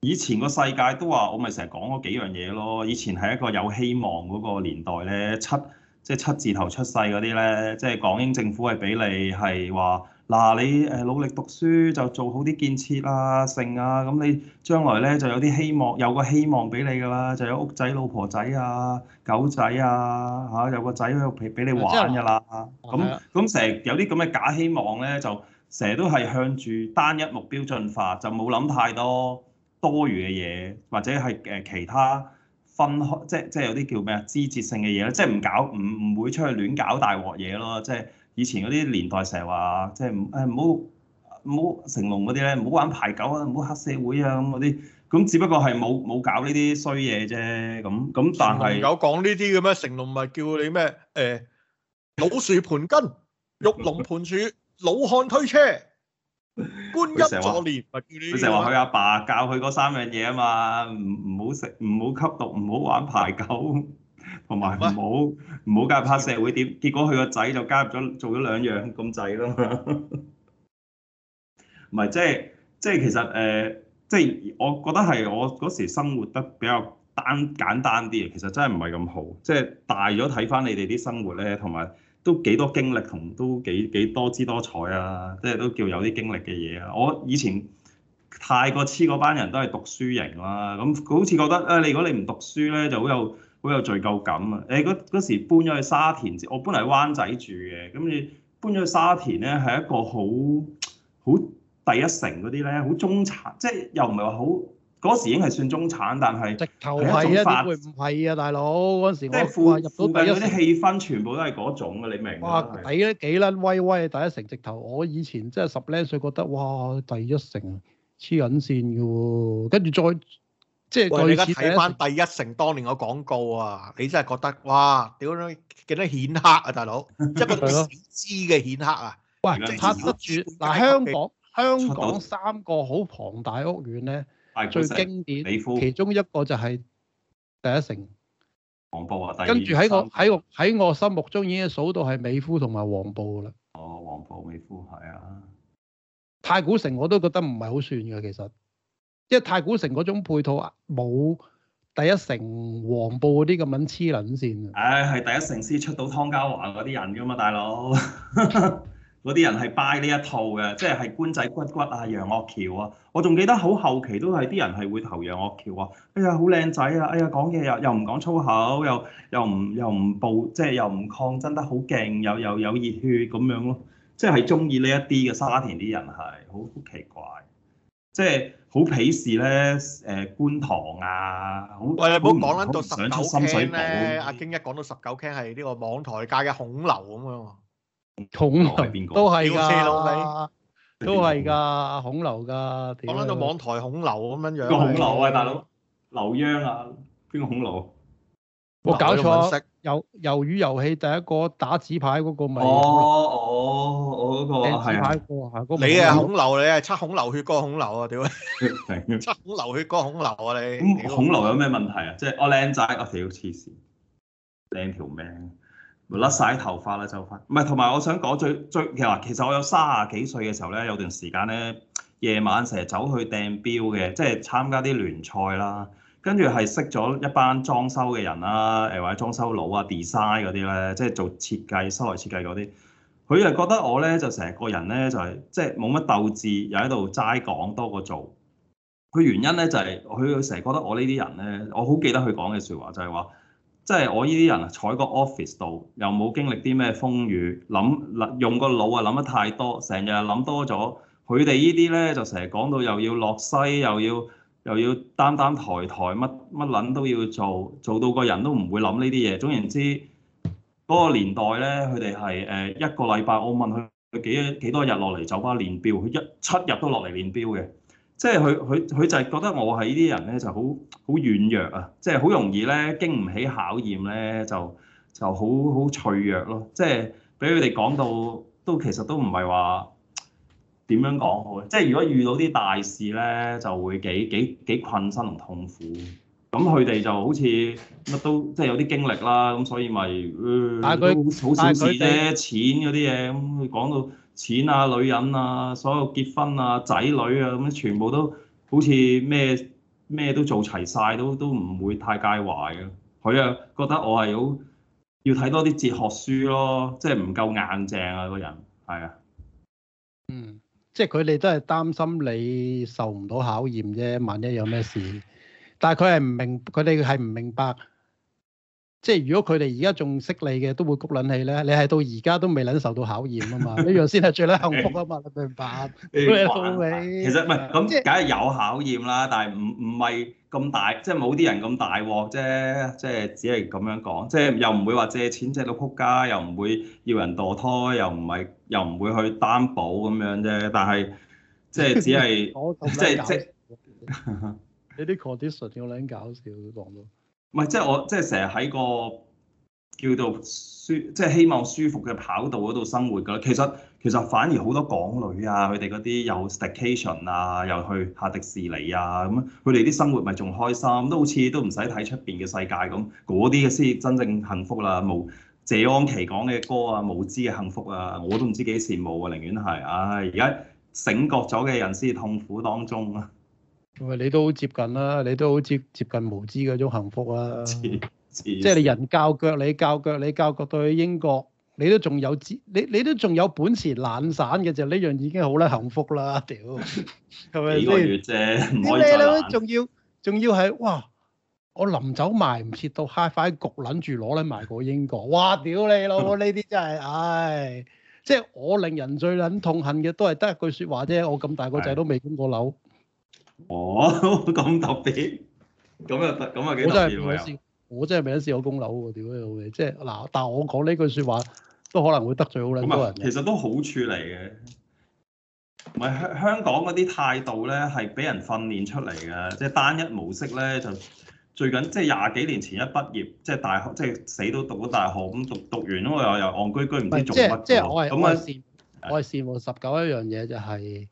以前個世界都話，我咪成日講嗰幾樣嘢咯。以前係一個有希望嗰個年代咧，七即係七字頭出世嗰啲咧，即係港英政府係俾你係話，嗱、啊、你誒努力讀書就做好啲建設啊、城啊，咁你將來咧就有啲希望，有個希望俾你㗎啦，就有屋仔、老婆仔啊、狗仔啊嚇，有個仔俾俾你玩㗎啦。咁咁成日有啲咁嘅假希望咧，就成日都係向住單一目標進化，就冇諗太多多餘嘅嘢，或者係誒其他分開，即係即係有啲叫咩啊，枝節性嘅嘢咧，即係唔搞，唔唔會出去亂搞大鑊嘢咯。即係以前嗰啲年代成日話，即係唔唔好唔好成龍嗰啲咧，唔好玩牌九，啊，唔好黑社會啊咁嗰啲。咁只不過係冇冇搞呢啲衰嘢啫。咁咁但係有講呢啲嘅咩？成龍咪叫你咩誒、哎？老樹盤根，玉龍盤柱。老漢推車，觀音坐蓮，佢成日話佢阿爸教佢嗰三樣嘢啊嘛，唔唔好食，唔好吸毒，唔好玩牌九，同埋唔好唔好加入黑社會點。結果佢個仔就加入咗做咗兩樣，咁滯啦嘛。唔係即係即係其實誒、呃，即係我覺得係我嗰時生活得比較單簡單啲。其實真係唔係咁好，即係大咗睇翻你哋啲生活咧，同埋。都幾多經歷同都幾幾多姿多彩啊！即係都叫有啲經歷嘅嘢啊！我以前太過黐嗰班人都係讀書型啦、啊，咁好似覺得誒，哎、你如果你唔讀書咧就好有好有罪疚感啊！誒、哎、嗰時搬咗去沙田，我搬嚟灣仔住嘅，咁你搬咗去沙田咧係一個好好第一城嗰啲咧，好中產，即係又唔係話好。嗰時已經係算中產，但係直頭係呀，點會唔係啊，大佬，嗰陣時我入入到第一城嗰啲氣氛全部都係嗰種嘅，你明？哇！睇咗幾粒威威第一城，直頭我以前真係十零歲覺得哇，第一城黐撚線嘅喎，跟住再即係我而家睇翻第一城當年嘅廣告啊，你真係覺得哇，屌你幾多顯赫啊，大佬 一個小資嘅顯赫啊！了喂，拍得住嗱，香港香港三個好龐大屋苑咧。最經典，美孚其中一個就係第一城黃埔啊！第二，跟住喺我喺次我喺我，我心目中已經數到係美孚同埋黃埔噶啦。哦，黃埔美孚係啊！太古城我都覺得唔係好算嘅，其實，因為太古城嗰種配套啊，冇第一城黃埔啲咁樣黐撚線啊。唉、哎，係第一城先出到湯家驊嗰啲人噶嘛，大佬。 嗰啲人係拜呢一套嘅，即係係官仔骨骨啊，楊岳橋啊，我仲記得好後期都係啲人係會投楊岳橋啊，哎呀好靚仔啊，哎呀講嘢又又唔講粗口，又又唔又唔暴，即、就、係、是、又唔抗爭得好勁，又又有，有熱血咁樣咯，即係係中意呢一啲嘅沙田啲人係好好奇怪，即係好鄙視咧誒觀塘啊，好，我哋唔好講到十九 k 咧，阿京、啊啊、一講到十九 k 係呢個網台界嘅恐流咁樣。孔劉係邊個？都係噶，都係噶，孔劉噶。我諗到網台孔劉咁樣樣。個孔劉啊大佬，劉央啊？邊個孔劉？我搞錯，食魷魚遊戲第一個打紙牌嗰個咪？哦哦，我嗰個係啊。你係孔劉，你係七孔流血個孔劉啊？屌！七孔流血個孔劉啊你？咁孔劉有咩問題啊？即係我靚仔，我屌黐線，靚條命。甩晒頭髮啦，就快唔係同埋，我想講最最其實，其實我有三啊幾歲嘅時候咧，有段時間咧，夜晚成日走去掟標嘅，即係參加啲聯賽啦，跟住係識咗一班裝修嘅人啦，誒或者裝修佬啊、design 嗰啲咧，即係做設計、室內設計嗰啲，佢又覺得我咧就成日個人咧就係即係冇乜鬥志，又喺度齋講多過做。佢原因咧就係佢成日覺得我呢啲人咧，我好記得佢講嘅説話就係話。即係我呢啲人啊，坐個 office 度又冇經歷啲咩風雨，諗用個腦啊諗得太多，成日諗多咗。佢哋呢啲咧就成日講到又要落西，又要又要擔擔抬抬，乜乜撚都要做，做到個人都唔會諗呢啲嘢。總言之，嗰個年代咧，佢哋係誒一個禮拜，我問佢幾幾多日落嚟酒吧練標，佢一七日都落嚟練標嘅。即係佢佢佢，就係覺得我係呢啲人咧，就好好軟弱啊！即係好容易咧，經唔起考驗咧，就就好好脆弱咯、啊。即係俾佢哋講到都，其實都唔係話點樣講好咧，即係如果遇到啲大事咧，就會幾幾幾困身同痛苦。咁佢哋就好似乜都即係，有啲經歷啦、啊，咁所以咪誒、呃、他都好小事啫，他錢嗰啲嘢咁佢講到。錢啊、女人啊、所有結婚啊、仔女啊，咁全部都好似咩咩都做齊晒，都都唔會太介懷嘅。佢啊覺得我係好要睇多啲哲學書咯，即係唔夠硬正啊個人，係啊。嗯，即係佢哋都係擔心你受唔到考驗啫，萬一有咩事， 但係佢係唔明，佢哋係唔明白。即係如果佢哋而家仲識你嘅，都會谷撚氣咧。你係到而家都未撚受到考驗啊嘛，呢樣先係最撚幸福啊嘛，你明白？你講你其實唔係咁，梗係有考驗啦，但係唔唔係咁大，即係冇啲人咁大鑊啫，即係只係咁樣講，即係又唔會話借錢借到撲街，又唔會要人墮胎，又唔係又唔會去擔保咁樣啫。但係即係只係即係即係啲 condition，我撚搞笑講到。唔係即係我即係成日喺個叫做舒即係希望舒服嘅跑道嗰度生活噶啦，其實其實反而好多港女啊，佢哋嗰啲有 staycation 啊，又去下迪士尼啊咁，佢哋啲生活咪仲開心，都好似都唔使睇出邊嘅世界咁，嗰啲先真正幸福啦，啊。無謝安琪講嘅歌啊，無知嘅幸福啊，我都唔知幾羨慕啊，寧願係，唉而家醒覺咗嘅人先痛苦當中啊。係咪你都好接近啦？你都好接接近無知嗰種幸福啊！即係你人教腳，你教腳，你教腳到去英國，你都仲有知，你你都仲有本事懶散嘅就呢樣已經好啦，幸福啦，屌！ 幾個月啫，唔開齋，仲要仲要係哇！我臨走賣唔切到 high five 局，諗住攞嚟賣過英國，哇！屌你老母，呢啲 真係唉、哎！即係我令人最撚痛恨嘅都係得一句說話啫，我咁大個仔都未供過樓。 哦，咁特別，咁又特，咁又幾特別啊！我真係我真係未試過有供樓喎！屌你老味，即係嗱，但係我講呢句説話，都可能會得罪好多人。其實都好處嚟嘅，唔係香香港嗰啲態度咧，係俾人訓練出嚟嘅，即係單一模式咧，就最緊即係廿幾年前一畢業，即係大學，即係死都讀咗大學咁讀讀完，因為又又戇居居，唔知做乜。即係即係，我係羨，我係羨慕十九一,一樣嘢就係。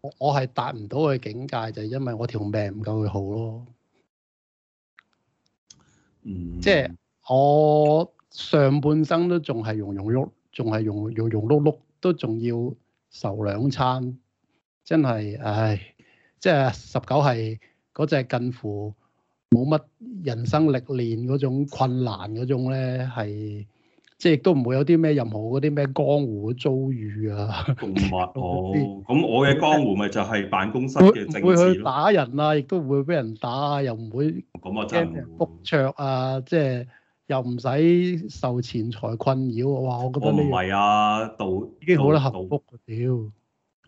我我係達唔到佢境界，就係因為我條命唔夠佢好咯。嗯，即係我上半生都仲係庸庸碌，仲係庸庸庸碌碌，都仲要受兩餐。真係，唉！即係十九係嗰隻近乎冇乜人生歷練嗰種困難嗰種咧，係。即亦都唔會有啲咩任何嗰啲咩江湖嘅遭遇啊！動物哦，咁 我嘅江湖咪就係辦公室嘅政治、啊、會會去打人啊，亦都會俾人打啊，又唔會咁啊！真係。搏桌啊，即、就、係、是、又唔使受錢財困擾、啊。哇！我覺得。你唔係啊，杜已經好客幸福屌！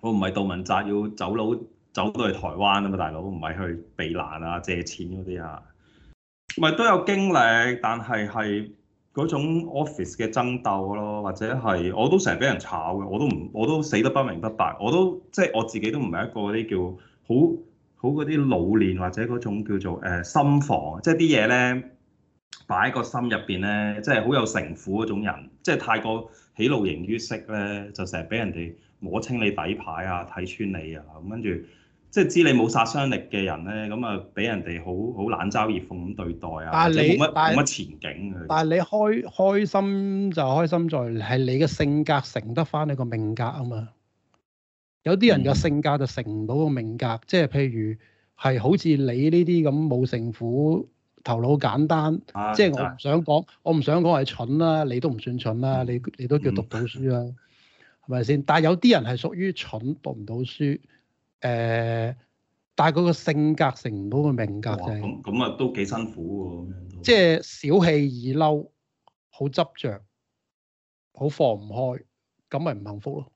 我唔係杜汶澤，要走佬走到去台灣啊嘛，大佬唔係去避難啊，借錢嗰啲啊，咪都有經歷，但係係。嗰種 office 嘅爭鬥咯，或者係我都成日俾人炒嘅，我都唔我，我都死得不明不白，我都即係、就是、我自己都唔係一個嗰啲叫好好嗰啲老練或者嗰種叫做誒、呃、心房」就是，即係啲嘢咧擺喺個心入邊咧，即係好有城府嗰種人，即、就、係、是、太過喜怒形於色咧，就成日俾人哋摸清你底牌啊，睇穿你啊，咁跟住。即係知你冇殺傷力嘅人咧，咁啊俾人哋好好冷嘲熱諷咁對待啊！即係冇乜冇乜前景。但係你開開心就開心在係你嘅性格承得翻你個命格啊嘛！有啲人嘅性格就成唔到個命格，即係譬如係好似你呢啲咁冇城府、頭腦簡單，即係我唔想講，我唔想講係蠢啦，你都唔算蠢啦，你你都叫讀到書啦，係咪先？但係有啲人係屬於蠢，讀唔到書。誒、呃，但係佢個性格成唔到個命格嘅。咁咁啊，都幾辛苦喎！即係小氣、易嬲、好執着，好放唔開，咁咪唔幸福咯。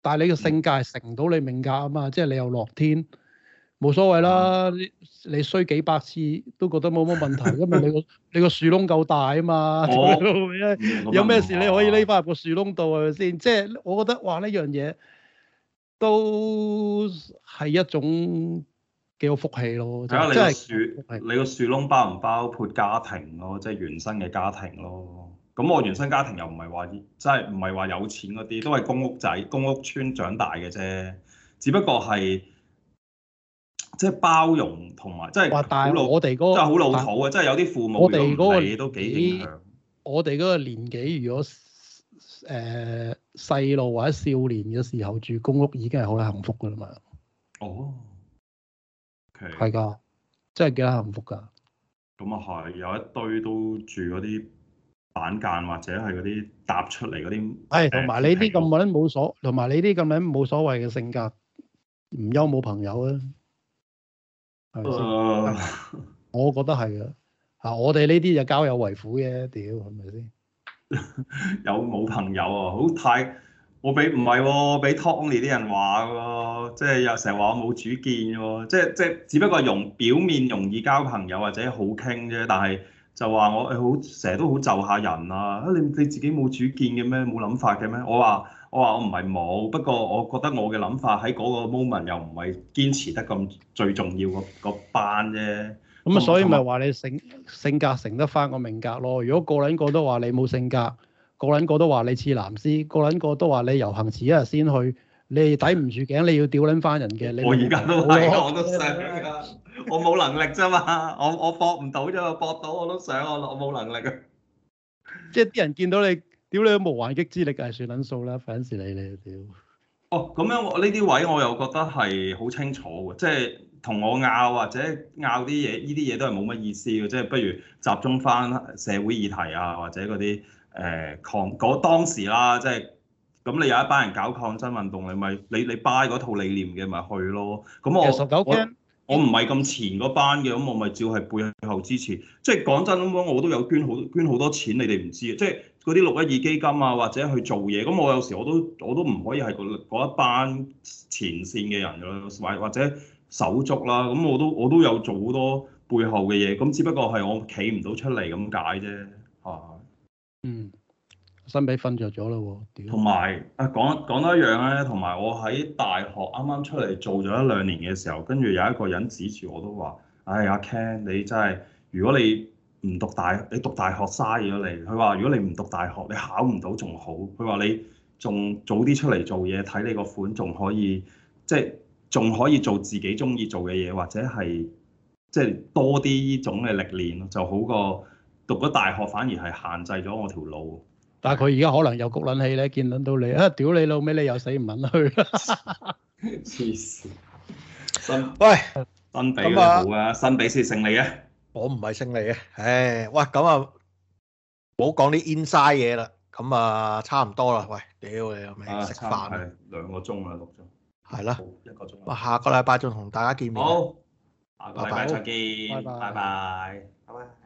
但係你個性格係成唔到你命格啊嘛，嗯、即係你又樂天，冇所謂啦。嗯、你衰幾百次都覺得冇乜問題，嗯、因為你個你個樹窿夠大啊嘛。有咩我事你可以匿翻入個樹窿度係咪先？即係我覺得，話呢樣嘢～都係一種幾好福氣咯。睇下、啊就是、你個樹，是你個樹窿包唔包括家庭咯？即、就、係、是、原生嘅家庭咯。咁我原生家庭又唔係話，即係唔係話有錢嗰啲，都係公屋仔、公屋村長大嘅啫。只不過係即係包容同埋，即係好老土啊！即、就、係、是、有啲父母咁，你都幾影響。我哋嗰個年紀，如果誒。呃呃細路或者少年嘅時候住公屋已經係好幸福㗎啦嘛。哦，OK，係㗎，真係幾幸福㗎。咁啊，係有一堆都住嗰啲板間或者係嗰啲搭出嚟嗰啲。係、呃，同埋你啲咁樣冇所，同埋你啲咁樣冇所謂嘅性格，唔憂冇朋友啊。係、呃、 我覺得係啊。嚇，我哋呢啲就交友為苦嘅，屌係咪先？ 有冇朋友啊？好太，我俾唔係喎，我俾 Tony 啲人話喎，即係又成日話我冇主見喎，即係即係只不過容表面容易交朋友或者好傾啫，但係就話我誒、欸、好成日都好就下人啊！啊你你自己冇主見嘅咩？冇諗法嘅咩？我話我話我唔係冇，不過我覺得我嘅諗法喺嗰個 moment 又唔係堅持得咁最重要個個班啫。咁啊，嗯、所以咪話你性性格成得翻個命格咯。如果個撚個都話你冇性格，個撚個人都話你似藍絲，個撚個都話你遊行遲一日先去，你抵唔住頸，你要屌撚翻人嘅。你我而家都係，我都想，我冇能力啫嘛。我我搏唔到啫，搏到我都想，我我冇能力啊。即係啲人見到你，屌你冇還擊之力係算撚數啦，費撚事你你屌。哦，咁樣我呢啲位我又覺得係好清楚嘅，即係。同我拗或者拗啲嘢，呢啲嘢都係冇乜意思嘅，即係不如集中翻社會議題啊，或者嗰啲誒抗嗰當時啦，即係咁你有一班人搞抗爭運動，你咪你你 buy 嗰套理念嘅咪去咯。咁我我我唔係咁前嗰班嘅，咁我咪照係背後支持。即係講真咁講，我都有捐好捐好多錢，你哋唔知即係嗰啲六一二基金啊，或者去做嘢，咁我有時我都我都唔可以係嗰一班前線嘅人咯，或或者。手足啦，咁我都我都有做好多背後嘅嘢，咁只不過係我企唔到出嚟咁解啫，嚇。嗯，身俾瞓著咗啦，同埋啊，講講多一樣咧、啊，同埋我喺大學啱啱出嚟做咗一兩年嘅時候，跟住有一個人指住我都話：唉、哎，阿 Ken，你真係如果你唔讀大，你讀大學嘥咗你。」佢話如果你唔讀大學，你考唔到仲好。佢話你仲早啲出嚟做嘢，睇你個款仲可以，即係。仲可以做自己中意做嘅嘢，或者係即係多啲呢種嘅歷練就好過讀咗大學反而係限制咗我條路。但係佢而家可能又焗撚氣咧，見撚到你啊！屌你老尾，你又死唔肯去。黐 喂，幸比啦啊，幸、啊、比先勝利啊！我唔係勝利啊！唉，喂，咁啊，唔好講啲 inside 嘢啦，咁啊，差唔多啦。喂，屌你係咪，有冇食飯啊？兩個鐘啦，六鐘。係啦，我好下個禮拜仲同大家見面。好，下個禮拜再見，好拜拜，拜拜。拜拜拜拜。